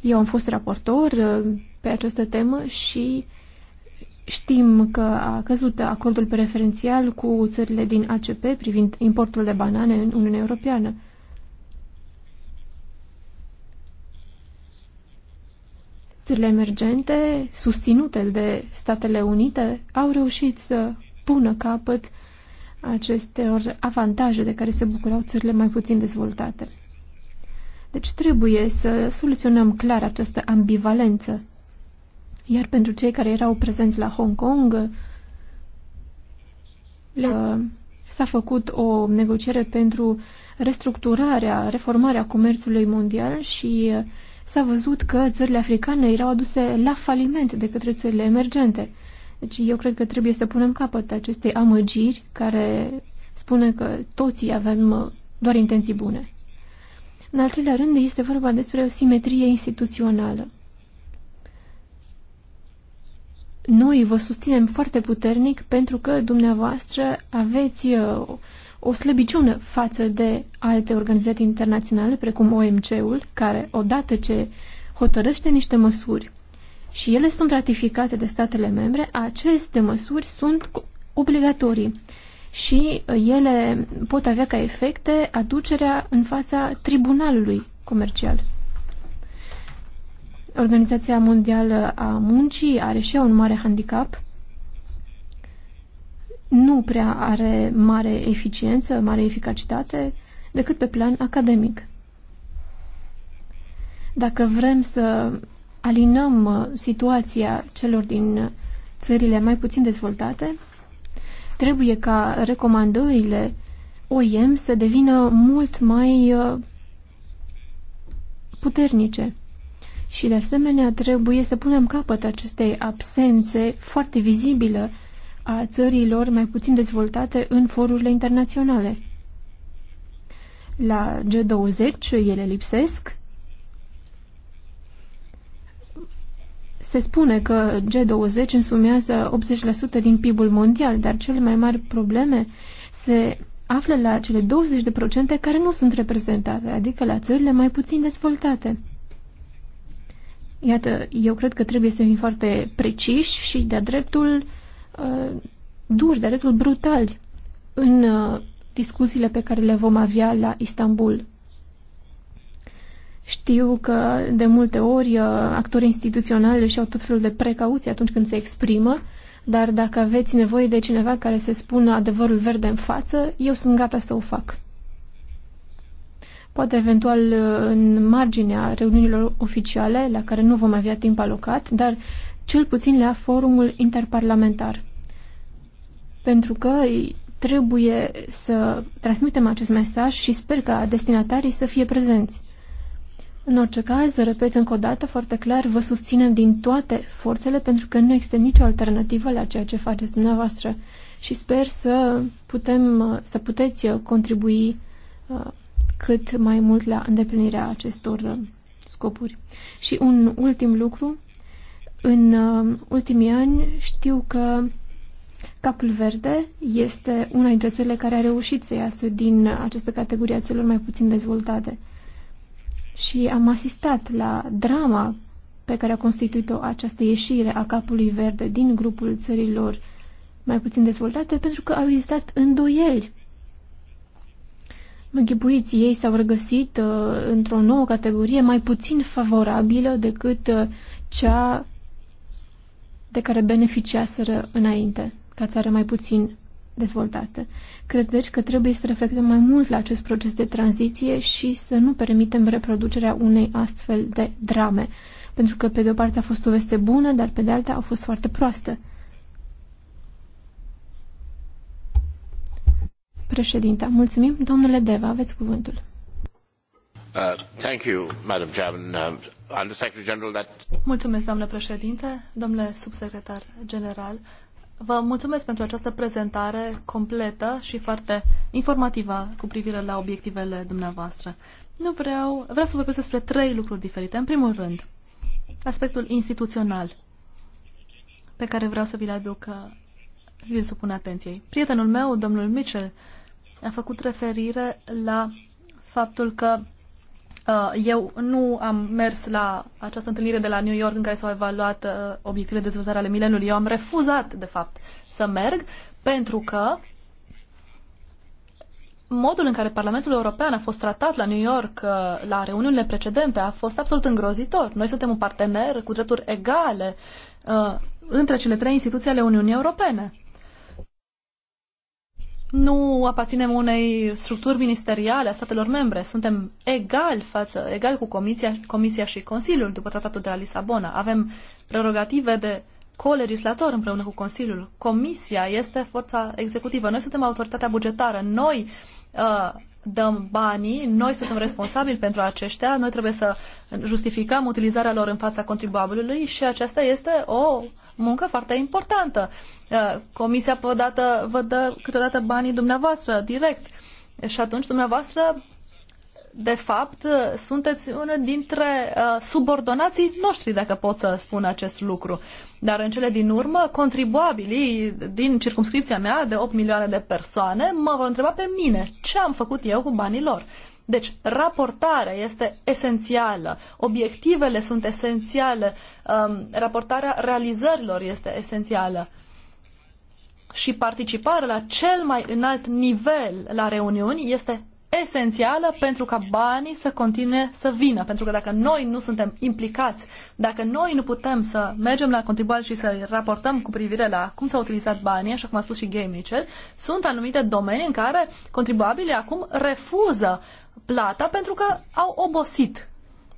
Eu am fost raportor pe această temă și Știm că a căzut acordul preferențial cu țările din ACP privind importul de banane în Uniunea Europeană. Țările emergente, susținute de Statele Unite, au reușit să pună capăt acestor avantaje de care se bucurau țările mai puțin dezvoltate. Deci trebuie să soluționăm clar această ambivalență iar pentru cei care erau prezenți la Hong Kong, uh, s-a făcut o negociere pentru restructurarea, reformarea comerțului mondial și uh, s-a văzut că țările africane erau aduse la faliment de către țările emergente. Deci eu cred că trebuie să punem capăt acestei amăgiri care spune că toții avem uh, doar intenții bune. În al treilea rând, este vorba despre o simetrie instituțională. noi vă susținem foarte puternic pentru că dumneavoastră aveți uh, o slăbiciune față de alte organizații internaționale, precum OMC-ul, care odată ce hotărăște niște măsuri și ele sunt ratificate de statele membre, aceste măsuri sunt obligatorii și ele pot avea ca efecte aducerea în fața tribunalului comercial. Organizația Mondială a Muncii are și ea un mare handicap. Nu prea are mare eficiență, mare eficacitate, decât pe plan academic. Dacă vrem să alinăm uh, situația celor din țările mai puțin dezvoltate, trebuie ca recomandările OIM să devină mult mai uh, puternice. Și de asemenea trebuie să punem capăt acestei absențe foarte vizibile a țărilor mai puțin dezvoltate în forurile internaționale. La G20 ele lipsesc. Se spune că G20 însumează 80% din PIB-ul mondial, dar cele mai mari probleme se află la cele 20% care nu sunt reprezentate, adică la țările mai puțin dezvoltate. Iată, eu cred că trebuie să fim foarte preciși și de-a dreptul uh, duri, de-a dreptul brutali în uh, discuțiile pe care le vom avea la Istanbul. Știu că de multe ori uh, actorii instituționali și-au tot felul de precauții atunci când se exprimă, dar dacă aveți nevoie de cineva care să spună adevărul verde în față, eu sunt gata să o fac poate eventual uh, în marginea reuniunilor oficiale, la care nu vom avea timp alocat, dar cel puțin la forumul interparlamentar. Pentru că trebuie să transmitem acest mesaj și sper ca destinatarii să fie prezenți. În orice caz, repet încă o dată foarte clar, vă susținem din toate forțele pentru că nu există nicio alternativă la ceea ce faceți dumneavoastră și sper să putem, să puteți contribui uh, cât mai mult la îndeplinirea acestor uh, scopuri. Și un ultim lucru, în uh, ultimii ani știu că Capul Verde este una dintre țările care a reușit să iasă din această categorie a țărilor mai puțin dezvoltate. Și am asistat la drama pe care a constituit-o această ieșire a Capului Verde din grupul țărilor mai puțin dezvoltate, pentru că au existat îndoieli Închipuiți, ei s-au regăsit uh, într-o nouă categorie mai puțin favorabilă decât uh, cea de care beneficiaseră înainte, ca țară mai puțin dezvoltată. Cred deci că trebuie să reflectăm mai mult la acest proces de tranziție și să nu permitem reproducerea unei astfel de drame. Pentru că, pe de o parte, a fost o veste bună, dar pe de alta a fost foarte proastă. Președinte, mulțumim. Domnule Deva, aveți cuvântul. Uh, thank you, Madam uh, General, Mulțumesc, doamnă președinte, domnule subsecretar general. Vă mulțumesc pentru această prezentare completă și foarte informativă cu privire la obiectivele dumneavoastră. Nu vreau, vreau să vorbesc despre trei lucruri diferite. În primul rând, aspectul instituțional pe care vreau să vi-l aduc, uh, vi-l supun atenției. Prietenul meu, domnul Mitchell, a făcut referire la faptul că uh, eu nu am mers la această întâlnire de la New York în care s-au evaluat uh, obiectivele de dezvoltare ale mileniului. Eu am refuzat, de fapt, să merg pentru că modul în care Parlamentul European a fost tratat la New York uh, la reuniunile precedente a fost absolut îngrozitor. Noi suntem un partener cu drepturi egale uh, între cele trei instituții ale Uniunii Europene nu aparținem unei structuri ministeriale a statelor membre. Suntem egali față, egal cu Comisia, Comisia și Consiliul după tratatul de la Lisabona. Avem prerogative de co-legislator împreună cu Consiliul. Comisia este forța executivă. Noi suntem autoritatea bugetară. Noi uh, dăm banii, noi suntem responsabili pentru aceștia, noi trebuie să justificăm utilizarea lor în fața contribuabilului și aceasta este o muncă foarte importantă. Uh, comisia vă, dă câteodată banii dumneavoastră direct și atunci dumneavoastră de fapt, uh, sunteți unul dintre uh, subordonații noștri, dacă pot să spun acest lucru. Dar în cele din urmă, contribuabilii din circumscripția mea de 8 milioane de persoane mă vor întreba pe mine ce am făcut eu cu banii lor. Deci, raportarea este esențială, obiectivele sunt esențiale, um, raportarea realizărilor este esențială și participarea la cel mai înalt nivel la reuniuni este esențială pentru ca banii să continue să vină. Pentru că dacă noi nu suntem implicați, dacă noi nu putem să mergem la contribuabil și să raportăm cu privire la cum s-au utilizat banii, așa cum a spus și Gay Mitchell, sunt anumite domenii în care contribuabilii acum refuză plata pentru că au obosit.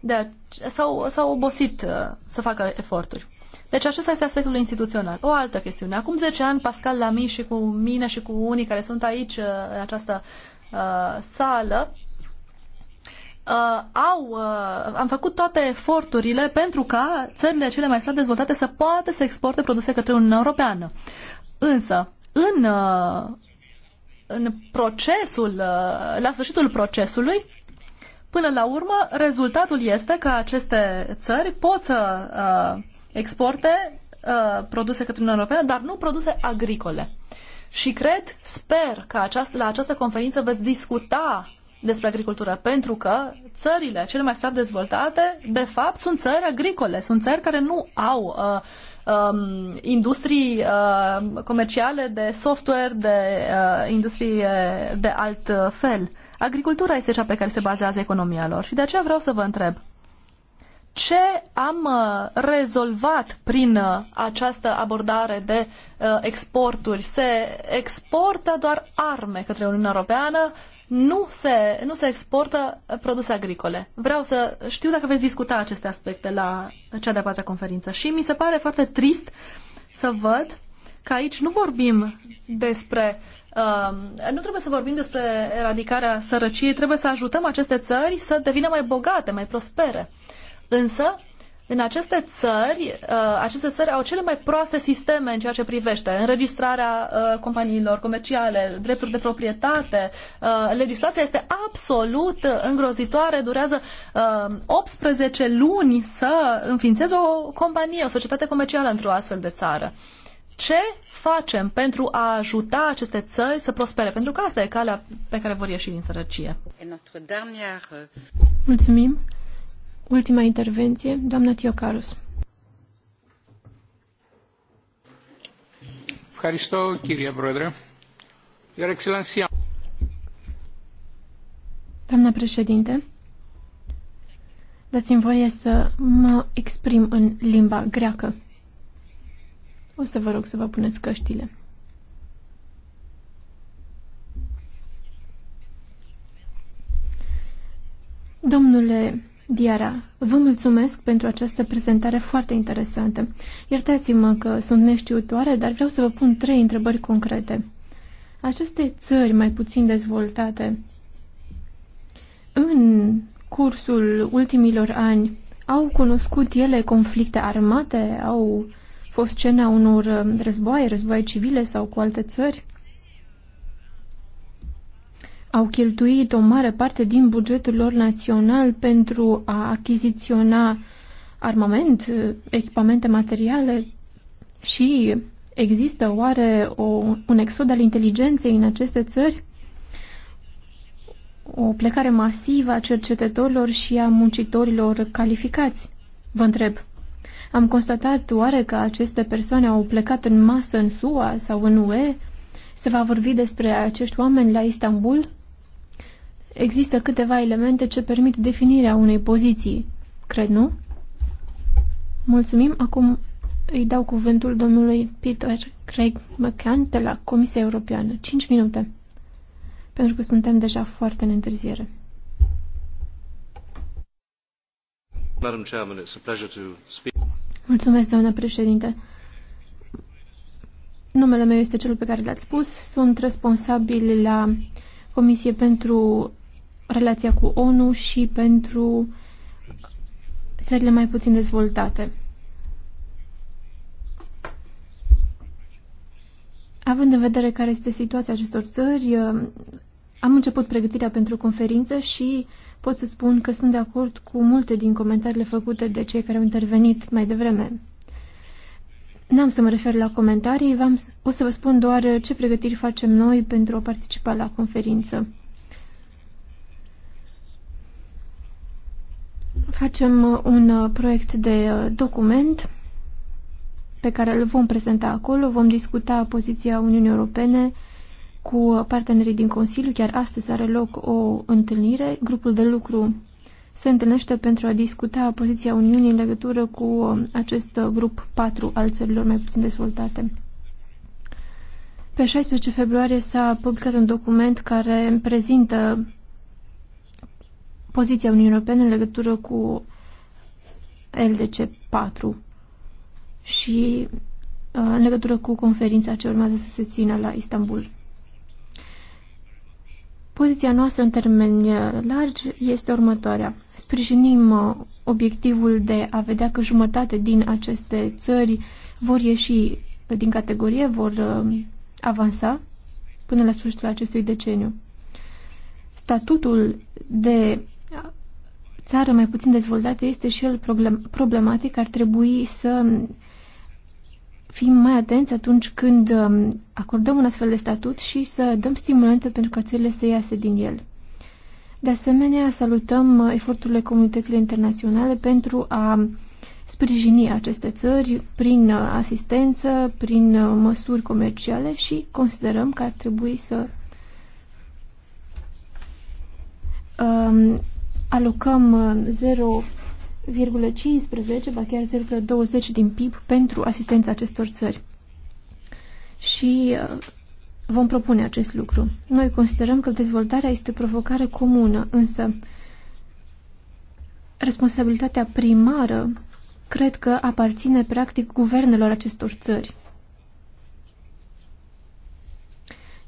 De s-au, s-au obosit uh, să facă eforturi. Deci acesta este aspectul instituțional. O altă chestiune. Acum 10 ani, Pascal Lamy și cu mine și cu unii care sunt aici uh, în această uh, sală, uh, au, uh, am făcut toate eforturile pentru ca țările cele mai slab dezvoltate să poată să exporte produse către Uniunea Europeană. Însă, în, uh, în procesul, uh, la sfârșitul procesului, până la urmă, rezultatul este că aceste țări pot să uh, exporte uh, produse către Uniunea Europeană, dar nu produse agricole. Și cred, sper că această, la această conferință veți discuta despre agricultură, pentru că țările cele mai slab dezvoltate, de fapt, sunt țări agricole, sunt țări care nu au uh, um, industrii uh, comerciale de software, de uh, industrie de alt fel. Agricultura este cea pe care se bazează economia lor și de aceea vreau să vă întreb ce am uh, rezolvat prin uh, această abordare de uh, exporturi? Se exportă doar arme către Uniunea Europeană, nu se, nu se exportă produse agricole. Vreau să știu dacă veți discuta aceste aspecte la cea de-a patra conferință. Și mi se pare foarte trist să văd că aici nu vorbim despre Uh, nu trebuie să vorbim despre eradicarea sărăciei, trebuie să ajutăm aceste țări să devină mai bogate, mai prospere. Uh, Însă, în aceste țări, uh, aceste țări au cele mai proaste sisteme în ceea ce privește înregistrarea uh, companiilor comerciale, drepturi de proprietate. Uh, legislația este absolut îngrozitoare, durează 18 luni să înființeze o companie, o societate comercială într-o astfel de țară. Ce facem pentru a ajuta aceste țări să prospere? Pentru că asta e calea pe care vor ieși din sărăcie. Mulțumim! Ultima intervenție, doamna Tio Ευχαριστώ Doamna președinte, dați-mi voie să mă exprim în limba greacă. O să vă rog să vă puneți căștile. Domnule Diara, vă mulțumesc pentru această prezentare foarte interesantă. Iertați-mă că sunt neștiutoare, dar vreau să vă pun trei întrebări concrete. Aceste țări mai puțin dezvoltate, în cursul ultimilor ani, au cunoscut ele conflicte armate? Au fost scena unor um, războaie, războaie civile sau cu alte țări? au cheltuit o mare parte din bugetul lor național pentru a achiziționa armament, echipamente materiale și există oare o, un exod al inteligenței în aceste țări? O plecare masivă a cercetătorilor și a muncitorilor calificați? Vă întreb. Am constatat oare că aceste persoane au plecat în masă în SUA sau în UE? Se va vorbi despre acești oameni la Istanbul? Există câteva elemente ce permit definirea unei poziții, cred, nu? Mulțumim. Acum îi dau cuvântul domnului Peter Craig McCann de la Comisia Europeană. 5 minute. Pentru că suntem deja foarte în întârziere. Madam Chairman, it's a pleasure to speak. Mulțumesc, doamnă președinte. Numele meu este cel pe care l-ați spus. Sunt responsabil la Comisie pentru relația cu ONU și pentru țările mai puțin dezvoltate. Având în vedere care este situația acestor țări, am început pregătirea pentru conferință și pot să spun că sunt de acord cu multe din comentariile făcute de cei care au intervenit mai devreme. N-am să mă refer la comentarii, o să vă spun doar ce pregătiri facem noi pentru a participa la conferință. Facem uh, un uh, proiect de uh, document pe care îl vom prezenta acolo. Vom discuta poziția Uniunii Europene cu partenerii din Consiliu. Chiar astăzi are loc o întâlnire. Grupul de lucru se întâlnește pentru a discuta poziția Uniunii în legătură cu acest grup 4 al țărilor mai puțin dezvoltate. Pe 16 februarie s-a publicat un document care prezintă poziția Uniunii Europene în legătură cu LDC 4 și uh, în legătură cu conferința ce urmează să se țină la Istanbul. Poziția noastră în termeni uh, largi este următoarea. Sprijinim uh, obiectivul de a vedea că jumătate din aceste țări vor ieși din categorie, vor avansa până la sfârșitul acestui deceniu. Statutul de țară mai puțin dezvoltată este și el problematic. Ar trebui să fim mai atenți atunci când um, acordăm un astfel de statut și să dăm stimulente pentru ca țările să iasă din el. De asemenea, salutăm uh, eforturile comunităților internaționale pentru a sprijini aceste țări prin uh, asistență, prin uh, măsuri comerciale și considerăm că ar trebui să um, alocăm 0,15, uh, ba chiar 0,20 din PIB pentru asistența acestor țări. Și uh, vom propune acest lucru. Noi considerăm că dezvoltarea este o provocare comună, însă responsabilitatea primară cred că aparține practic guvernelor acestor țări.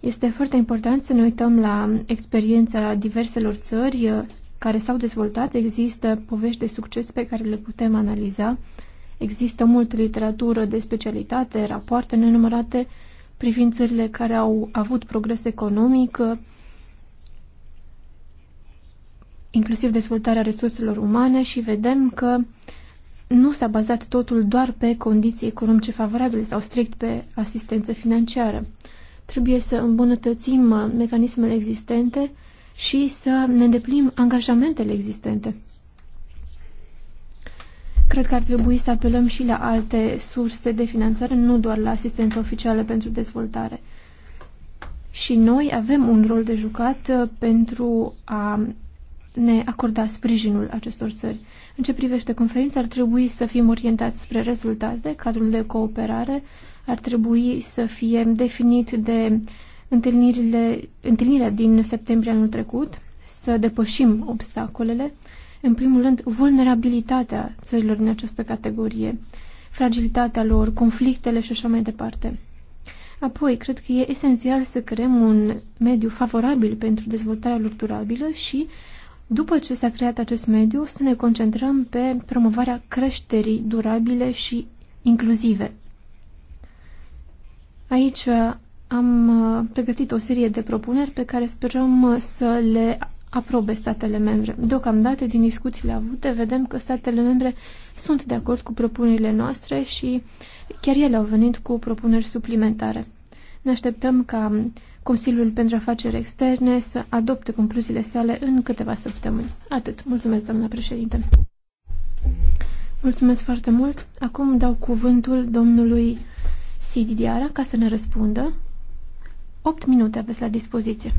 Este foarte important să ne uităm la experiența diverselor țări uh, care s-au dezvoltat, există povești de succes pe care le putem analiza, există multă literatură de specialitate, rapoarte nenumărate privind țările care au avut progres economic, inclusiv dezvoltarea resurselor umane și vedem că nu s-a bazat totul doar pe condiții economice favorabile sau strict pe asistență financiară. Trebuie să îmbunătățim mecanismele existente și să ne îndeplinim angajamentele existente. Cred că ar trebui să apelăm și la alte surse de finanțare, nu doar la asistență oficială pentru dezvoltare. Și noi avem un rol de jucat uh, pentru a ne acorda sprijinul acestor țări. În ce privește conferința, ar trebui să fim orientați spre rezultate, cadrul de cooperare ar trebui să fie definit de uh, întâlnirile, întâlnirea din septembrie anul trecut, să depășim obstacolele, în primul rând vulnerabilitatea țărilor din această categorie, fragilitatea lor, conflictele și așa mai departe. Apoi, cred că e esențial să creăm un mediu favorabil pentru dezvoltarea lor durabilă și, după ce s-a creat acest mediu, să ne concentrăm pe promovarea creșterii durabile și inclusive. Aici am uh, pregătit o serie de propuneri pe care sperăm uh, să le aprobe statele membre. Deocamdată, din discuțiile avute, vedem că statele membre sunt de acord cu propunerile noastre și chiar ele au venit cu propuneri suplimentare. Ne așteptăm ca Consiliul pentru Afaceri Externe să adopte concluziile sale în câteva săptămâni. Atât. Mulțumesc, doamna președinte. Mulțumesc foarte mult. Acum dau cuvântul domnului Sididiara Diara ca să ne răspundă. 8 minute aveți la dispoziție.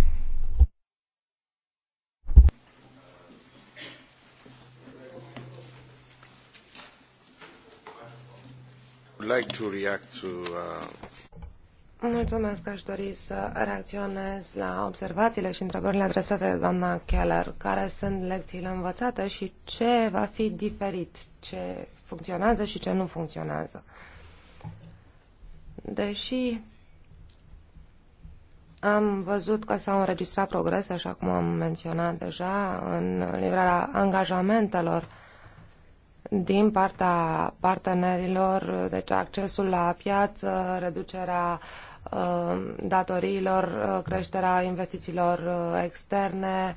Like to react to, uh... Mulțumesc, aș dori să reacționez la observațiile și întrebările adresate de doamna Keller. Care sunt lecțiile învățate și ce va fi diferit? Ce funcționează și ce nu funcționează? Deși am văzut că s-au înregistrat progrese, așa cum am menționat deja, în livrarea angajamentelor din partea partenerilor, deci accesul la piață, reducerea uh, datoriilor, uh, creșterea investițiilor uh, externe,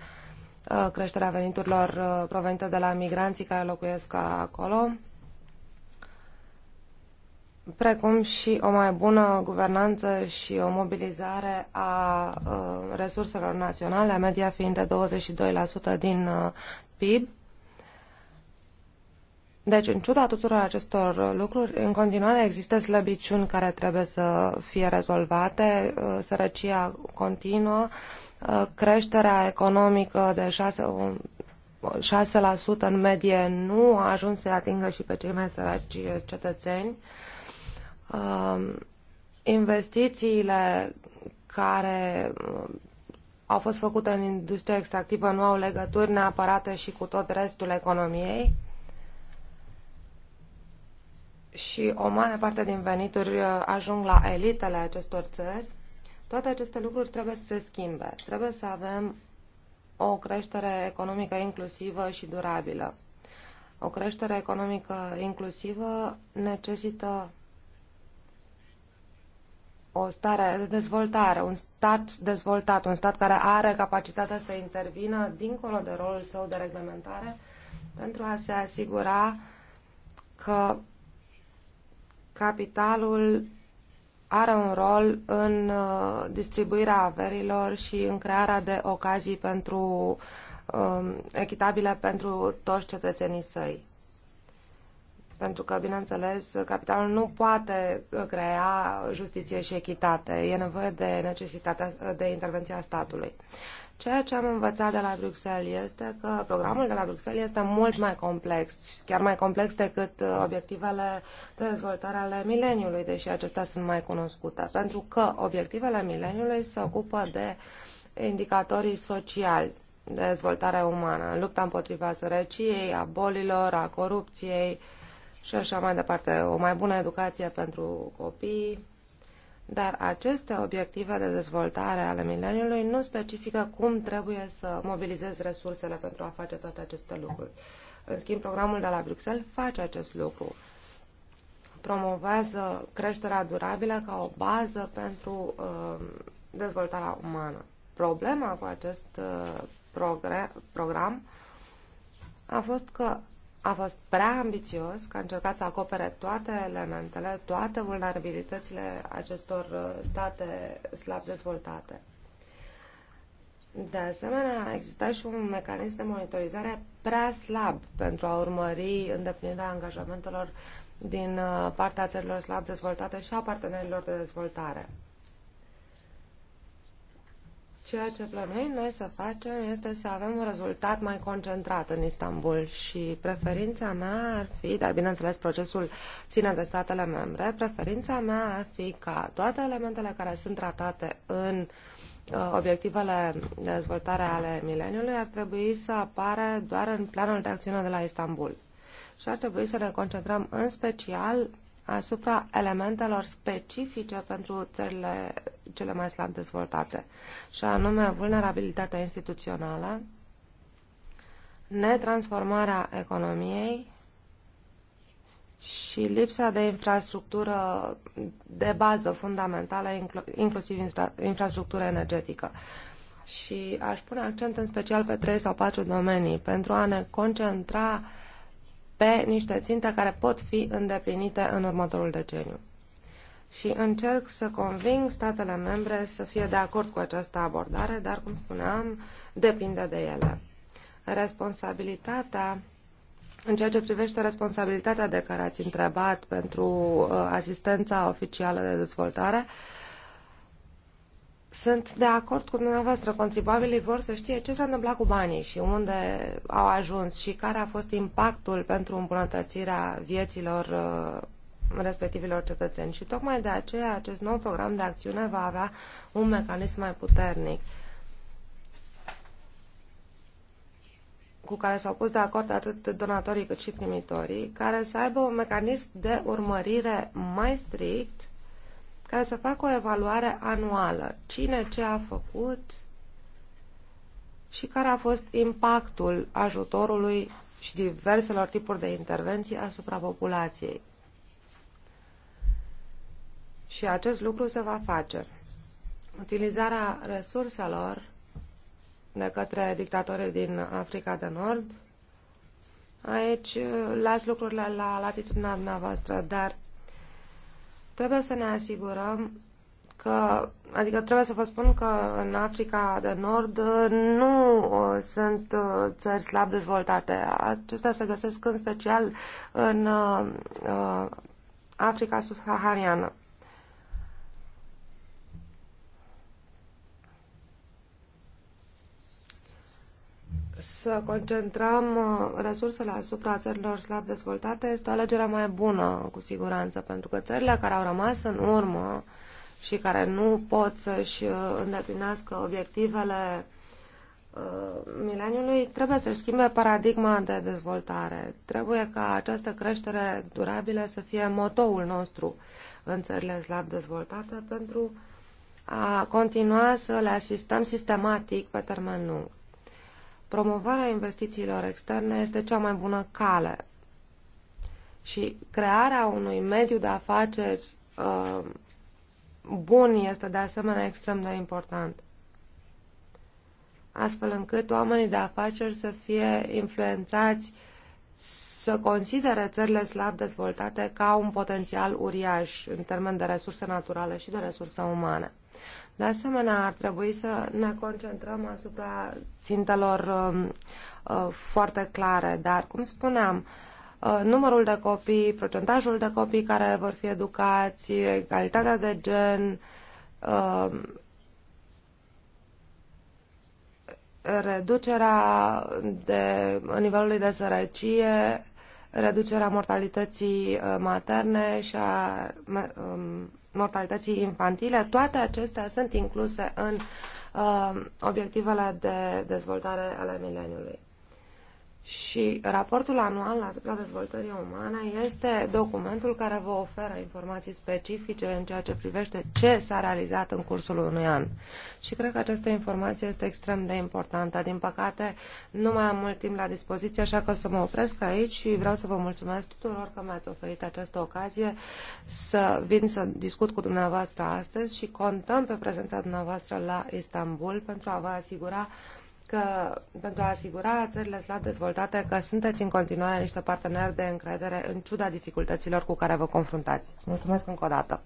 creșterea veniturilor provenite de la migranții care locuiesc acolo precum și o mai bună guvernanță și o mobilizare a uh, resurselor naționale, a media fiind de 22% din uh, PIB. Deci, în ciuda tuturor acestor lucruri, în continuare există slăbiciuni care trebuie să fie rezolvate, uh, sărăcia continuă, creșterea economică de 6, 6% în medie nu a ajuns să atingă și pe cei mai săraci cetățeni, Um, investițiile care um, au fost făcute în industria extractivă nu au legături neapărate și cu tot restul economiei și o mare parte din venituri uh, ajung la elitele acestor țări, toate aceste lucruri trebuie să se schimbe. Trebuie să avem o creștere economică inclusivă și durabilă. O creștere economică inclusivă necesită o stare de dezvoltare, un stat dezvoltat, un stat care are capacitatea să intervină dincolo de rolul său de reglementare pentru a se asigura că capitalul are un rol în uh, distribuirea averilor și în crearea de ocazii pentru um, echitabile pentru toți cetățenii săi. Pentru că, bineînțeles, capitalul nu poate uh, crea justiție și echitate. E nevoie de necesitatea uh, de intervenția statului. Ceea ce am învățat de la Bruxelles este că programul de la Bruxelles este mult mai complex, chiar mai complex decât uh, obiectivele de dezvoltare ale mileniului, deși acestea sunt mai cunoscute, pentru că obiectivele mileniului se ocupă de indicatorii sociali de dezvoltare umană, lupta împotriva sărăciei, a bolilor, a corupției, și așa mai departe, o mai bună educație pentru copii, dar aceste obiective de dezvoltare ale mileniului nu specifică cum trebuie să mobilizezi resursele pentru a face toate aceste lucruri. În schimb, programul de la Bruxelles face acest lucru. Promovează creșterea durabilă ca o bază pentru uh, dezvoltarea umană. Problema cu acest uh, program a fost că a fost prea ambițios, că a încercat să acopere toate elementele, toate vulnerabilitățile acestor uh, state slab dezvoltate. De asemenea, exista și un mecanism de monitorizare prea slab pentru a urmări îndeplinirea angajamentelor din uh, partea țărilor slab dezvoltate și a partenerilor de dezvoltare. Ceea ce plănuim noi să facem este să avem un rezultat mai concentrat în Istanbul și preferința mea ar fi, dar bineînțeles procesul ține de statele membre, preferința mea ar fi ca toate elementele care sunt tratate în uh, obiectivele de dezvoltare ale mileniului ar trebui să apară doar în planul de acțiune de la Istanbul. Și ar trebui să ne concentrăm în special asupra elementelor specifice pentru țările cele mai slab dezvoltate, și anume vulnerabilitatea instituțională, netransformarea economiei și lipsa de infrastructură de bază fundamentală, inclusiv infrastructură energetică. Și aș pune accent în special pe trei sau patru domenii pentru a ne concentra uh, pe niște ținte care pot fi îndeplinite în următorul deceniu. Și încerc să conving statele membre să fie de acord cu această abordare, dar, cum spuneam, depinde de ele. Responsabilitatea în ceea ce privește responsabilitatea de care ați întrebat pentru uh, asistența oficială de dezvoltare, uh, sunt de acord cu dumneavoastră. Contribuabilii vor să știe ce s-a întâmplat cu banii și unde au ajuns și care a fost impactul pentru îmbunătățirea vieților uh, respectivilor cetățeni. Și tocmai de aceea acest nou program de acțiune va avea un mecanism mai puternic cu care s-au pus de acord atât donatorii cât și primitorii, care să aibă un mecanism de urmărire mai strict care să facă o evaluare anuală. Cine ce a făcut și care a fost impactul ajutorului și diverselor tipuri de intervenții asupra populației. Și acest lucru se va face. Utilizarea resurselor de către dictatorii din Africa de Nord. Aici las lucrurile la latitudinea dumneavoastră, dar Trebuie să ne asigurăm că, adică trebuie să vă spun că în Africa de Nord uh, nu uh, sunt uh, țări slab dezvoltate. Acestea se găsesc în special în Africa subsahariană. să concentrăm uh, resursele asupra țărilor slab dezvoltate este o alegere mai bună, cu siguranță, pentru că țările care au rămas în urmă și care nu pot să-și uh, îndeplinească obiectivele uh, mileniului, trebuie să-și schimbe paradigma de dezvoltare. Trebuie ca această creștere durabilă să fie motoul nostru în țările slab dezvoltate pentru a continua să le asistăm sistematic pe termen lung. Promovarea investițiilor externe este cea mai bună cale și crearea unui mediu de afaceri uh, bun este de asemenea extrem de important astfel încât oamenii de afaceri să fie influențați să considere țările slab dezvoltate ca un potențial uriaș în termen de resurse naturale și de resurse umane. De asemenea, ar trebui să ne concentrăm asupra țintelor um, uh, foarte clare, dar, cum spuneam, uh, numărul de copii, procentajul de copii care vor fi educați, egalitatea de gen, um, reducerea de nivelului de sărăcie, reducerea mortalității uh, materne și a um, mortalității infantile, toate acestea sunt incluse în uh, obiectivele de dezvoltare ale mileniului. Și raportul anual asupra dezvoltării umane este documentul care vă oferă informații specifice în ceea ce privește ce s-a realizat în cursul unui an. Și cred că această informație este extrem de importantă. Din păcate, nu mai am mult timp la dispoziție, așa că o să mă opresc aici și vreau să vă mulțumesc tuturor că mi-ați oferit această ocazie să vin să discut cu dumneavoastră astăzi și contăm pe prezența dumneavoastră la Istanbul pentru a vă asigura că pentru a asigura țările slab dezvoltate că sunteți în continuare niște parteneri de încredere în ciuda dificultăților cu care vă confruntați. Mulțumesc încă o dată.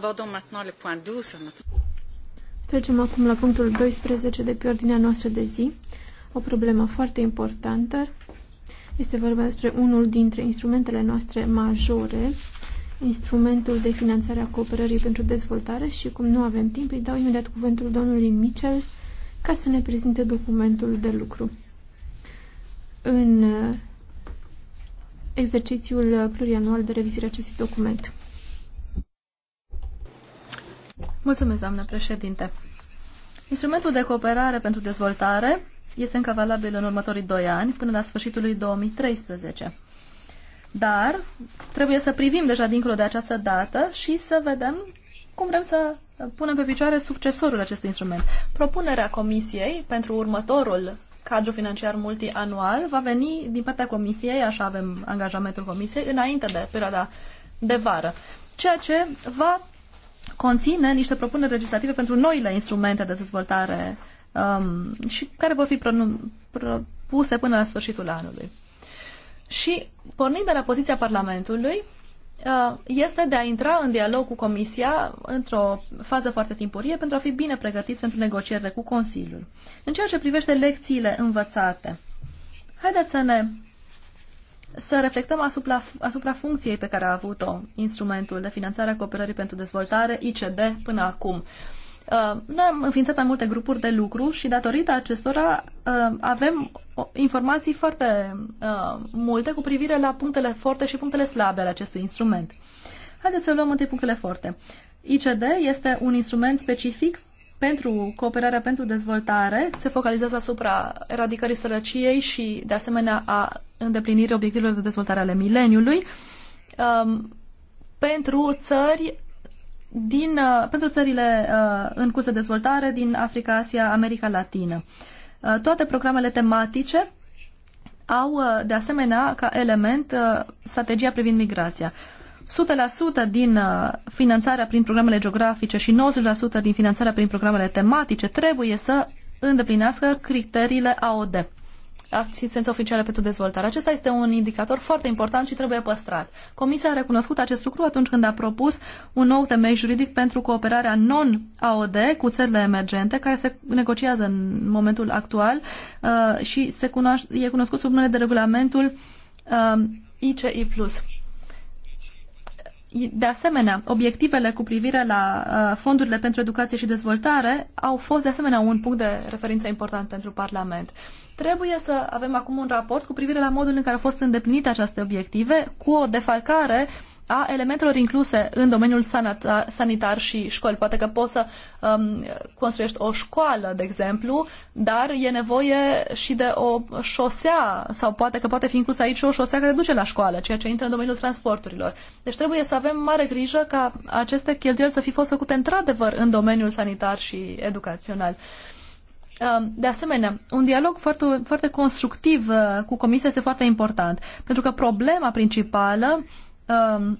maintenant le point 12. Trecem acum la punctul 12 de pe ordinea noastră de zi. O problemă foarte importantă. Este vorba despre unul dintre instrumentele noastre majore, instrumentul de finanțare a cooperării pentru dezvoltare și cum nu avem timp, îi dau imediat cuvântul domnului Mitchell ca să ne prezinte documentul de lucru. În uh, exercițiul plurianual de revizuire acestui document. Mulțumesc, doamnă președinte. Instrumentul de cooperare pentru dezvoltare este încă valabil în următorii doi ani, până la sfârșitul lui 2013. Dar trebuie să privim deja dincolo de această dată și să vedem cum vrem să punem pe picioare succesorul acestui instrument. Propunerea Comisiei pentru următorul cadru financiar multianual va veni din partea Comisiei, așa avem angajamentul Comisiei, înainte de perioada de vară, ceea ce va conține niște propuneri legislative pentru noile instrumente de dezvoltare um, și care vor fi propuse până la sfârșitul anului. Și pornind de la poziția Parlamentului, uh, este de a intra în dialog cu Comisia într-o fază foarte timpurie pentru a fi bine pregătiți pentru negocierile cu Consiliul. În ceea ce privește lecțiile învățate, haideți să ne să reflectăm asupra, asupra funcției pe care a avut-o instrumentul de finanțare a cooperării pentru dezvoltare, ICD, până acum. Uh, noi am înființat mai multe grupuri de lucru și datorită acestora uh, avem informații foarte uh, multe cu privire la punctele forte și punctele slabe ale acestui instrument. Haideți să luăm întâi punctele forte. ICD este un instrument specific pentru cooperarea pentru dezvoltare se focalizează asupra eradicării sărăciei și, de asemenea, a îndeplinirii obiectivelor de dezvoltare ale mileniului um, pentru țări din, uh, pentru țările uh, în curs de dezvoltare din Africa, Asia, America Latină. Uh, toate programele tematice au, uh, de asemenea, ca element uh, strategia privind migrația. 100% din uh, finanțarea prin programele geografice și 90% din finanțarea prin programele tematice trebuie să îndeplinească criteriile AOD asistență oficială pentru dezvoltare. Acesta este un indicator foarte important și trebuie păstrat. Comisia a recunoscut acest lucru atunci când a propus un nou temei juridic pentru cooperarea non-AOD cu țările emergente, care se negociază în momentul actual uh, și se cunoaș- e cunoscut sub numele de regulamentul uh, ICI+. De asemenea, obiectivele cu privire la uh, fondurile pentru educație și dezvoltare au fost de asemenea un punct de referință important pentru Parlament. Trebuie să avem acum un raport cu privire la modul în care au fost îndeplinite aceste obiective, cu o defalcare a elementelor incluse în domeniul sanitar și școli. Poate că poți să um, construiești o școală, de exemplu, dar e nevoie și de o șosea sau poate că poate fi inclusă aici o șosea care duce la școală, ceea ce intră în domeniul transporturilor. Deci trebuie să avem mare grijă ca aceste cheltuieli să fi fost făcute într-adevăr în domeniul sanitar și educațional. Um, de asemenea, un dialog foarte, foarte constructiv uh, cu Comisia este foarte important, pentru că problema principală Um,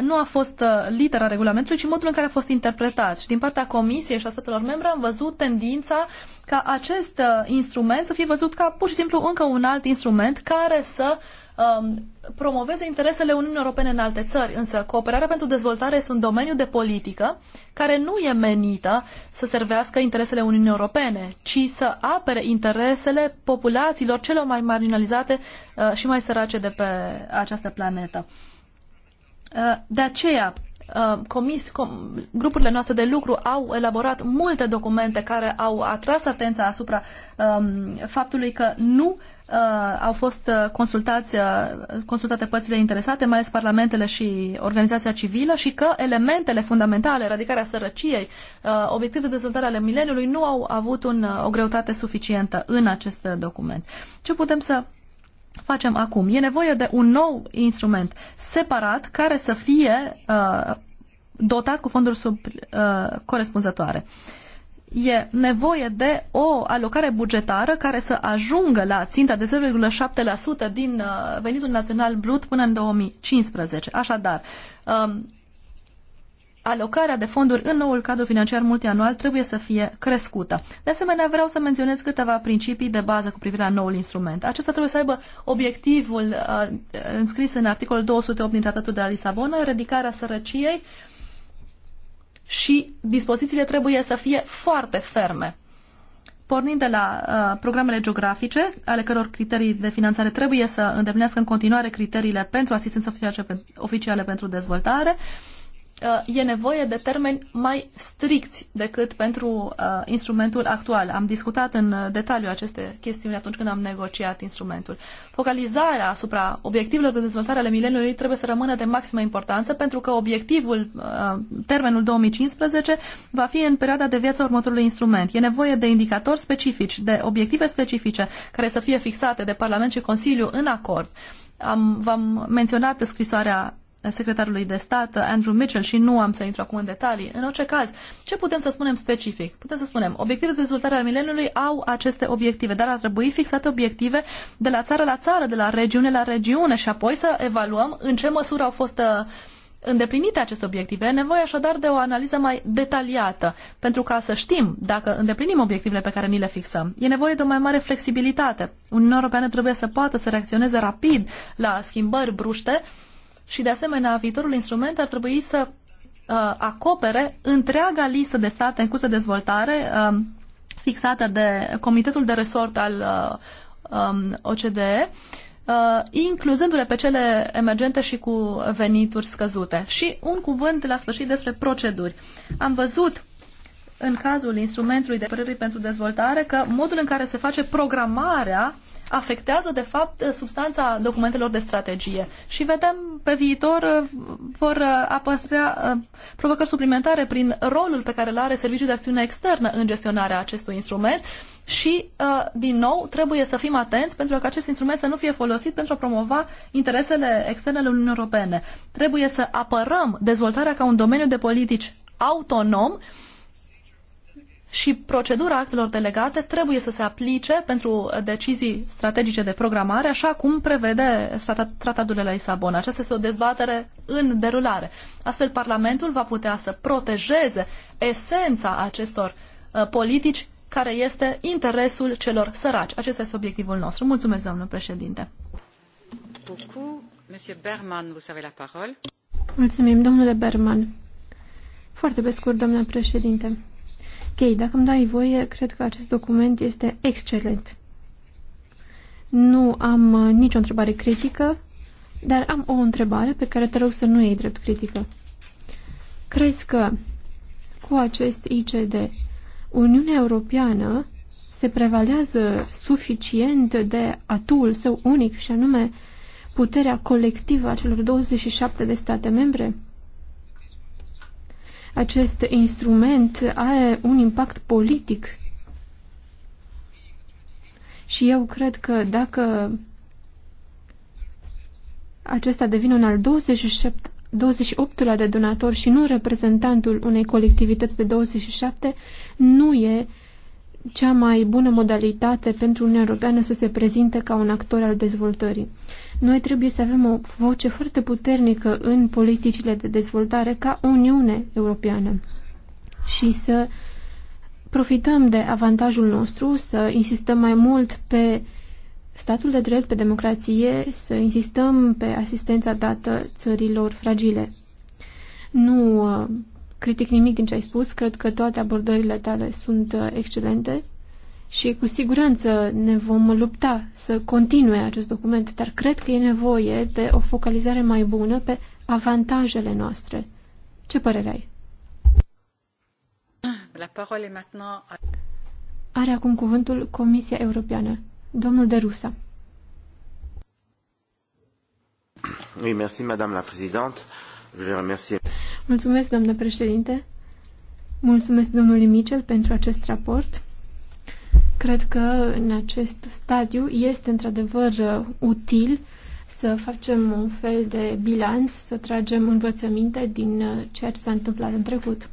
nu a fost uh, litera regulamentului, ci modul în care a fost interpretat. Și din partea Comisiei și a statelor membre am văzut tendința ca acest uh, instrument să fie văzut ca pur și simplu încă un alt instrument care să uh, um, promoveze interesele Uniunii Europene în alte țări, însă cooperarea pentru dezvoltare este un domeniu de politică care nu e menită să servească interesele Uniunii Europene, ci să apere interesele populațiilor celor mai marginalizate uh, și mai sărace de pe această planetă. Uh, de aceea, uh, comis, com, grupurile noastre de lucru au elaborat multe documente care au atras atenția asupra um, faptului că nu uh, au fost uh, consultați, uh, consultate părțile interesate, mai ales parlamentele și organizația civilă și că elementele fundamentale, eradicarea sărăciei, uh, obiectivele de dezvoltare ale mileniului nu au avut un, uh, o greutate suficientă în acest document. Ce putem să facem acum? E nevoie de un nou instrument separat care să fie uh, dotat cu fonduri sub, uh, corespunzătoare. Uh, e nevoie de o alocare bugetară care să ajungă la ținta de 0,7% din uh, venitul național brut până în 2015. Așadar, um, alocarea de fonduri în noul cadru financiar multianual trebuie să fie crescută. De asemenea, vreau să menționez câteva principii de bază cu privire la noul instrument. Acesta trebuie să aibă obiectivul uh, înscris în articolul 208 din Tratatul de la Lisabona, ridicarea sărăciei, uh, și dispozițiile trebuie să fie foarte ferme. Pornind de la uh, programele geografice, ale căror criterii de finanțare trebuie să îndeplinească în continuare criteriile pentru asistență oficiale, pentru dezvoltare, uh, Uh, e nevoie de termeni mai stricți decât pentru uh, instrumentul actual. Am discutat în uh, detaliu aceste chestiuni atunci când am negociat instrumentul. Focalizarea asupra obiectivelor de dezvoltare ale mileniului trebuie să rămână de maximă importanță pentru că obiectivul, uh, termenul 2015, va fi în perioada de viață următorului instrument. E nevoie de indicatori specifici, de obiective specifice care să fie fixate de Parlament și Consiliu în acord. Am, v-am menționat scrisoarea secretarului de stat Andrew Mitchell și nu am să intru acum în detalii. În orice caz, ce putem să spunem specific? Putem să spunem, obiectivele de dezvoltare al mileniului au aceste obiective, dar ar trebui fixate obiective de la țară la țară, de la regiune la regiune și apoi să evaluăm în ce măsură au fost uh, îndeplinite aceste obiective, e nevoie așadar de o analiză mai detaliată, pentru ca să știm dacă îndeplinim obiectivele pe care ni le fixăm. E nevoie de o mai mare flexibilitate. Uniunea Europeană trebuie să poată să reacționeze rapid la schimbări bruște și, de asemenea, viitorul instrument ar trebui să uh, acopere întreaga listă de state în curs de dezvoltare uh, fixată de Comitetul de Resort al uh, um, OCDE, uh, incluzându-le pe cele emergente și cu venituri scăzute. Și un cuvânt la sfârșit despre proceduri. Am văzut în cazul instrumentului de părere pentru dezvoltare că modul în care se face programarea afectează, de fapt, substanța documentelor de strategie. Și vedem pe viitor uh, vor uh, apăsrea uh, provocări suplimentare prin rolul pe care îl are Serviciul de Acțiune Externă în gestionarea acestui instrument și, din nou, trebuie să fim atenți pentru că acest instrument să nu fie folosit pentru a promova interesele externe ale Uniunii Europene. Trebuie să apărăm dezvoltarea ca un domeniu de politici autonom uh, și procedura actelor delegate trebuie să se aplice pentru decizii strategice de programare, așa cum prevede tratatul de la Lisabona. Aceasta este o dezbatere în derulare. Astfel, Parlamentul va putea să protejeze esența acestor uh, politici care este interesul celor săraci. Acesta este obiectivul nostru. Mulțumesc, doamnă președinte. Mulțumim, domnule Berman. Foarte pe scurt, domnule președinte. Ok, dacă îmi dai voie, cred că acest document este excelent. Nu am uh, nicio întrebare critică, dar am o întrebare pe care te rog să nu iei drept critică. Crezi că cu acest ICD Uniunea Europeană se prevalează suficient de atul său unic și anume puterea colectivă a celor 27 de state membre? acest instrument are un impact politic. Și eu cred că dacă acesta devine un al 27, 28-lea de donator și nu reprezentantul unei colectivități de 27, nu e cea mai bună modalitate pentru Uniunea Europeană să se prezinte ca un actor al dezvoltării. Noi trebuie să avem o voce foarte puternică în politicile de dezvoltare ca Uniune Europeană și să profităm de avantajul nostru, să insistăm mai mult pe statul de drept, pe democrație, să insistăm pe asistența dată țărilor fragile. Nu uh, critic nimic din ce ai spus, cred că toate abordările tale sunt uh, excelente și cu siguranță ne vom lupta să continue acest document, dar cred că e nevoie de o focalizare mai bună pe avantajele noastre. Ce părere ai? La parole maintenant... Are acum cuvântul Comisia Europeană. Domnul de Rusa. Oui, merci, madame la présidente. Je Mulțumesc, doamnă președinte. Mulțumesc domnului Mitchell pentru acest raport. Cred că în acest stadiu este într-adevăr uh, util să facem un fel de bilanț, să tragem învățăminte din uh, ceea ce s-a întâmplat în trecut.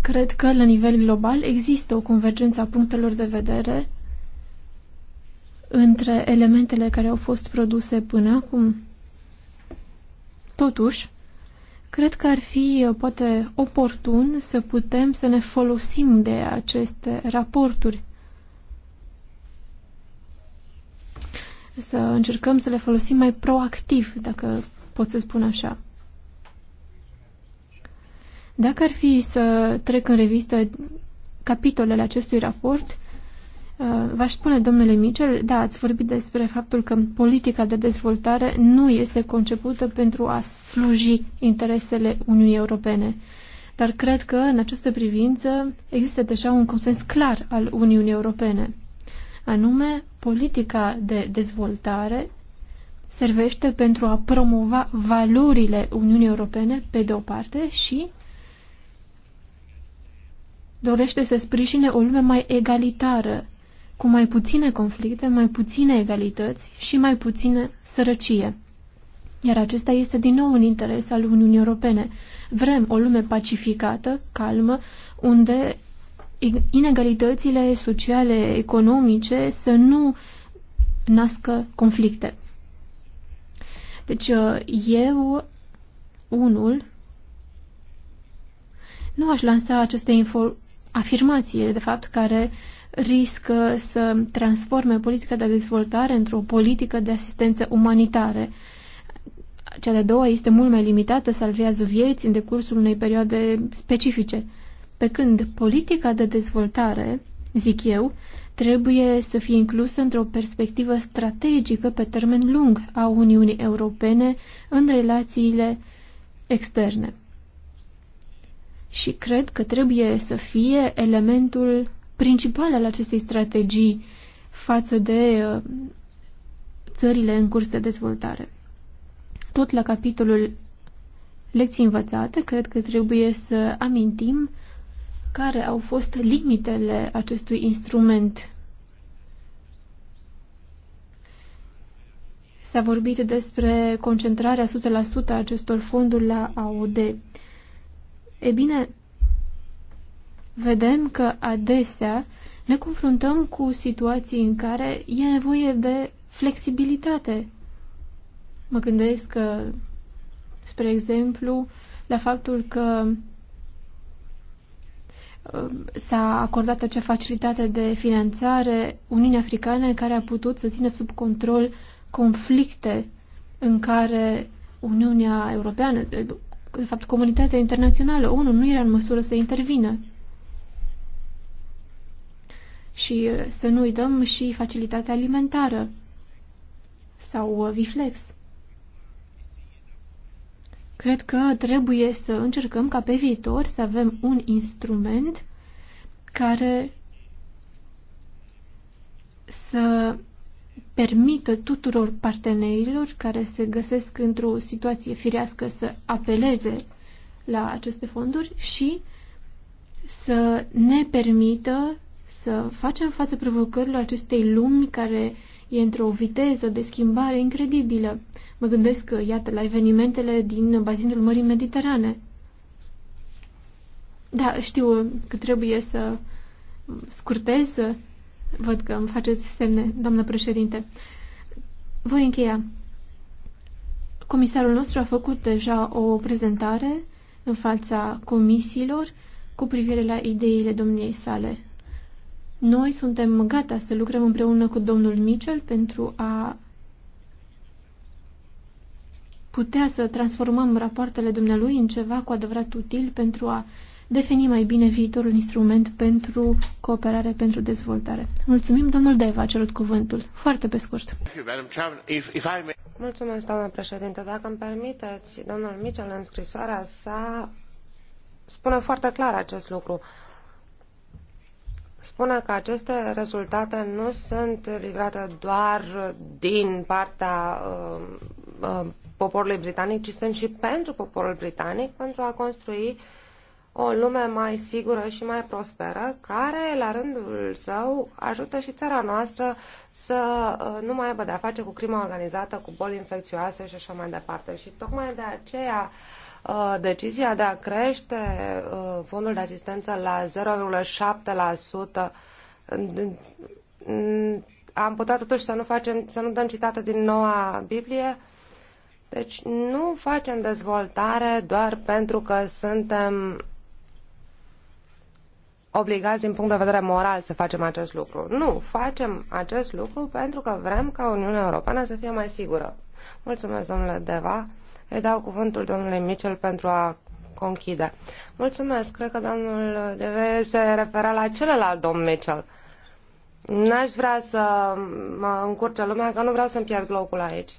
Cred că la nivel global există o convergență a punctelor de vedere între elementele care au fost produse până acum. Totuși, Cred că ar fi uh, poate oportun să putem să ne folosim de aceste raporturi. Să încercăm să le folosim mai proactiv, dacă pot să spun așa. Dacă ar fi să trec în revistă capitolele acestui raport, Uh, v-aș spune, domnule Mitchell, da, ați vorbit despre faptul că politica de dezvoltare nu este concepută pentru a sluji interesele Uniunii Europene. Dar cred că, în această privință, există deja un consens clar al Uniunii Europene. Anume, politica de dezvoltare servește pentru a promova valorile Uniunii Europene, pe de o parte, și dorește să sprijine o lume mai egalitară cu mai puține conflicte, mai puține egalități și mai puține sărăcie. Iar acesta este din nou un interes al Uniunii Europene. Vrem o lume pacificată, calmă, unde inegalitățile sociale, economice să nu nască conflicte. Deci uh, eu, unul, nu aș lansa aceste afirmații, de fapt, care riscă să transforme politica de dezvoltare într-o politică de asistență umanitară. Cea de-a doua este mult mai limitată, salvează vieți în decursul unei perioade specifice. Pe când politica de dezvoltare, zic eu, trebuie să fie inclusă într-o perspectivă strategică pe termen lung a Uniunii Europene în relațiile externe. Și cred că trebuie să fie elementul principale ale acestei strategii față de uh, țările în curs de dezvoltare. Tot la capitolul lecții învățate, cred că trebuie să amintim care au fost limitele acestui instrument. S-a vorbit despre concentrarea 100% a acestor fonduri la AOD. E bine, vedem că adesea ne confruntăm cu situații în care e nevoie de flexibilitate. Mă gândesc că, spre exemplu, la faptul că uh, s-a acordat acea facilitate de finanțare Uniunii Africane care a putut să țină sub control conflicte în care Uniunea Europeană, de fapt comunitatea internațională, ONU, nu era în măsură să intervină. Și uh, să nu uităm și facilitatea alimentară sau uh, Viflex. Cred că trebuie să încercăm ca pe viitor să avem un instrument care să permită tuturor partenerilor care se găsesc într-o situație firească să apeleze la aceste fonduri și să ne permită să facem față provocărilor acestei lumi care e într-o viteză de schimbare incredibilă. Mă gândesc, iată, la evenimentele din bazinul Mării Mediterane. Da, știu că trebuie să scurtez. Văd că îmi faceți semne, doamnă președinte. Voi încheia. Comisarul nostru a făcut deja o prezentare în fața comisiilor cu privire la ideile domniei sale. Noi suntem gata să lucrăm împreună cu domnul Mitchell pentru a putea să transformăm rapoartele dumnealui în ceva cu adevărat util pentru a defini mai bine viitorul instrument pentru cooperare, pentru dezvoltare. Mulțumim, domnul Deva a cerut cuvântul. Foarte pe scurt. Mulțumesc, doamna președinte. Dacă îmi permiteți, domnul Mitchell în scrisoarea sa spune foarte clar acest lucru spune că aceste rezultate nu sunt livrate doar din partea uh, uh, poporului britanic, ci sunt și pentru poporul britanic pentru a construi o lume mai sigură și mai prosperă, care, la rândul său, ajută și țara noastră să uh, nu mai aibă de-a face cu crima organizată, cu boli infecțioase și așa mai departe. Și tocmai de aceea uh, Uh, decizia de a crește uh, fondul de asistență la 0,7% am putea totuși să nu facem, să nu dăm citate din noua Biblie. Deci nu facem dezvoltare doar pentru că suntem obligați din punct de vedere moral să facem acest lucru. Nu, facem acest lucru pentru că vrem ca Uniunea Europeană să fie mai sigură. Mulțumesc, domnule Deva. Îi dau cuvântul domnului Mitchell pentru a conchide. Mulțumesc. Cred că domnul Deve se refera la celălalt domn Mitchell. N-aș vrea să mă încurce lumea, că nu vreau să-mi pierd locul aici.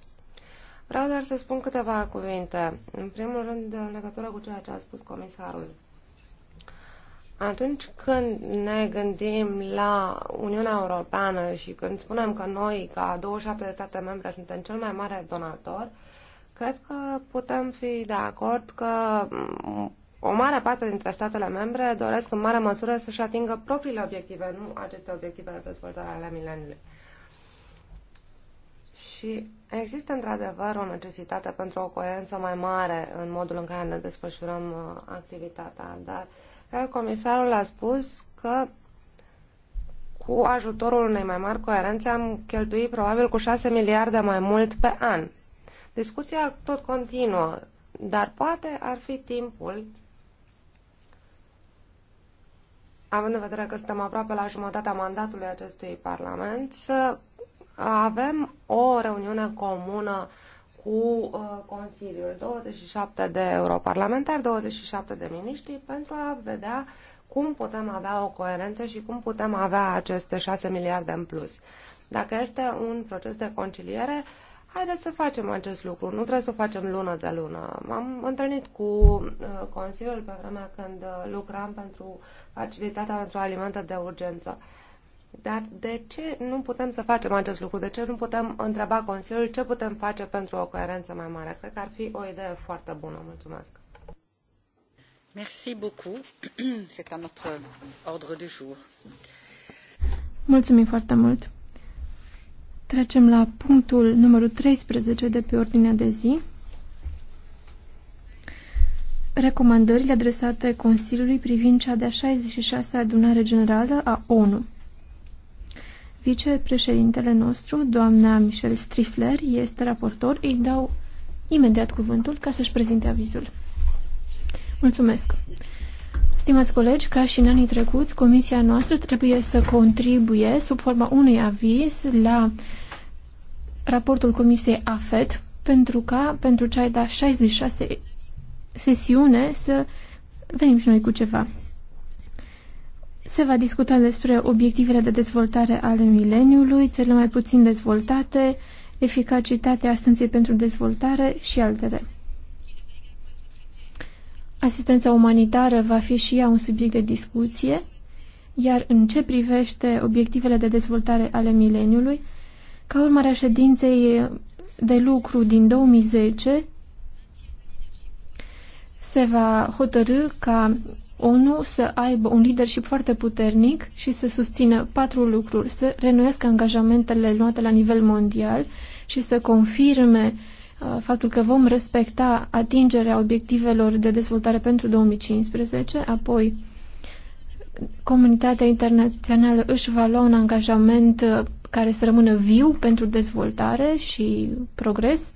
Vreau doar să spun câteva cuvinte. În primul rând, în legătură cu ceea ce a spus comisarul. Atunci când ne gândim la Uniunea Europeană și când spunem că noi, ca 27 de state membre, suntem cel mai mare donator, uh, Cred că putem fi de acord că o mare parte dintre statele membre doresc în mare măsură să-și atingă propriile obiective, nu aceste obiective de dezvoltare ale mileniului. Și există într-adevăr o necesitate pentru o coerență mai mare în modul în care ne desfășurăm uh, activitatea, dar uh, comisarul a spus că cu ajutorul unei mai mari coerențe am cheltuit probabil cu 6 miliarde mai mult pe an Discuția tot continuă, dar poate ar fi timpul, având în vedere că suntem aproape la jumătatea mandatului acestui Parlament, să avem o reuniune comună cu uh, Consiliul, 27 de europarlamentari, 27 de miniștri, pentru a vedea cum putem avea o coerență și cum putem avea aceste 6 miliarde în plus. Dacă este un proces de conciliere, Haideți să facem acest lucru, nu trebuie să o facem lună de lună. M-am întâlnit cu uh, Consiliul pe vremea când uh, lucram pentru facilitatea pentru alimente de urgență. Dar de ce nu putem să facem acest lucru? De ce nu putem întreba Consiliul ce putem face pentru o coerență mai mare? Cred că ar fi o idee foarte bună. Mulțumesc! Merci beaucoup. C'est à notre ordre du jour. Mulțumim foarte mult. Trecem la punctul numărul 13 de pe ordinea de zi. Recomandările adresate Consiliului privind cea de-a 66-a adunare generală a ONU. Vicepreședintele nostru, doamna Michelle Strifler, este raportor. Îi dau imediat cuvântul ca să-și prezinte avizul. Mulțumesc! Stimați colegi, ca și în anii trecuți, comisia noastră trebuie să contribuie sub forma unui aviz la raportul comisiei AFET pentru ca pentru cea de 66 sesiune să venim și noi cu ceva. Se va discuta despre obiectivele de dezvoltare ale mileniului, țările mai puțin dezvoltate, eficacitatea stânței pentru dezvoltare și altele. Asistența umanitară va fi și ea un subiect de discuție, iar în ce privește obiectivele de dezvoltare ale mileniului, ca urmare a ședinței de lucru din 2010, se va hotărâ ca ONU să aibă un leadership foarte puternic și să susțină patru lucruri, să renuiască angajamentele luate la nivel mondial și să confirme uh, faptul că vom respecta atingerea obiectivelor de dezvoltare pentru 2015, apoi comunitatea internațională își va lua un angajament uh, care să rămână viu pentru dezvoltare și progres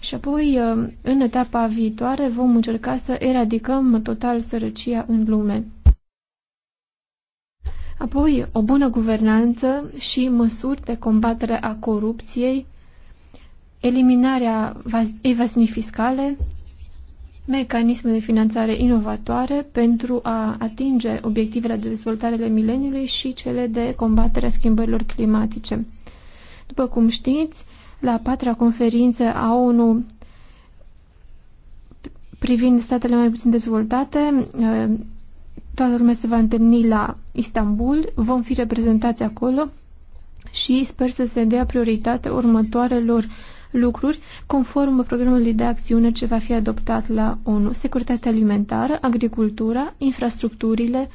și apoi, uh, în etapa viitoare, vom încerca să eradicăm total sărăcia în lume. Apoi, o bună guvernanță și măsuri de combatere a corupției, eliminarea evaziunii fiscale, mecanisme de finanțare inovatoare pentru a atinge obiectivele de dezvoltare ale mileniului și cele de combatere a schimbărilor climatice. După cum știți, la patra conferință a ONU privind statele mai puțin dezvoltate, eh, toată lumea se va întâlni la Istanbul, vom fi reprezentați acolo și sper să se dea prioritate următoarelor lucruri conform programului de acțiune ce va fi adoptat la ONU. Securitatea alimentară, agricultura, infrastructurile,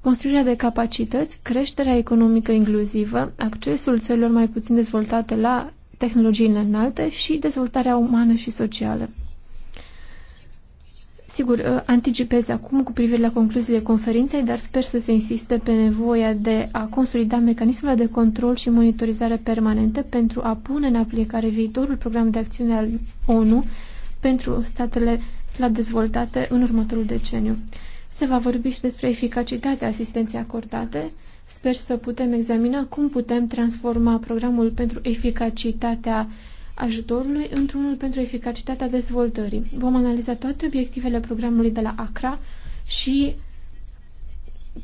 construirea de capacități, creșterea economică inclusivă, accesul țărilor mai puțin dezvoltate la tehnologiile înalte și dezvoltarea umană și socială. Sigur, uh, anticipez acum cu privire la concluziile conferinței, dar sper să se insiste pe nevoia de a consolida mecanismele de control și monitorizare permanente pentru a pune în aplicare viitorul program de acțiune al ONU pentru statele slab dezvoltate în următorul deceniu. Se va vorbi și despre eficacitatea asistenței acordate. Sper să putem examina cum putem transforma programul pentru eficacitatea ajutorului într-unul pentru eficacitatea dezvoltării. Vom analiza toate obiectivele programului de la ACRA și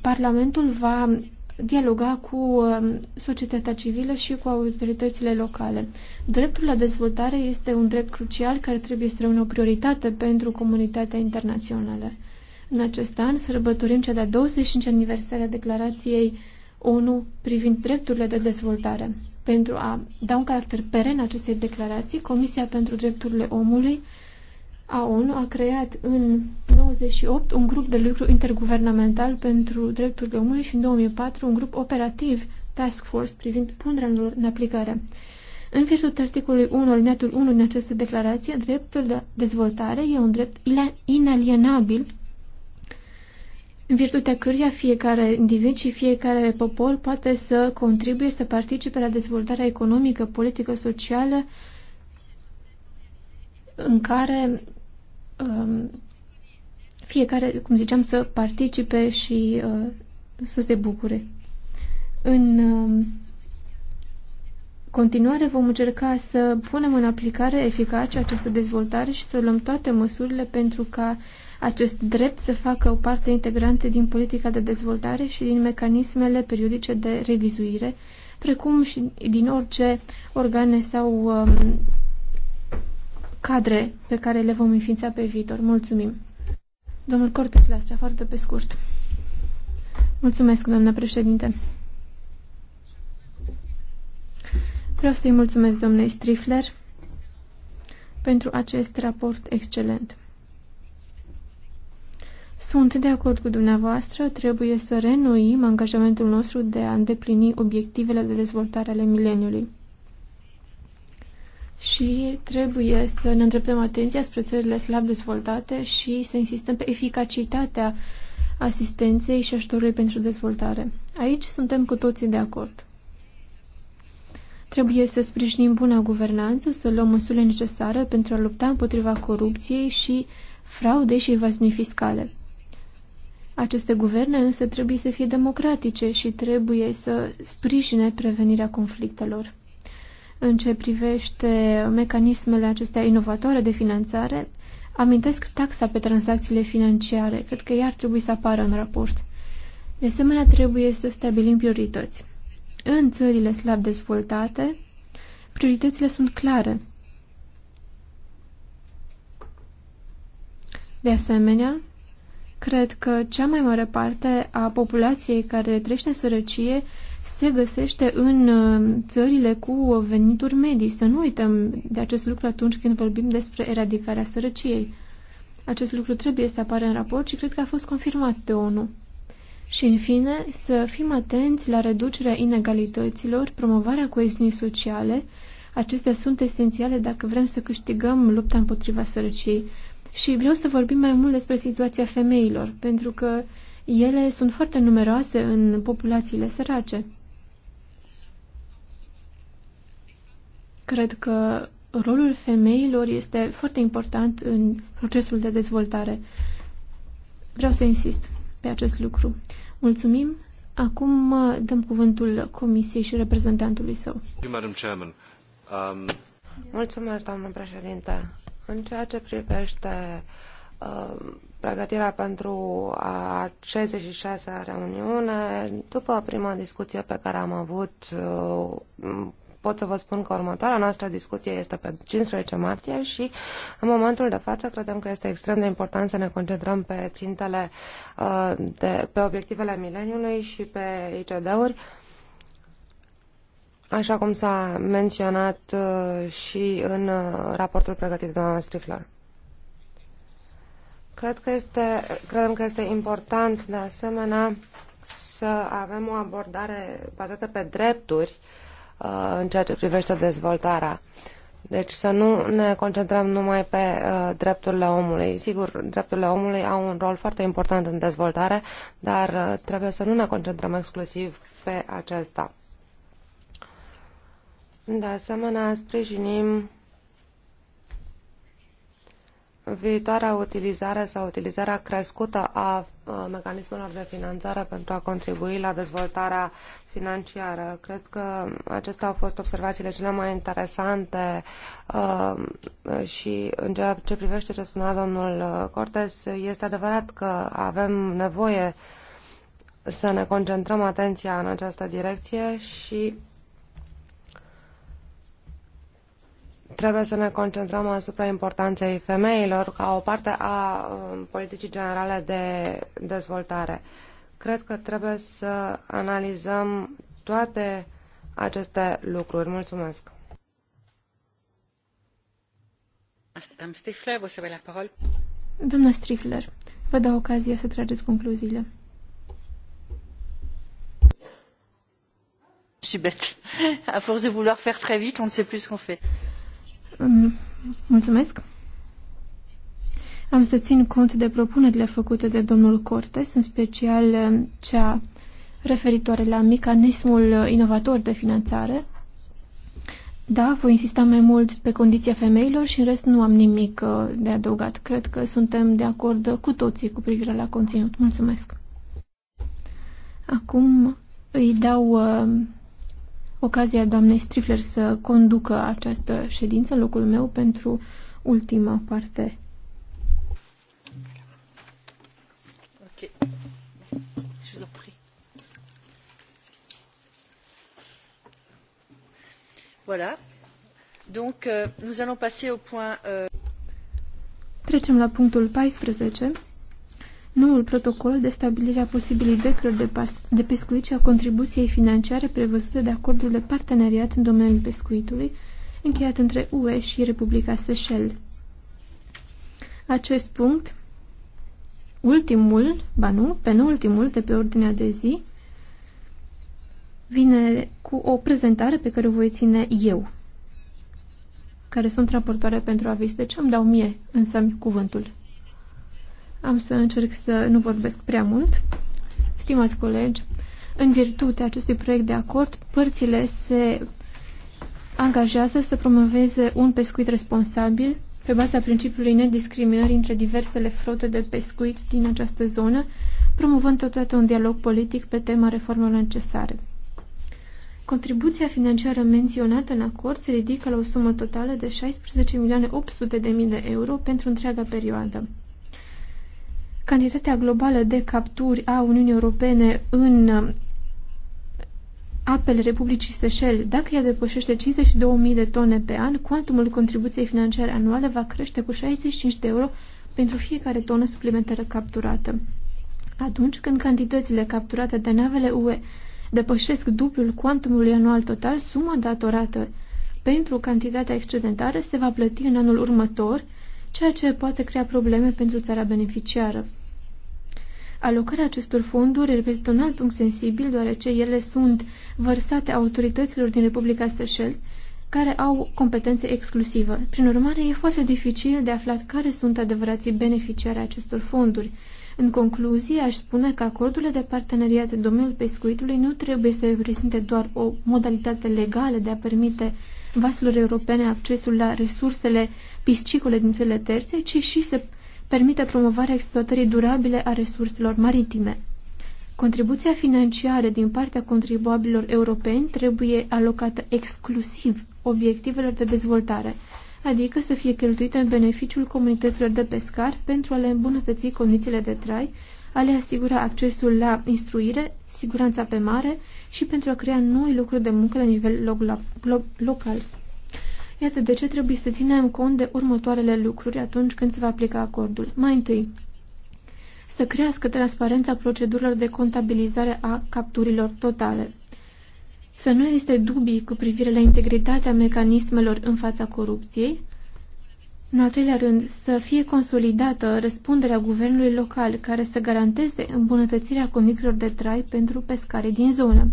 Parlamentul va dialoga cu um, societatea civilă și cu autoritățile locale. Dreptul la dezvoltare este un drept crucial care trebuie să rămână o prioritate pentru comunitatea internațională. În acest an sărbătorim cea de-a 25 aniversare a declarației ONU privind drepturile de dezvoltare. Pentru a da un caracter peren acestei declarații, Comisia pentru Drepturile Omului a ONU a creat în 98 un grup de lucru interguvernamental pentru drepturile omului și în 2004 un grup operativ Task Force privind punerea în aplicare. În virtutea articolului 1, alineatul 1 din această declarație, dreptul de dezvoltare e un drept inalienabil în virtutea căruia fiecare individ și fiecare popor poate să contribuie, să participe la dezvoltarea economică, politică, socială, în care um, fiecare, cum ziceam, să participe și uh, să se bucure. În um, continuare vom încerca să punem în aplicare eficace această dezvoltare și să luăm toate măsurile pentru ca uh, acest drept să facă o parte integrantă din politica de dezvoltare și din mecanismele periodice de revizuire, precum și din orice organe sau um, cadre pe care le vom înființa pe viitor. Mulțumim! Domnul Cortes Lastra, foarte pe scurt. Mulțumesc, doamna președinte. Vreau să-i mulțumesc domnei Strifler pentru acest raport excelent. Sunt de acord cu dumneavoastră, trebuie să renoim angajamentul nostru de a îndeplini obiectivele de dezvoltare ale mileniului. Și trebuie să ne îndreptăm atenția spre țările slab dezvoltate și să insistăm pe eficacitatea asistenței și ajutorului pentru dezvoltare. Aici suntem cu toții de acord. Trebuie să sprijinim buna guvernanță, să luăm măsurile necesare pentru a lupta împotriva corupției și fraudei și evaziunii fiscale. Aceste guverne însă trebuie să fie democratice și trebuie să sprijine prevenirea conflictelor. În ce privește mecanismele acestea inovatoare de finanțare, amintesc taxa pe tranzacțiile financiare. Cred că ea ar trebui să apară în raport. De asemenea, trebuie să stabilim priorități. În țările slab dezvoltate, prioritățile sunt clare. De asemenea, Cred că cea mai mare parte a populației care trăiește în sărăcie se găsește în uh, țările cu venituri medii. Să nu uităm de acest lucru atunci când vorbim despre eradicarea sărăciei. Acest lucru trebuie să apară în raport și cred că a fost confirmat de ONU. Și, în fine, să fim atenți la reducerea inegalităților, promovarea coeziunii sociale. Acestea sunt esențiale dacă vrem să câștigăm lupta împotriva sărăciei. Și vreau să vorbim mai mult despre situația femeilor, pentru că ele sunt foarte numeroase în populațiile sărace. Cred că rolul femeilor este foarte important în procesul de dezvoltare. Vreau să insist pe acest lucru. Mulțumim. Acum dăm cuvântul Comisiei și reprezentantului său. Um, Mulțumesc, doamnă președinte. În ceea ce privește uh, pregătirea pentru a 66-a reuniune, după prima discuție pe care am avut, uh, pot să vă spun că următoarea noastră discuție este pe 15 martie și în momentul de față credem că este extrem de important să ne concentrăm pe țintele, uh, de, pe obiectivele mileniului și pe ICD-uri, uh, așa cum s-a menționat uh, și în uh, raportul pregătit de doamna Strifler. Cred că este, credem că este important, de asemenea, să avem o abordare bazată pe drepturi uh, în ceea ce privește dezvoltarea. Deci să nu ne concentrăm numai pe uh, drepturile omului. Sigur, drepturile omului au un rol foarte important în dezvoltare, dar uh, trebuie să nu ne concentrăm exclusiv pe acesta. De asemenea, sprijinim viitoarea utilizare sau utilizarea crescută a mecanismelor de finanțare pentru a contribui la dezvoltarea financiară. Cred că acestea au fost observațiile cele mai interesante și în ceea ce privește ce spunea domnul Cortes, este adevărat că avem nevoie să ne concentrăm atenția în această direcție și trebuie să ne concentrăm asupra importanței femeilor ca o parte a um, politicii generale de dezvoltare. Cred că trebuie să analizăm toate aceste lucruri. Mulțumesc! Doamna Strifler, vă dau ocazia să trageți concluziile. Și suis A À force de vouloir faire très vite, on ne sait plus ce qu'on fait. Mulțumesc. Am să țin cont de propunerile făcute de domnul Cortes, în special eh, cea referitoare la mecanismul eh, inovator de finanțare. Da, voi insista mai mult pe condiția femeilor și în rest nu am nimic eh, de adăugat. Cred că suntem de acord cu toții cu privire la conținut. Mulțumesc. Acum îi dau ocazia doamnei Strifler să conducă această ședință, locul meu, pentru ultima parte. Okay. Voilà. Donc, euh, nous allons passer au point. Euh... Trecem la punctul 14 noul protocol de stabilire a posibilităților de, de pescuit și a contribuției financiare prevăzute de acordul de parteneriat în domeniul pescuitului, încheiat între UE și Republica Seychelles. Acest punct, ultimul, ba nu, penultimul de pe ordinea de zi, vine cu o prezentare pe care o voi ține eu, care sunt raportoare pentru aviz, deci îmi dau mie însă cuvântul. Am să încerc să nu vorbesc prea mult. Stimați colegi, în virtutea acestui proiect de acord, părțile se angajează să promoveze un pescuit responsabil pe baza principiului nediscriminării între diversele flote de pescuit din această zonă, promovând totodată un dialog politic pe tema reformelor necesare. Contribuția financiară menționată în acord se ridică la o sumă totală de 16.800.000 de euro pentru întreaga perioadă. Cantitatea globală de capturi a Uniunii Europene în apele Republicii Seychelles, dacă ea depășește 52.000 de tone pe an, cuantumul contribuției financiare anuale va crește cu 65 de euro pentru fiecare tonă suplimentară capturată. Atunci când cantitățile capturate de navele UE depășesc dublul cuantumului anual total, suma datorată pentru cantitatea excedentară se va plăti în anul următor ceea ce poate crea probleme pentru țara beneficiară. Alocarea acestor fonduri reprezintă un alt punct sensibil, deoarece ele sunt vărsate autorităților din Republica Seychelles, care au competențe exclusivă. Prin urmare, e foarte dificil de aflat care sunt adevărații beneficiari acestor fonduri. În concluzie, aș spune că acordurile de parteneriat în domeniul pescuitului nu trebuie să reprezinte doar o modalitate legală de a permite vaselor europene accesul la resursele piscicole din țările terțe, ci și se permite promovarea exploatării durabile a resurselor maritime. Contribuția financiară din partea contribuabililor europeni trebuie alocată exclusiv obiectivelor de dezvoltare, adică să fie cheltuită în beneficiul comunităților de pescar pentru a le îmbunătăți condițiile de trai, a le asigura accesul la instruire, siguranța pe mare și pentru a crea noi locuri de muncă la nivel local. Iată de ce trebuie să ținem cont de următoarele lucruri atunci când se va aplica acordul. Mai întâi, să crească transparența procedurilor de contabilizare a capturilor totale. Să nu existe dubii cu privire la integritatea mecanismelor în fața corupției. În al treilea rând, să fie consolidată răspunderea guvernului local care să garanteze îmbunătățirea condițiilor de trai pentru pescare din zonă.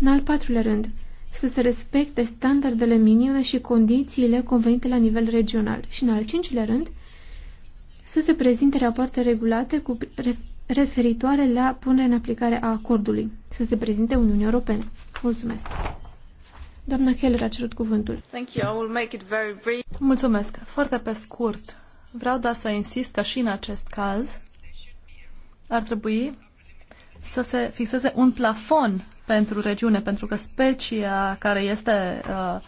În al patrulea rând, să se respecte standardele minime și condițiile convenite la nivel regional și, în al cincilea rând, să se prezinte rapoarte regulate cu referitoare la punerea în aplicare a acordului, să se prezinte Uniunii Europene. Mulțumesc! Doamna Keller a cerut cuvântul. Thank you. I will make it very brief. Mulțumesc. Foarte pe scurt. Vreau doar să insist că și în acest caz ar trebui să se fixeze un plafon pentru regiune, pentru că specia care este uh,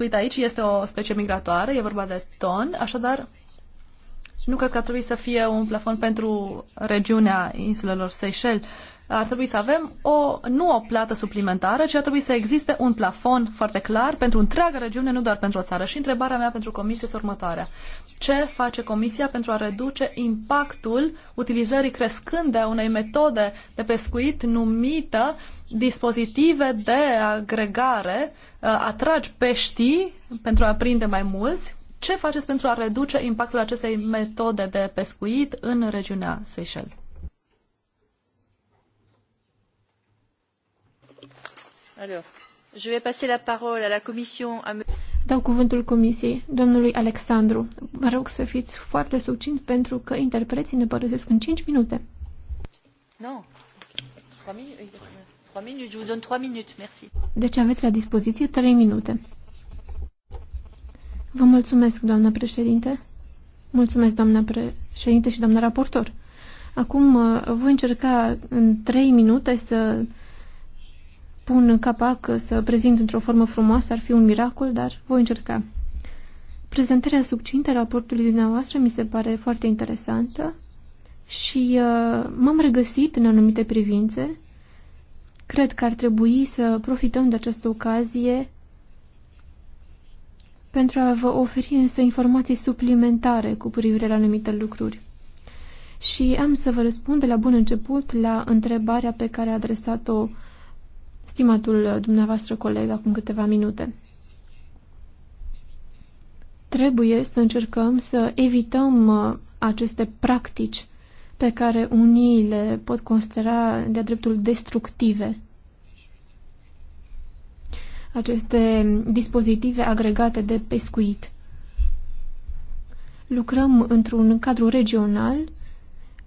uh, aici este o specie migratoare, e vorba de ton, așadar nu cred că ar trebui să fie un plafon pentru regiunea insulelor Seychelles ar trebui să avem o, nu o plată suplimentară, ci ar trebui să existe un plafon foarte clar pentru întreaga regiune, nu doar pentru o țară. Și întrebarea mea pentru comisie este următoarea. Ce face comisia pentru a reduce impactul utilizării crescânde a unei metode de pescuit numită dispozitive de agregare, uh, atragi peștii pentru a prinde mai mulți, ce faceți pentru a reduce impactul acestei metode de pescuit în regiunea Seychelles? Alors, je vais passer la parole à la commission. À... Dau cuvântul comisiei, domnului Alexandru. Vă rog să fiți foarte succint pentru că interpreții ne părăsesc în 5 minute. Nu. Deci aveți la dispoziție 3 minute. Vă mulțumesc, doamnă președinte. Mulțumesc, doamnă președinte și doamnă raportor. Acum uh, voi încerca în 3 minute să pun capac, să prezint într-o formă frumoasă, ar fi un miracol, dar voi încerca. Prezentarea succintă a raportului dumneavoastră mi se pare foarte interesantă și uh, m-am regăsit în anumite privințe. Cred că ar trebui să profităm de această ocazie pentru a vă oferi însă informații suplimentare cu privire la anumite lucruri. Și am să vă răspund de la bun început la întrebarea pe care a adresat-o stimatul dumneavoastră coleg acum câteva minute. Trebuie să încercăm să evităm uh, aceste practici pe care unii le pot considera de-a dreptul destructive. Aceste dispozitive agregate de pescuit. Lucrăm într-un cadru regional,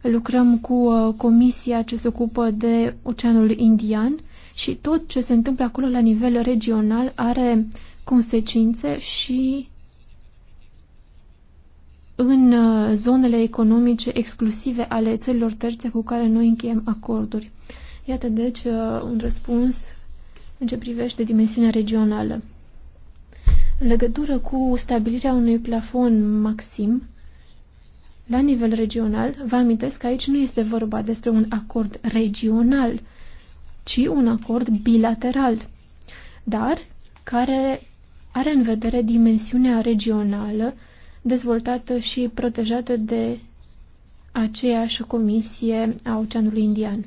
lucrăm cu uh, comisia ce se ocupă de Oceanul Indian – și tot ce se întâmplă acolo la nivel regional are consecințe și în uh, zonele economice exclusive ale țărilor terțe cu care noi încheiem acorduri. Iată deci uh, un răspuns în ce privește dimensiunea regională. În legătură cu stabilirea unui plafon maxim, la nivel regional, vă amintesc că aici nu este vorba despre un acord regional, ci un acord bilateral, dar care are în vedere dimensiunea regională dezvoltată și protejată de aceeași comisie a Oceanului Indian.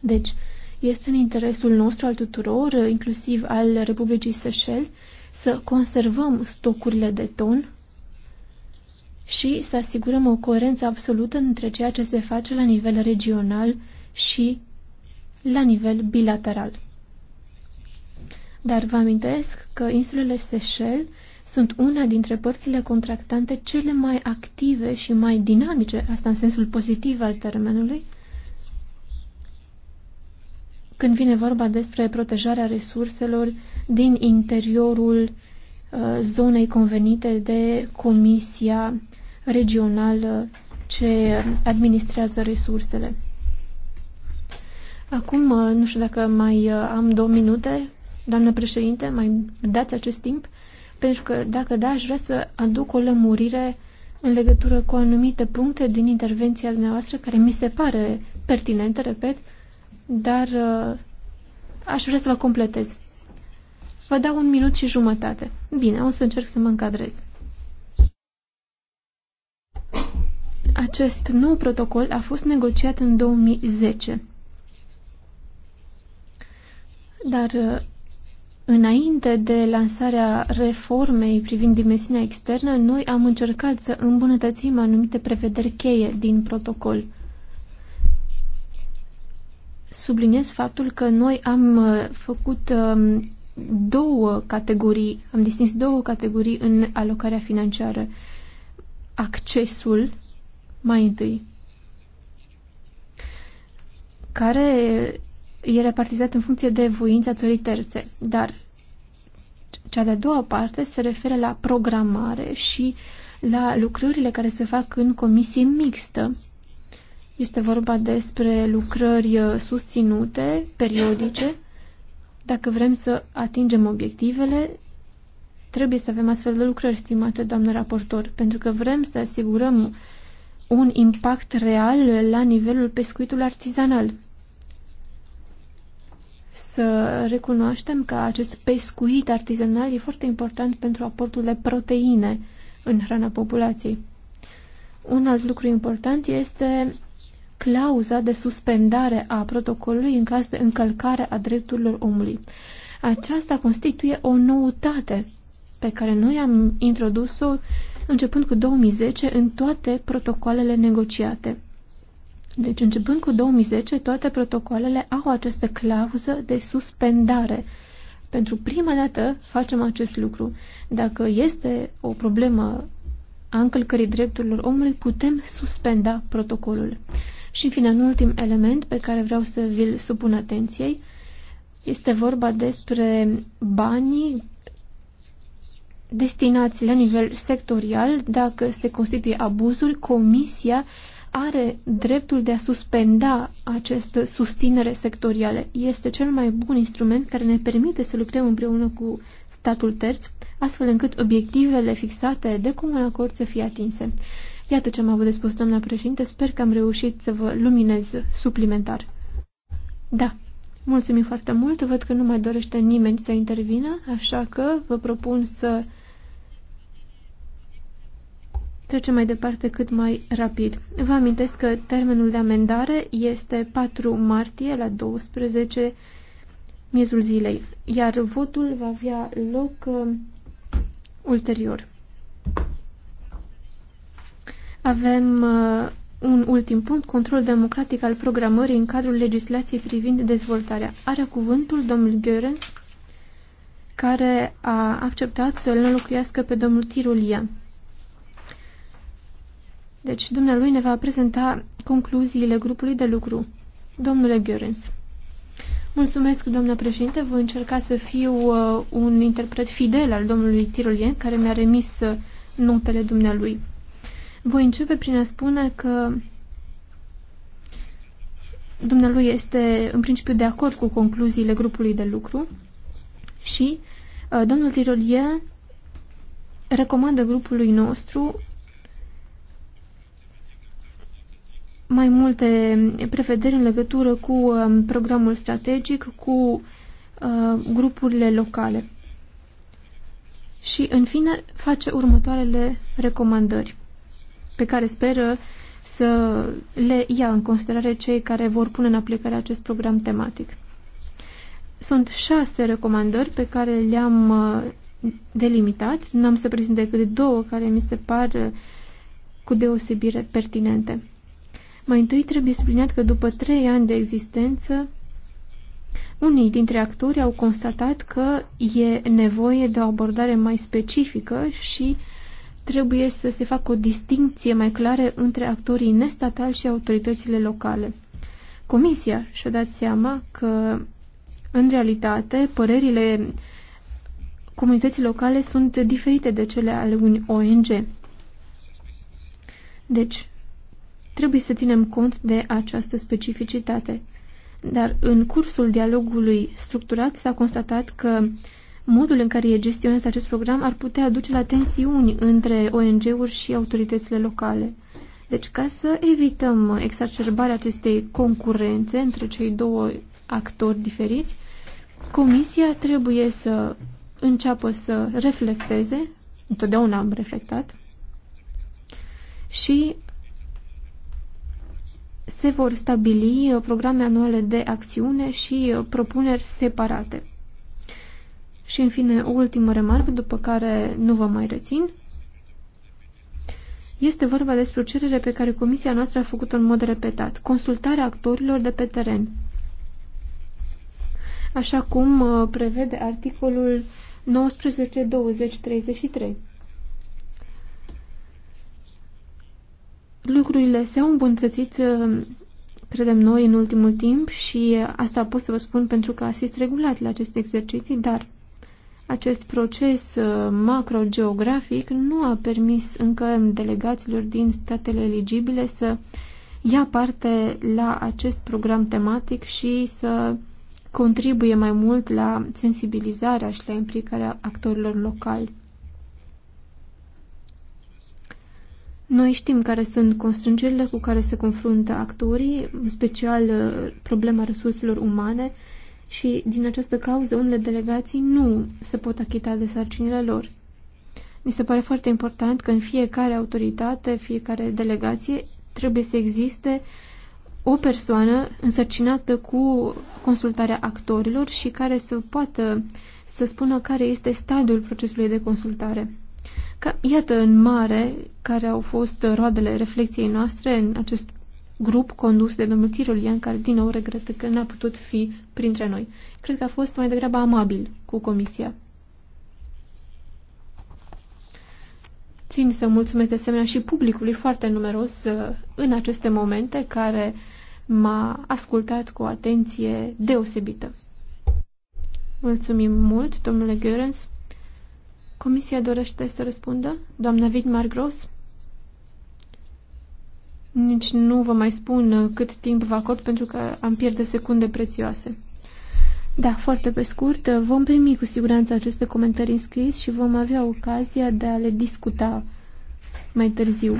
Deci, este în interesul nostru al tuturor, inclusiv al Republicii Seychelles, să conservăm stocurile de ton și să asigurăm o coerență absolută între ceea ce se face la nivel regional și la nivel bilateral. Dar vă amintesc că insulele Seychelles sunt una dintre părțile contractante cele mai active și mai dinamice, asta în sensul pozitiv al termenului, când vine vorba despre protejarea resurselor din interiorul uh, zonei convenite de Comisia Regională ce administrează resursele. Acum, uh, nu știu dacă mai uh, am două minute, doamnă președinte, mai dați acest timp? Pentru că, dacă da, aș vrea să aduc o lămurire în legătură cu anumite puncte din intervenția dumneavoastră, care mi se pare pertinente, repet, dar uh, aș vrea să vă completez. Vă dau un minut și jumătate. Bine, o să încerc să mă încadrez. Acest nou protocol a fost negociat în 2010 dar uh, înainte de lansarea reformei privind dimensiunea externă, noi am încercat să îmbunătățim anumite prevederi cheie din protocol. Subliniez faptul că noi am uh, făcut um, două categorii, am distins două categorii în alocarea financiară. Accesul, mai întâi, care e repartizat în funcție de voința țării terțe, dar cea de-a doua parte se referă la programare și la lucrările care se fac în comisie mixtă. Este vorba despre lucrări uh, susținute, periodice. Dacă vrem să atingem obiectivele, trebuie să avem astfel de lucrări, stimate doamnă raportor, pentru că vrem să asigurăm un impact real la nivelul pescuitului artizanal să recunoaștem că acest pescuit artizanal e foarte important pentru aportul de proteine în hrana populației. Un alt lucru important este clauza de suspendare a protocolului în caz de încălcare a drepturilor omului. Aceasta constituie o noutate pe care noi am introdus-o începând cu 2010 în toate protocoalele negociate. Deci, începând cu 2010, toate protocoalele au această clauză de suspendare. Pentru prima dată facem acest lucru. Dacă este o problemă a încălcării drepturilor omului, putem suspenda protocolul. Și, în fine, un ultim element pe care vreau să vi-l supun atenției este vorba despre banii destinați la nivel sectorial dacă se constituie abuzuri, comisia are dreptul de a suspenda această susținere sectorială. Este cel mai bun instrument care ne permite să lucrăm împreună cu statul terț, astfel încât obiectivele fixate de comun acord să fie atinse. Iată ce am avut de spus, doamna președinte. Sper că am reușit să vă luminez suplimentar. Da, mulțumim foarte mult. Văd că nu mai dorește nimeni să intervină, așa că vă propun să Trece mai departe cât mai rapid. Vă amintesc că termenul de amendare este 4 martie la 12 miezul zilei, iar votul va avea loc uh, ulterior. Avem uh, un ultim punct, control democratic al programării în cadrul legislației privind dezvoltarea. Are cuvântul domnul Görens, care a acceptat să îl înlocuiască pe domnul Tirulia. Deci, dumnealui ne va prezenta concluziile grupului de lucru. Domnule Görens. Mulțumesc, doamna președinte. Voi încerca să fiu uh, un interpret fidel al domnului Tirolien, care mi-a remis uh, notele dumnealui. Voi începe prin a spune că dumnealui este în principiu de acord cu concluziile grupului de lucru și uh, domnul Tirolien recomandă grupului nostru mai multe prevederi în legătură cu um, programul strategic, cu uh, grupurile locale. Și, în fine, face următoarele recomandări, pe care speră să le ia în considerare cei care vor pune în aplicare acest program tematic. Sunt șase recomandări pe care le-am uh, delimitat. Nu am să prezint decât două care mi se par uh, cu deosebire pertinente. Mai întâi trebuie subliniat că după trei ani de existență, unii dintre actori au constatat că e nevoie de o abordare mai specifică și trebuie să se facă o distinție mai clară între actorii nestatali și autoritățile locale. Comisia și-a dat seama că, în realitate, părerile comunității locale sunt diferite de cele ale unui ONG. Deci, Trebuie să ținem cont de această specificitate. Dar în cursul dialogului structurat s-a constatat că modul în care e gestionat acest program ar putea aduce la tensiuni între ONG-uri și autoritățile locale. Deci ca să evităm exacerbarea acestei concurențe între cei două actori diferiți, Comisia trebuie să înceapă să reflecteze, întotdeauna am reflectat, și se vor stabili uh, programe anuale de acțiune și uh, propuneri separate. Și, în fine, o ultimă remarcă, după care nu vă mai rețin. Este vorba despre o cerere pe care comisia noastră a făcut-o în mod repetat, consultarea actorilor de pe teren. Așa cum uh, prevede articolul 19.20.33. lucrurile s-au îmbunătățit, uh, credem noi, în ultimul timp și asta pot să vă spun pentru că asist regulat la aceste exerciții, dar acest proces uh, macrogeografic nu a permis încă delegaților din statele eligibile să ia parte la acest program tematic și să contribuie mai mult la sensibilizarea și la implicarea actorilor locali. Noi știm care sunt constrângerile cu care se confruntă actorii, în special uh, problema resurselor umane și din această cauză unele delegații nu se pot achita de sarcinile lor. Mi se pare foarte important că în fiecare autoritate, fiecare delegație trebuie să existe o persoană însărcinată cu consultarea actorilor și care să poată să spună care este stadiul procesului de consultare. Ca, iată în mare care au fost roadele reflexiei noastre în acest grup condus de domnul Tirolian, care din nou regretă că n-a putut fi printre noi. Cred că a fost mai degrabă amabil cu comisia. Țin să mulțumesc de asemenea și publicului foarte numeros uh, în aceste momente care m-a ascultat cu o atenție deosebită. Mulțumim mult, domnule Görens. Comisia dorește să răspundă? Doamna Vidmar Gros? Nici nu vă mai spun uh, cât timp vă acord pentru că am pierde secunde prețioase. Da, foarte pe scurt, uh, vom primi cu siguranță aceste comentarii înscris și vom avea ocazia de a le discuta mai târziu.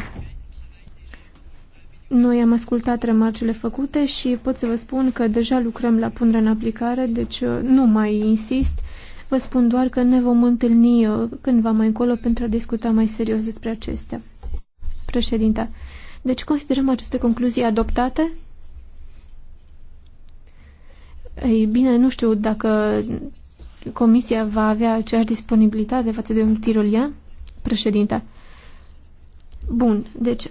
Noi am ascultat remarcile făcute și pot să vă spun că deja lucrăm la punerea în aplicare, deci uh, nu mai insist. Vă spun doar că ne vom întâlni uh, cândva mai încolo pentru a discuta mai serios despre acestea. Președinte, deci considerăm aceste concluzii adoptate? Ei bine, nu știu dacă Comisia va avea aceeași disponibilitate față de un tirolian? Președinte. Bun, deci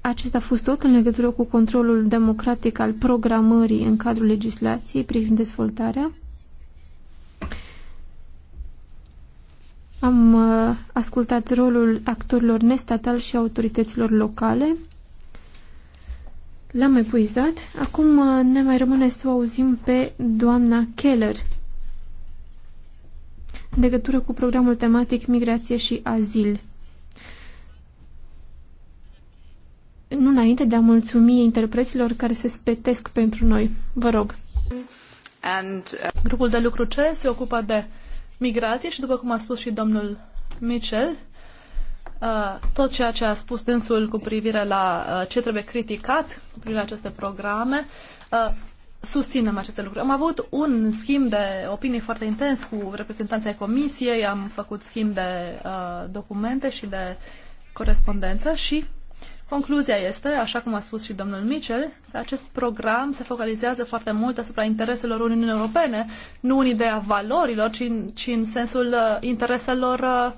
acesta a fost tot în legătură cu controlul democratic al programării în cadrul legislației privind dezvoltarea. Am uh, ascultat rolul actorilor nestatali și autorităților locale. L-am epuizat. Acum uh, ne mai rămâne să o auzim pe doamna Keller în legătură cu programul tematic Migrație și Azil. Nu înainte de a mulțumi interpreților care se spetesc pentru noi. Vă rog. And, uh... Grupul de lucru ce se ocupă de migrație și, după cum a spus și domnul Mitchell, uh, tot ceea ce a spus dânsul cu privire la uh, ce trebuie criticat cu privire la aceste programe, uh, susținem aceste lucruri. Am avut un schimb de opinii foarte intens cu reprezentanții comisiei, am făcut schimb de documente și de corespondență și Concluzia este, așa cum a spus și domnul Mitchell, că acest program se focalizează foarte mult asupra intereselor Uniunii Europene, nu în ideea valorilor, ci în, ci în sensul uh, intereselor uh,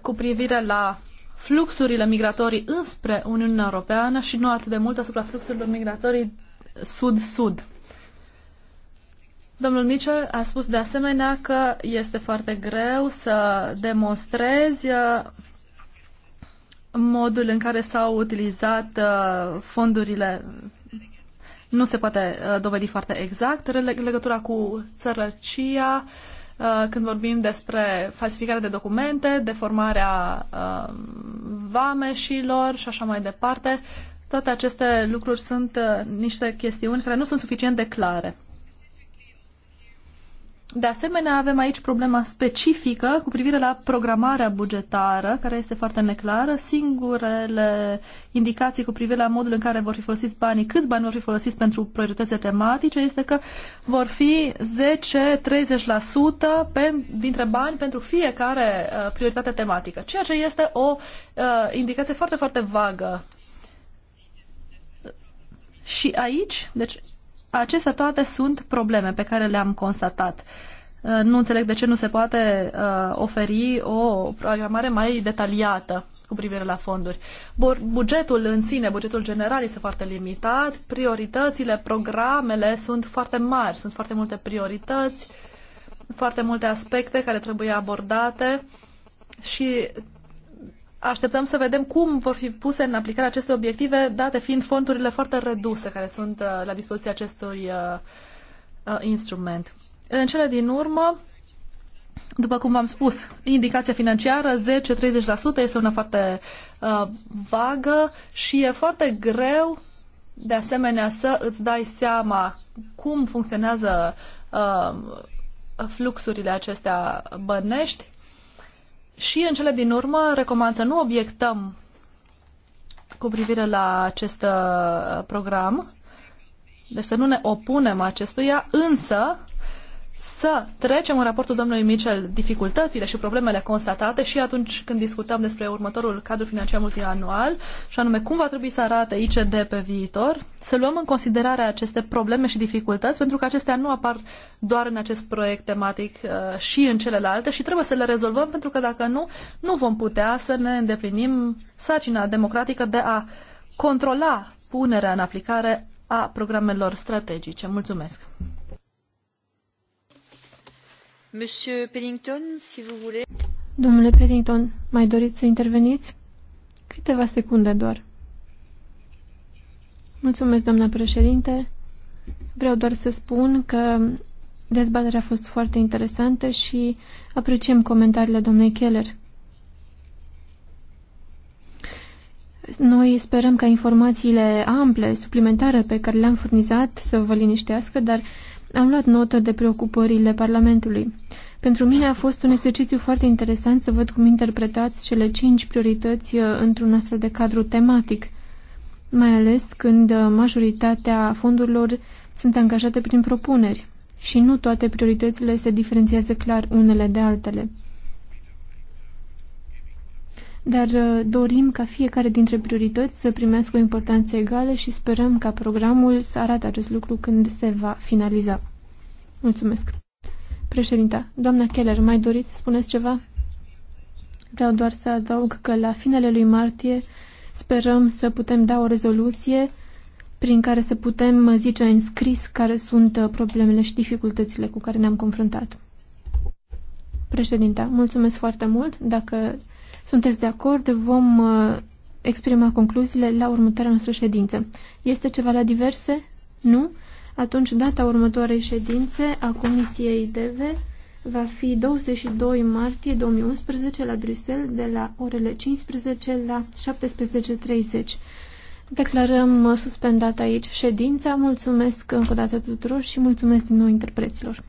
cu privire la fluxurile migratorii înspre Uniunea Europeană și nu atât de mult asupra fluxurilor migratorii sud-sud. Domnul Mitchell a spus de asemenea că este foarte greu să demonstrezi uh, modul în care s-au utilizat uh, fondurile nu se poate uh, dovedi foarte exact. Legătura cu țărăcia, uh, când vorbim despre falsificarea de documente, deformarea vameșilor și așa mai departe, toate aceste lucruri sunt niște chestiuni care nu sunt suficient de clare. De asemenea, avem aici problema specifică cu privire la programarea bugetară, care este foarte neclară. Singurele indicații cu privire la modul în care vor fi folosiți banii, câți bani vor fi folosiți pentru prioritățile tematice, este că vor fi 10-30% dintre bani pentru fiecare uh, prioritate tematică, ceea ce este o uh, indicație foarte, foarte vagă. Și aici, deci Acestea toate sunt probleme pe care le-am constatat. Uh, nu înțeleg de ce nu se poate uh, oferi o programare mai detaliată cu privire la fonduri. Bugetul în sine, bugetul general este foarte limitat, prioritățile, programele sunt foarte mari, sunt foarte multe priorități, foarte multe aspecte care trebuie abordate și Așteptăm să vedem cum vor fi puse în aplicare aceste obiective, date fiind fondurile foarte reduse care sunt uh, la dispoziția acestui uh, uh, instrument. În cele din urmă, după cum v-am spus, indicația financiară 10-30% este una foarte uh, vagă și e foarte greu de asemenea să îți dai seama cum funcționează uh, fluxurile acestea bănești și în cele din urmă recomand să nu obiectăm cu privire la acest uh, program, deci să nu ne opunem acestuia, însă să trecem în raportul domnului Mitchell dificultățile și problemele constatate și atunci când discutăm despre următorul cadru financiar multianual, și anume cum va trebui să arate ICD pe viitor, să luăm în considerare aceste probleme și dificultăți, pentru că acestea nu apar doar în acest proiect tematic uh, și în celelalte și trebuie să le rezolvăm, pentru că dacă nu, nu vom putea să ne îndeplinim sarcina democratică de a controla punerea în aplicare a programelor strategice. Mulțumesc! Domnule Pennington, mai doriți să interveniți? Câteva secunde doar. Mulțumesc, doamna președinte. Vreau doar să spun că dezbaterea a fost foarte interesantă și apreciem comentariile doamnei Keller. Noi sperăm ca informațiile ample, suplimentare pe care le-am furnizat să vă liniștească, dar uh, am luat notă de preocupările Parlamentului. Pentru mine a fost un exercițiu foarte interesant să văd cum interpretați cele cinci priorități uh, într-un astfel de cadru tematic, mai ales când uh, majoritatea fondurilor sunt angajate prin propuneri și nu toate prioritățile se diferențiază clar unele de altele dar uh, dorim ca fiecare dintre priorități să primească o importanță egală și sperăm ca programul să arate acest lucru când se va finaliza. Mulțumesc. Președinta, doamna Keller, mai doriți să spuneți ceva? Vreau doar să adaug că la finele lui martie sperăm să putem da o rezoluție prin care să putem zice în scris care sunt uh, problemele și dificultățile cu care ne-am confruntat. Președinta, mulțumesc foarte mult. Dacă sunteți de acord, vom uh, exprima concluziile la următoarea noastră ședință. Este ceva la diverse? Nu? Atunci data următoarei ședințe a Comisiei DV va fi 22 martie 2011 la Bruxelles de la orele 15 la 17.30. Declarăm uh, suspendat aici ședința. Mulțumesc încă o dată tuturor și mulțumesc din nou interpreților.